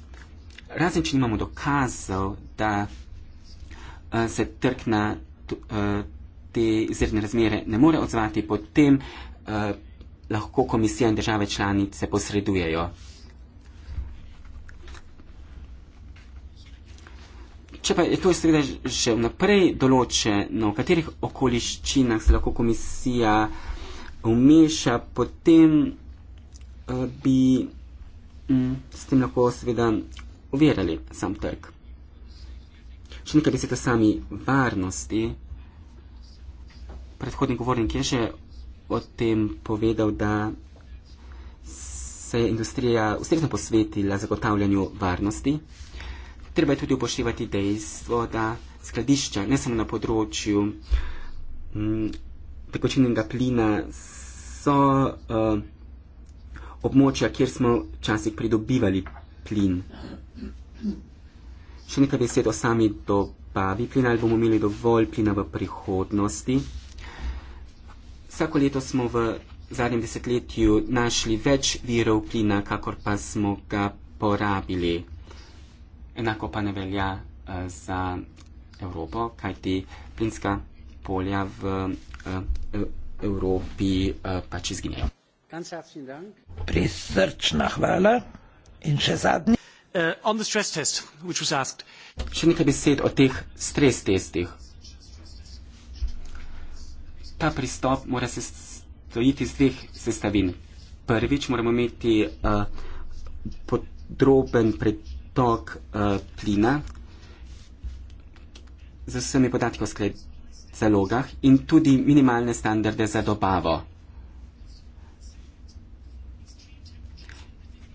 Razen, če nimamo dokazov, da uh, se trg na Eh, te izredne razmere ne more odzvati, potem eh, lahko komisija in države članice posredujejo. Če pa je to seveda že vnaprej določeno, v katerih okoliščinah se lahko komisija umeša, potem eh, bi mm, s tem lahko seveda uverjali sam trg. Če nekaj besede o sami varnosti, predhodni govornik je že o tem povedal, da se je industrija ustrezno posvetila zagotavljanju varnosti. Treba je tudi upoštevati dejstvo, da skladišča, ne samo na področju mm, tekočinjenega plina, so uh, območja, kjer smo včasih pridobivali plin. Še nekaj besed o sami dobavi plina, ali bomo imeli dovolj plina v prihodnosti. Vsako leto smo v zadnjem desetletju našli več virov plina, kakor pa smo ga porabili. Enako pa ne velja uh, za Evropo, kajti plinska polja v uh, Evropi uh, pač izginejo. Prisrčna hvala in še zadnji. Uh, on the stress test, which was asked. Še nekaj besed o teh stres testih. Ta pristop mora se stojiti iz dveh sestavin. Prvič moramo imeti uh, podroben pretok uh, plina z vsemi podatki o zalogah in tudi minimalne standarde za dobavo.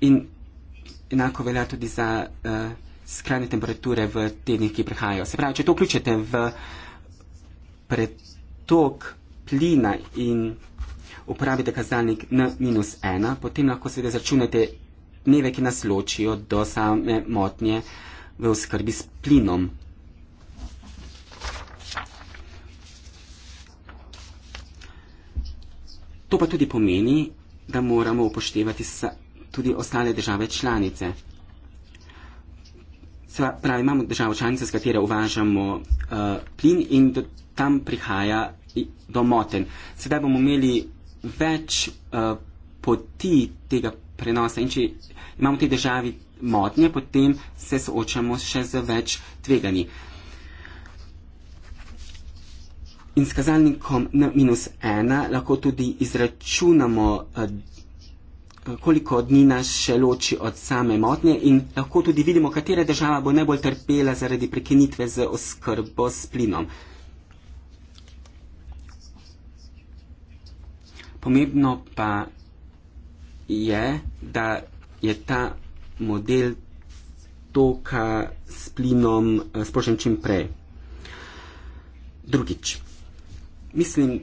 In enako velja tudi za uh, skrajne temperature v tednih, ki prihajajo. Se pravi, če to vključite v pretok plina in uporabite kazalnik N-1, potem lahko seveda začunete dneve, ki nas ločijo do same motnje v oskrbi s plinom. To pa tudi pomeni, da moramo upoštevati tudi ostale države članice. Se pravi, imamo državo članice, z katere uvažamo uh, plin in do, tam prihaja do moten. Sedaj bomo imeli več uh, poti tega prenosa in če imamo te državi motnje, potem se soočamo še z več tveganji. In s kazalnikom minus ena lahko tudi izračunamo uh, koliko dni nas še loči od same motnje in lahko tudi vidimo, katera država bo najbolj trpela zaradi prekinitve z oskrbo s plinom. Pomembno pa je, da je ta model toka s plinom eh, sprožen čim prej. Drugič, mislim,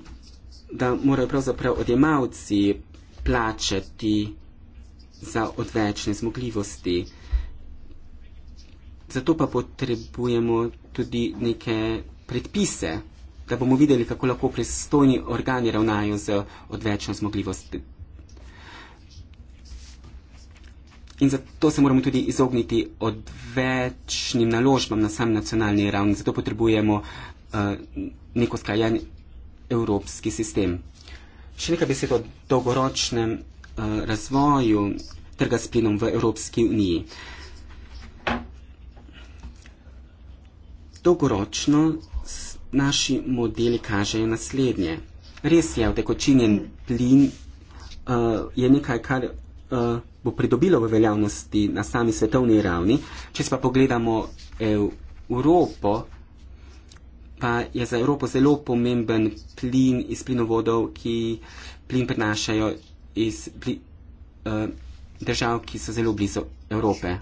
da morajo pravzaprav odjemalci plačati za odvečne zmogljivosti. Zato pa potrebujemo tudi neke predpise, da bomo videli, kako lahko pristojni organi ravnajo z odvečno zmogljivosti. In zato se moramo tudi izogniti odvečnim naložbam na sam nacionalni ravni. Zato potrebujemo uh, eh, neko skrajen evropski sistem. Še nekaj besed o dolgoročnem uh, razvoju trga s plinom v Evropski uniji. Dolgoročno naši modeli kažejo naslednje. Res je, vtekočinjen plin uh, je nekaj, kar uh, bo pridobilo v veljavnosti na sami svetovni ravni. Če pa pogledamo Evropo, pa je za Evropo zelo pomemben plin iz plinovodov, ki plin prenašajo iz pli, uh, držav, ki so zelo blizu Evrope.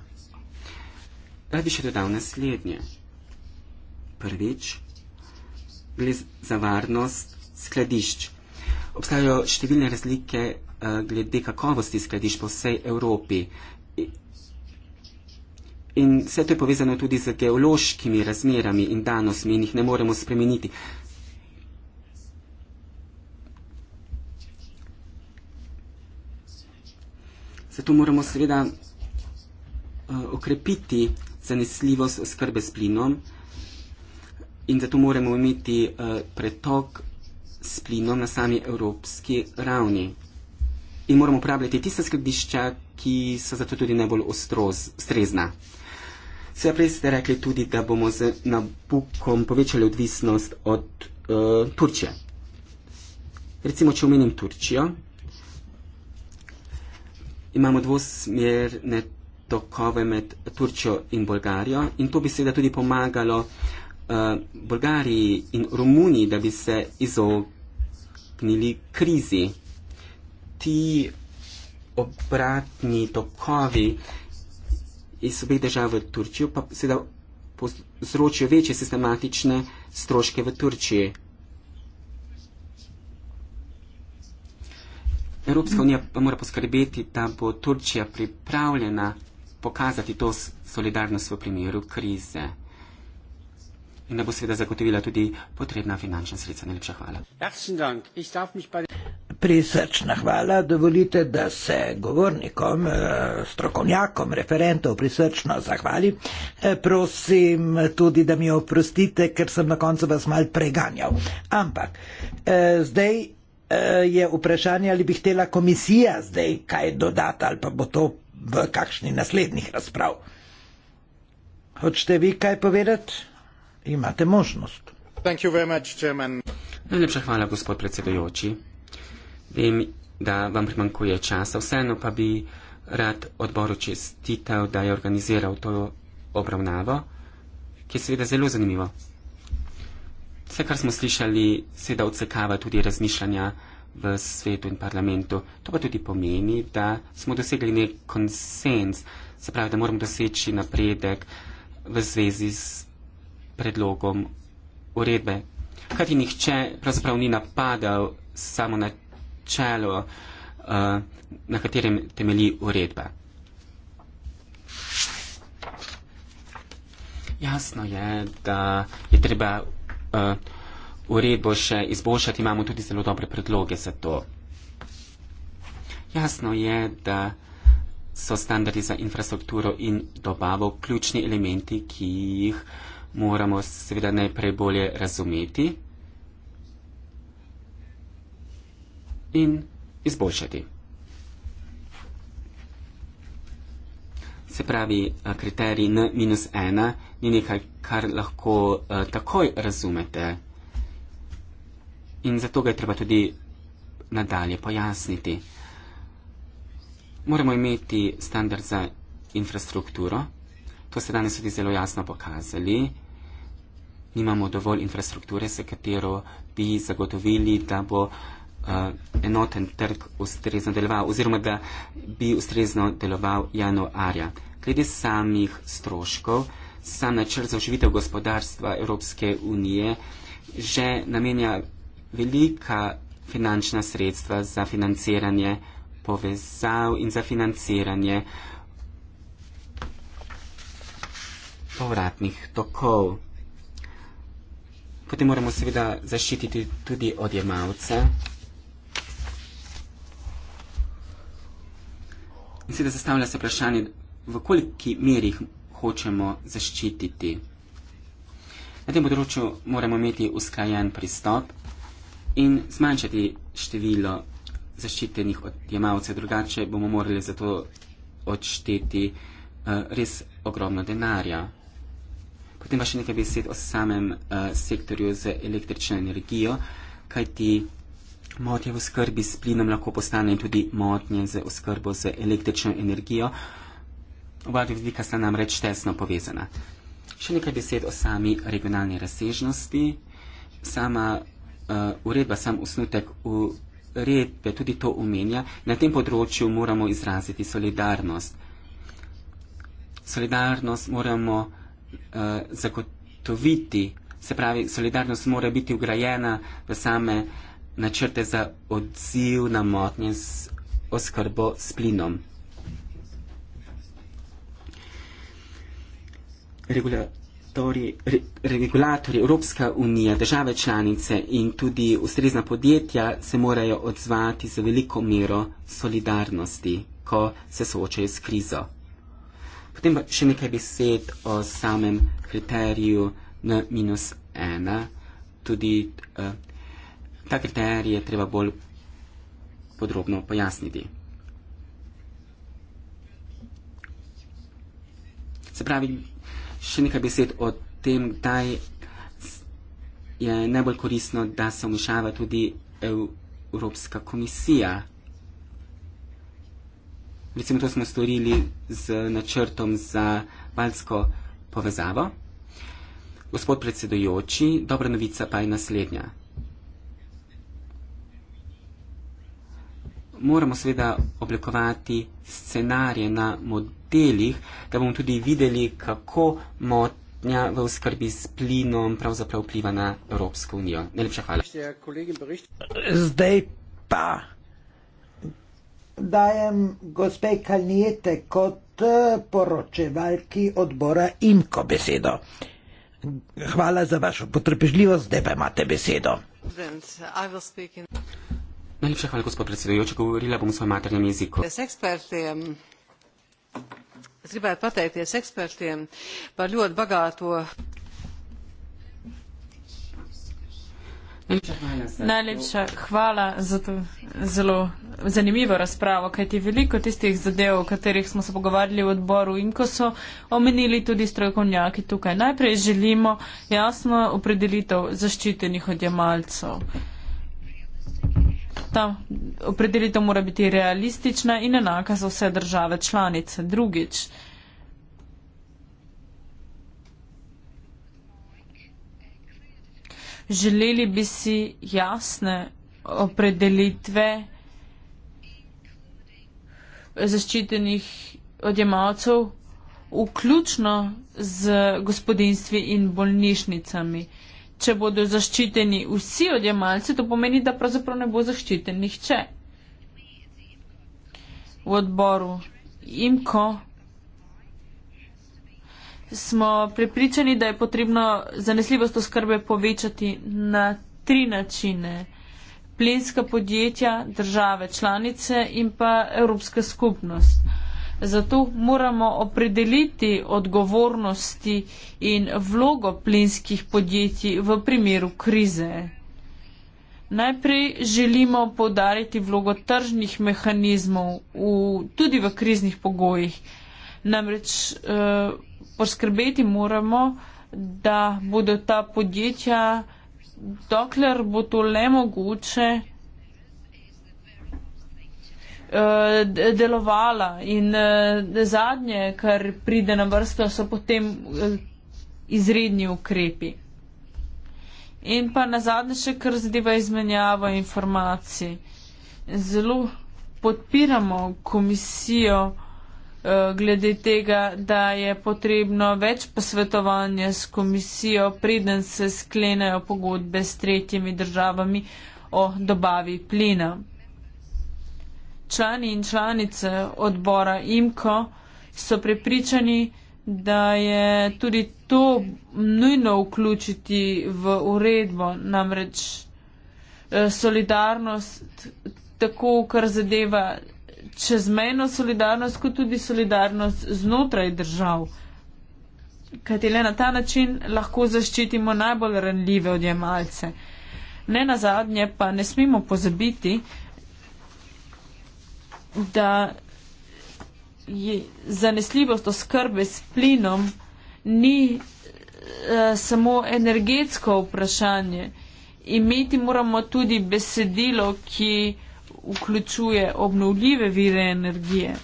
Rad bi še dodal naslednje. Prvič, gre za varnost skladišč. Obstajajo številne razlike uh, glede kakovosti skladišč po vsej Evropi in vse to je povezano tudi z geološkimi razmerami in danostmi in jih ne moremo spremeniti. Zato moramo seveda uh, okrepiti zanesljivost skrbe s plinom in zato moramo imeti uh, pretok s plinom na sami evropski ravni. In moramo uporabljati tiste skrbišča, ki so zato tudi najbolj ostrozna. Se prej ste rekli tudi, da bomo z nabukom povečali odvisnost od uh, Turčije. Recimo, če omenim Turčijo, imamo dvosmerne tokove med Turčijo in Bolgarijo in to bi seveda tudi pomagalo uh, Bolgariji in Romuniji, da bi se izognili krizi. Ti obratni tokovi iz obeh držav v Turčijo, pa seveda povzročijo večje sistematične stroške v Turčiji. Evropska unija pa mora poskrbeti, da bo Turčija pripravljena pokazati to solidarnost v primeru krize in da bo seveda zagotovila tudi potrebna finančna sredstva. Najlepša hvala. Prisrčna hvala, dovolite, da se govornikom, eh, strokovnjakom, referentov prisrčno zahvali. Eh, prosim tudi, da mi oprostite, ker sem na koncu vas mal preganjal. Ampak eh, zdaj je vprašanje, ali bi htela komisija zdaj kaj dodati ali pa bo to v kakšni naslednjih razprav. Hočete vi kaj povedati? imate možnost. Najlepša hvala, gospod predsedujoči. Vem, da vam primankuje časa, vseeno pa bi rad odboru čestitev, da je organiziral to obravnavo, ki je seveda zelo zanimivo. Vse, kar smo slišali, seveda odsekava tudi razmišljanja v svetu in parlamentu. To pa tudi pomeni, da smo dosegli nek konsens, se pravi, da moramo doseči napredek v zvezi s predlogom uredbe. Kajti nihče pravzaprav ni napadal samo na čelo, uh, na katerem temelji uredba. Jasno je, da je treba uh, uredbo še izboljšati, imamo tudi zelo dobre predloge za to. Jasno je, da so standardi za infrastrukturo in dobavo ključni elementi, ki jih uh, moramo seveda najprej bolje razumeti in izboljšati. Se pravi, eh, kriterij n minus ena ni nekaj, kar lahko uh, takoj razumete in zato ga je treba tudi nadalje pojasniti. Moramo imeti standard za infrastrukturo, to ste danes tudi zelo jasno pokazali, nimamo dovolj infrastrukture, s katero bi zagotovili, da bo uh, enoten trg ustrezno deloval oziroma da bi ustrezno deloval januarja. Glede samih stroškov, sam načrt za oživitev gospodarstva Evropske unije že namenja velika finančna sredstva za financiranje povezav in za financiranje povratnih tokov. Potem moramo seveda zaščititi tudi odjemalce. In seveda zastavlja se vprašanje, v koliki meri jih hočemo zaščititi. Na tem področju moramo imeti usklajen pristop in zmanjšati število zaščitenih odjemalcev, drugače bomo morali za to odšteti uh, res ogromno denarja. Potem pa še nekaj besed o samem uh, sektorju z električno energijo, kajti motnje v skrbi s plinom lahko postane tudi motnje z oskrbo z električno energijo. Oba dve vidika sta namreč tesno povezana. Še nekaj besed o sami regionalni razsežnosti. Sama uh, uredba, sam osnutek uredbe tudi to omenja. Na tem področju moramo izraziti solidarnost. Solidarnost moramo uh, zagotoviti. Se pravi, solidarnost mora biti ugrajena v same načrte za odziv na motnje s oskrbo s plinom. Re, regulatorji Evropska unija, države članice in tudi ustrezna podjetja se morajo odzvati z veliko mero solidarnosti, ko se soočajo s krizo. Potem pa še nekaj besed o samem kriteriju N-1. Tudi uh, ta kriterij je treba bolj podrobno pojasniti. Se pravi, še nekaj besed o tem, da je najbolj koristno, da se vmešava tudi Evropska komisija recimo to smo storili z načrtom za balsko povezavo. Gospod predsedujoči, dobra novica pa je naslednja. Moramo seveda oblikovati scenarije na modelih, da bomo tudi videli, kako motnja v skrbi s plinom pravzaprav vpliva na Evropsko unijo. Najlepša hvala. Zdaj pa dajem gospe Kaljete kot eh, poročevalki odbora Imko besedo. Hvala za vašo potrpežljivost, zdaj pa imate besedo. Najlepša hvala, gospod predsedujoči, govorila bom v svojem maternem jeziku. Es gribētu pateikties ekspertiem par ļoti bagāto Najlepša hvala za to zelo zanimivo razpravo, kajti veliko tistih zadev, o katerih smo se pogovarjali v odboru in ko so omenili tudi strokovnjaki tukaj. Najprej želimo jasno opredelitev zaščitenih odjemalcev. Ta opredelitev mora biti realistična in enaka za vse države članice. Drugič. Želeli bi si jasne opredelitve zaščitenih odjemalcev, vključno z gospodinstvi in bolnišnicami. Če bodo zaščiteni vsi odjemalci, to pomeni, da pravzaprav ne bo zaščiten nihče. V odboru IMKO smo prepričani, da je potrebno zanesljivost oskrbe povečati na tri načine. Plinska podjetja, države članice in pa Evropska skupnost. Zato moramo opredeliti odgovornosti in vlogo plinskih podjetij v primeru krize. Najprej želimo podariti vlogo tržnih mehanizmov v, tudi v kriznih pogojih. Namreč eh, poskrbeti moramo, da bodo ta podjetja, dokler bo to le mogoče, eh, delovala. In eh, zadnje, kar pride na vrsto, so potem eh, izredni ukrepi. In pa na zadnje še, kar zadeva izmenjavo informacij. Zelo podpiramo komisijo, Eh, glede tega, da je potrebno več posvetovanja s komisijo, preden se sklenejo pogodbe s tretjimi državami o dobavi plina. Člani in članice odbora IMKO so prepričani, da je tudi to nujno vključiti v uredbo, namreč eh, solidarnost tako, kar zadeva čezmejno solidarnost, kot tudi solidarnost znotraj držav. Kaj te le na ta način lahko zaščitimo najbolj ranljive odjemalce. Ne na zadnje pa ne smemo pozabiti, da je zanesljivost oskrbe s plinom ni uh, samo energetsko vprašanje. Imeti moramo tudi besedilo, ki uh, vključuje obnovljive vire energije.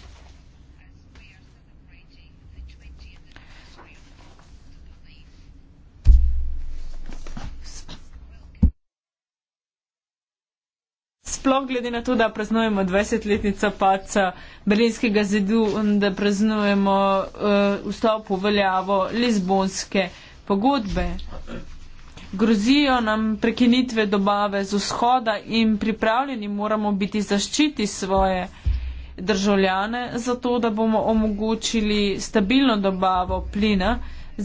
Sploh glede na to, da praznujemo 20-letnico paca Berlinskega zidu in da praznujemo uh, vstop v veljavo Lizbonske pogodbe. Grozijo nam prekinitve dobave z vzhoda in pripravljeni moramo biti zaščiti svoje državljane, zato da bomo omogočili stabilno dobavo plina.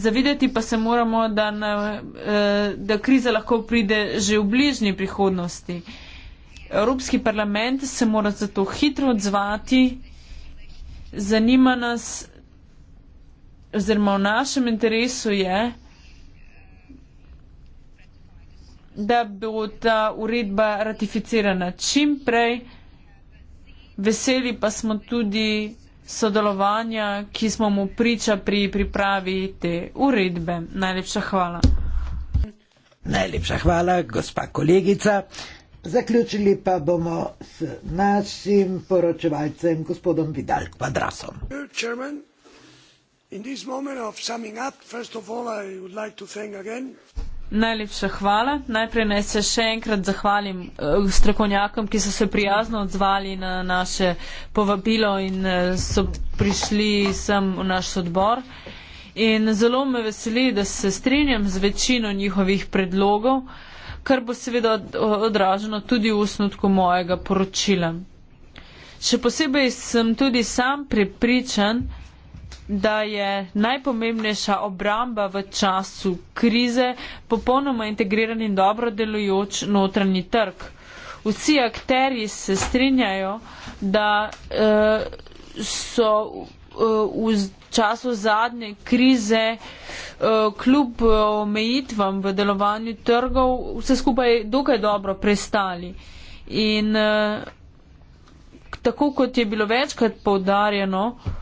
Zavedati pa se moramo, da, na, eh, da kriza lahko pride že v bližnji prihodnosti. Evropski parlament se mora zato hitro odzvati. Zanima nas, oziroma v našem interesu je, da bo ta uredba ratificirana čim prej. Veseli pa smo tudi sodelovanja, ki smo mu priča pri pripravi te uredbe. Najlepša hvala. Najlepša hvala, gospa kolegica. Zaključili pa bomo s našim poročevalcem, gospodom Vidal Kvadrasom. Chairman, Najlepša hvala. Najprej naj se še enkrat zahvalim eh, strokovnjakom, ki so se prijazno odzvali na naše povabilo in eh, so prišli sem v naš odbor. In zelo me veseli, da se strinjam z večino njihovih predlogov, kar bo seveda odraženo tudi v osnutku mojega poročila. Še posebej sem tudi sam prepričan, da je najpomembnejša obramba v času krize popolnoma integriran in dobro delujoč notranji trg. Vsi akteri se strinjajo, da uh, so uh, v času zadnje krize uh, kljub omejitvam v delovanju trgov vse skupaj dokaj dobro prestali. In uh, tako kot je bilo večkrat poudarjeno, uh,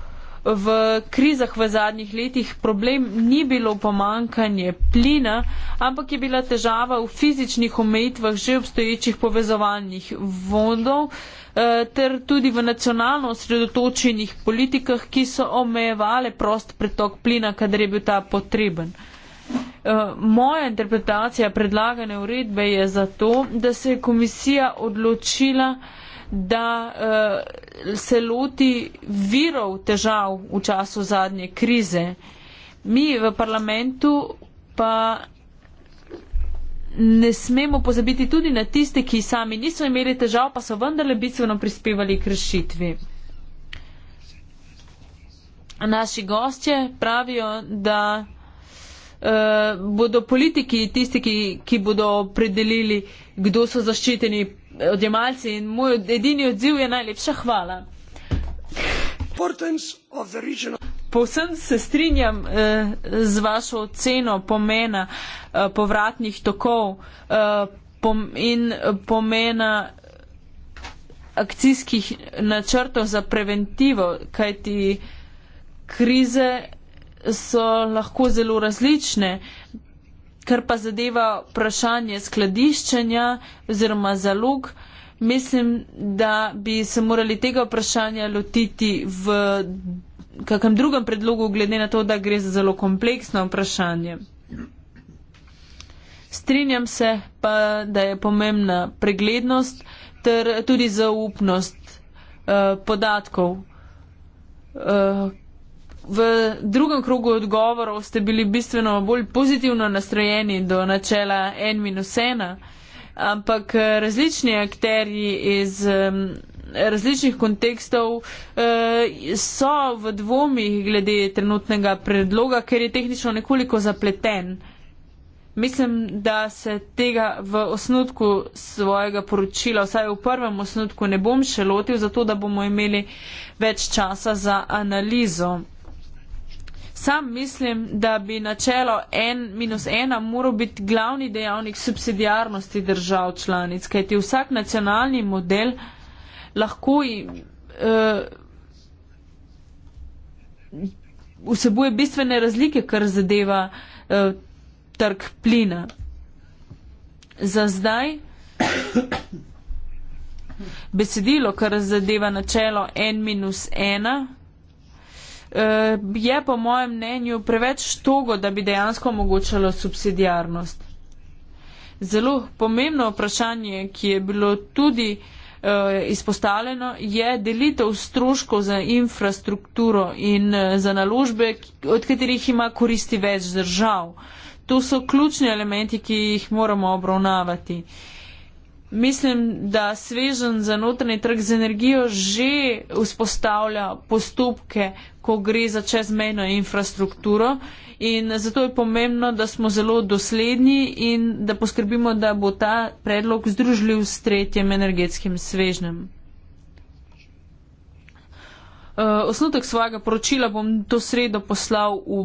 v krizah v zadnjih letih problem ni bilo pomankanje plina, ampak je bila težava v fizičnih omejitvah že obstoječih povezovalnih vodov eh, ter tudi v nacionalno osredotočenih politikah, ki so omejevale prost pretok plina, kadar je bil ta potreben. Eh, moja interpretacija predlagane uredbe je zato, da se je komisija odločila, da uh, se loti virov težav v času zadnje krize. Mi v parlamentu pa ne smemo pozabiti tudi na tiste, ki sami niso imeli težav, pa so vendarle bistveno prispevali k rešitvi. Naši gostje pravijo, da Uh, bodo politiki tisti, ki, ki bodo predelili, kdo so zaščiteni odjemalci in moj edini odziv je najlepša hvala. Povsem se strinjam eh, z vašo oceno pomena eh, povratnih tokov eh, pom in pomena akcijskih načrtov za preventivo, kajti krize so lahko zelo različne. Kar pa zadeva vprašanje skladiščenja oziroma zalog, mislim, da bi se morali tega vprašanja lotiti v kakem drugem predlogu, glede na to, da gre za zelo kompleksno vprašanje. Strinjam se pa, da je pomembna preglednost ter tudi zaupnost eh, podatkov. Eh, v drugem krogu odgovorov ste bili bistveno bolj pozitivno nastrojeni do načela en minus ena, ampak eh, različni akteri iz um, različnih kontekstov uh, so v dvomih glede trenutnega predloga, ker je tehnično nekoliko zapleten. Mislim, da se tega v osnutku svojega poročila, vsaj v prvem osnutku, ne bom še lotil, zato da bomo imeli več časa za analizo. Sam mislim, da bi načelo N minus ena moral biti glavni dejavnik subsidijarnosti držav članic, kajti vsak nacionalni model lahko uh, vsebuje bistvene razlike, kar zadeva uh, trg plina. Za zdaj besedilo, kar zadeva načelo N minus ena, Eh, je po mojem mnenju preveč togo, da bi dejansko omogočalo subsidijarnost. Zelo pomembno vprašanje, ki je bilo tudi eh, izpostavljeno, je delitev stroškov za infrastrukturo in eh, za naložbe, od katerih ima koristi več držav. To so ključni elementi, ki jih moramo obravnavati. Mislim, da svežen za notranji trg z energijo že vzpostavlja postopke, ko gre za čezmejno infrastrukturo. In zato je pomembno, da smo zelo dosledni in da poskrbimo, da bo ta predlog združljiv s tretjim energetskim svežnem. Eh, osnutek svojega poročila bom to sredo poslal v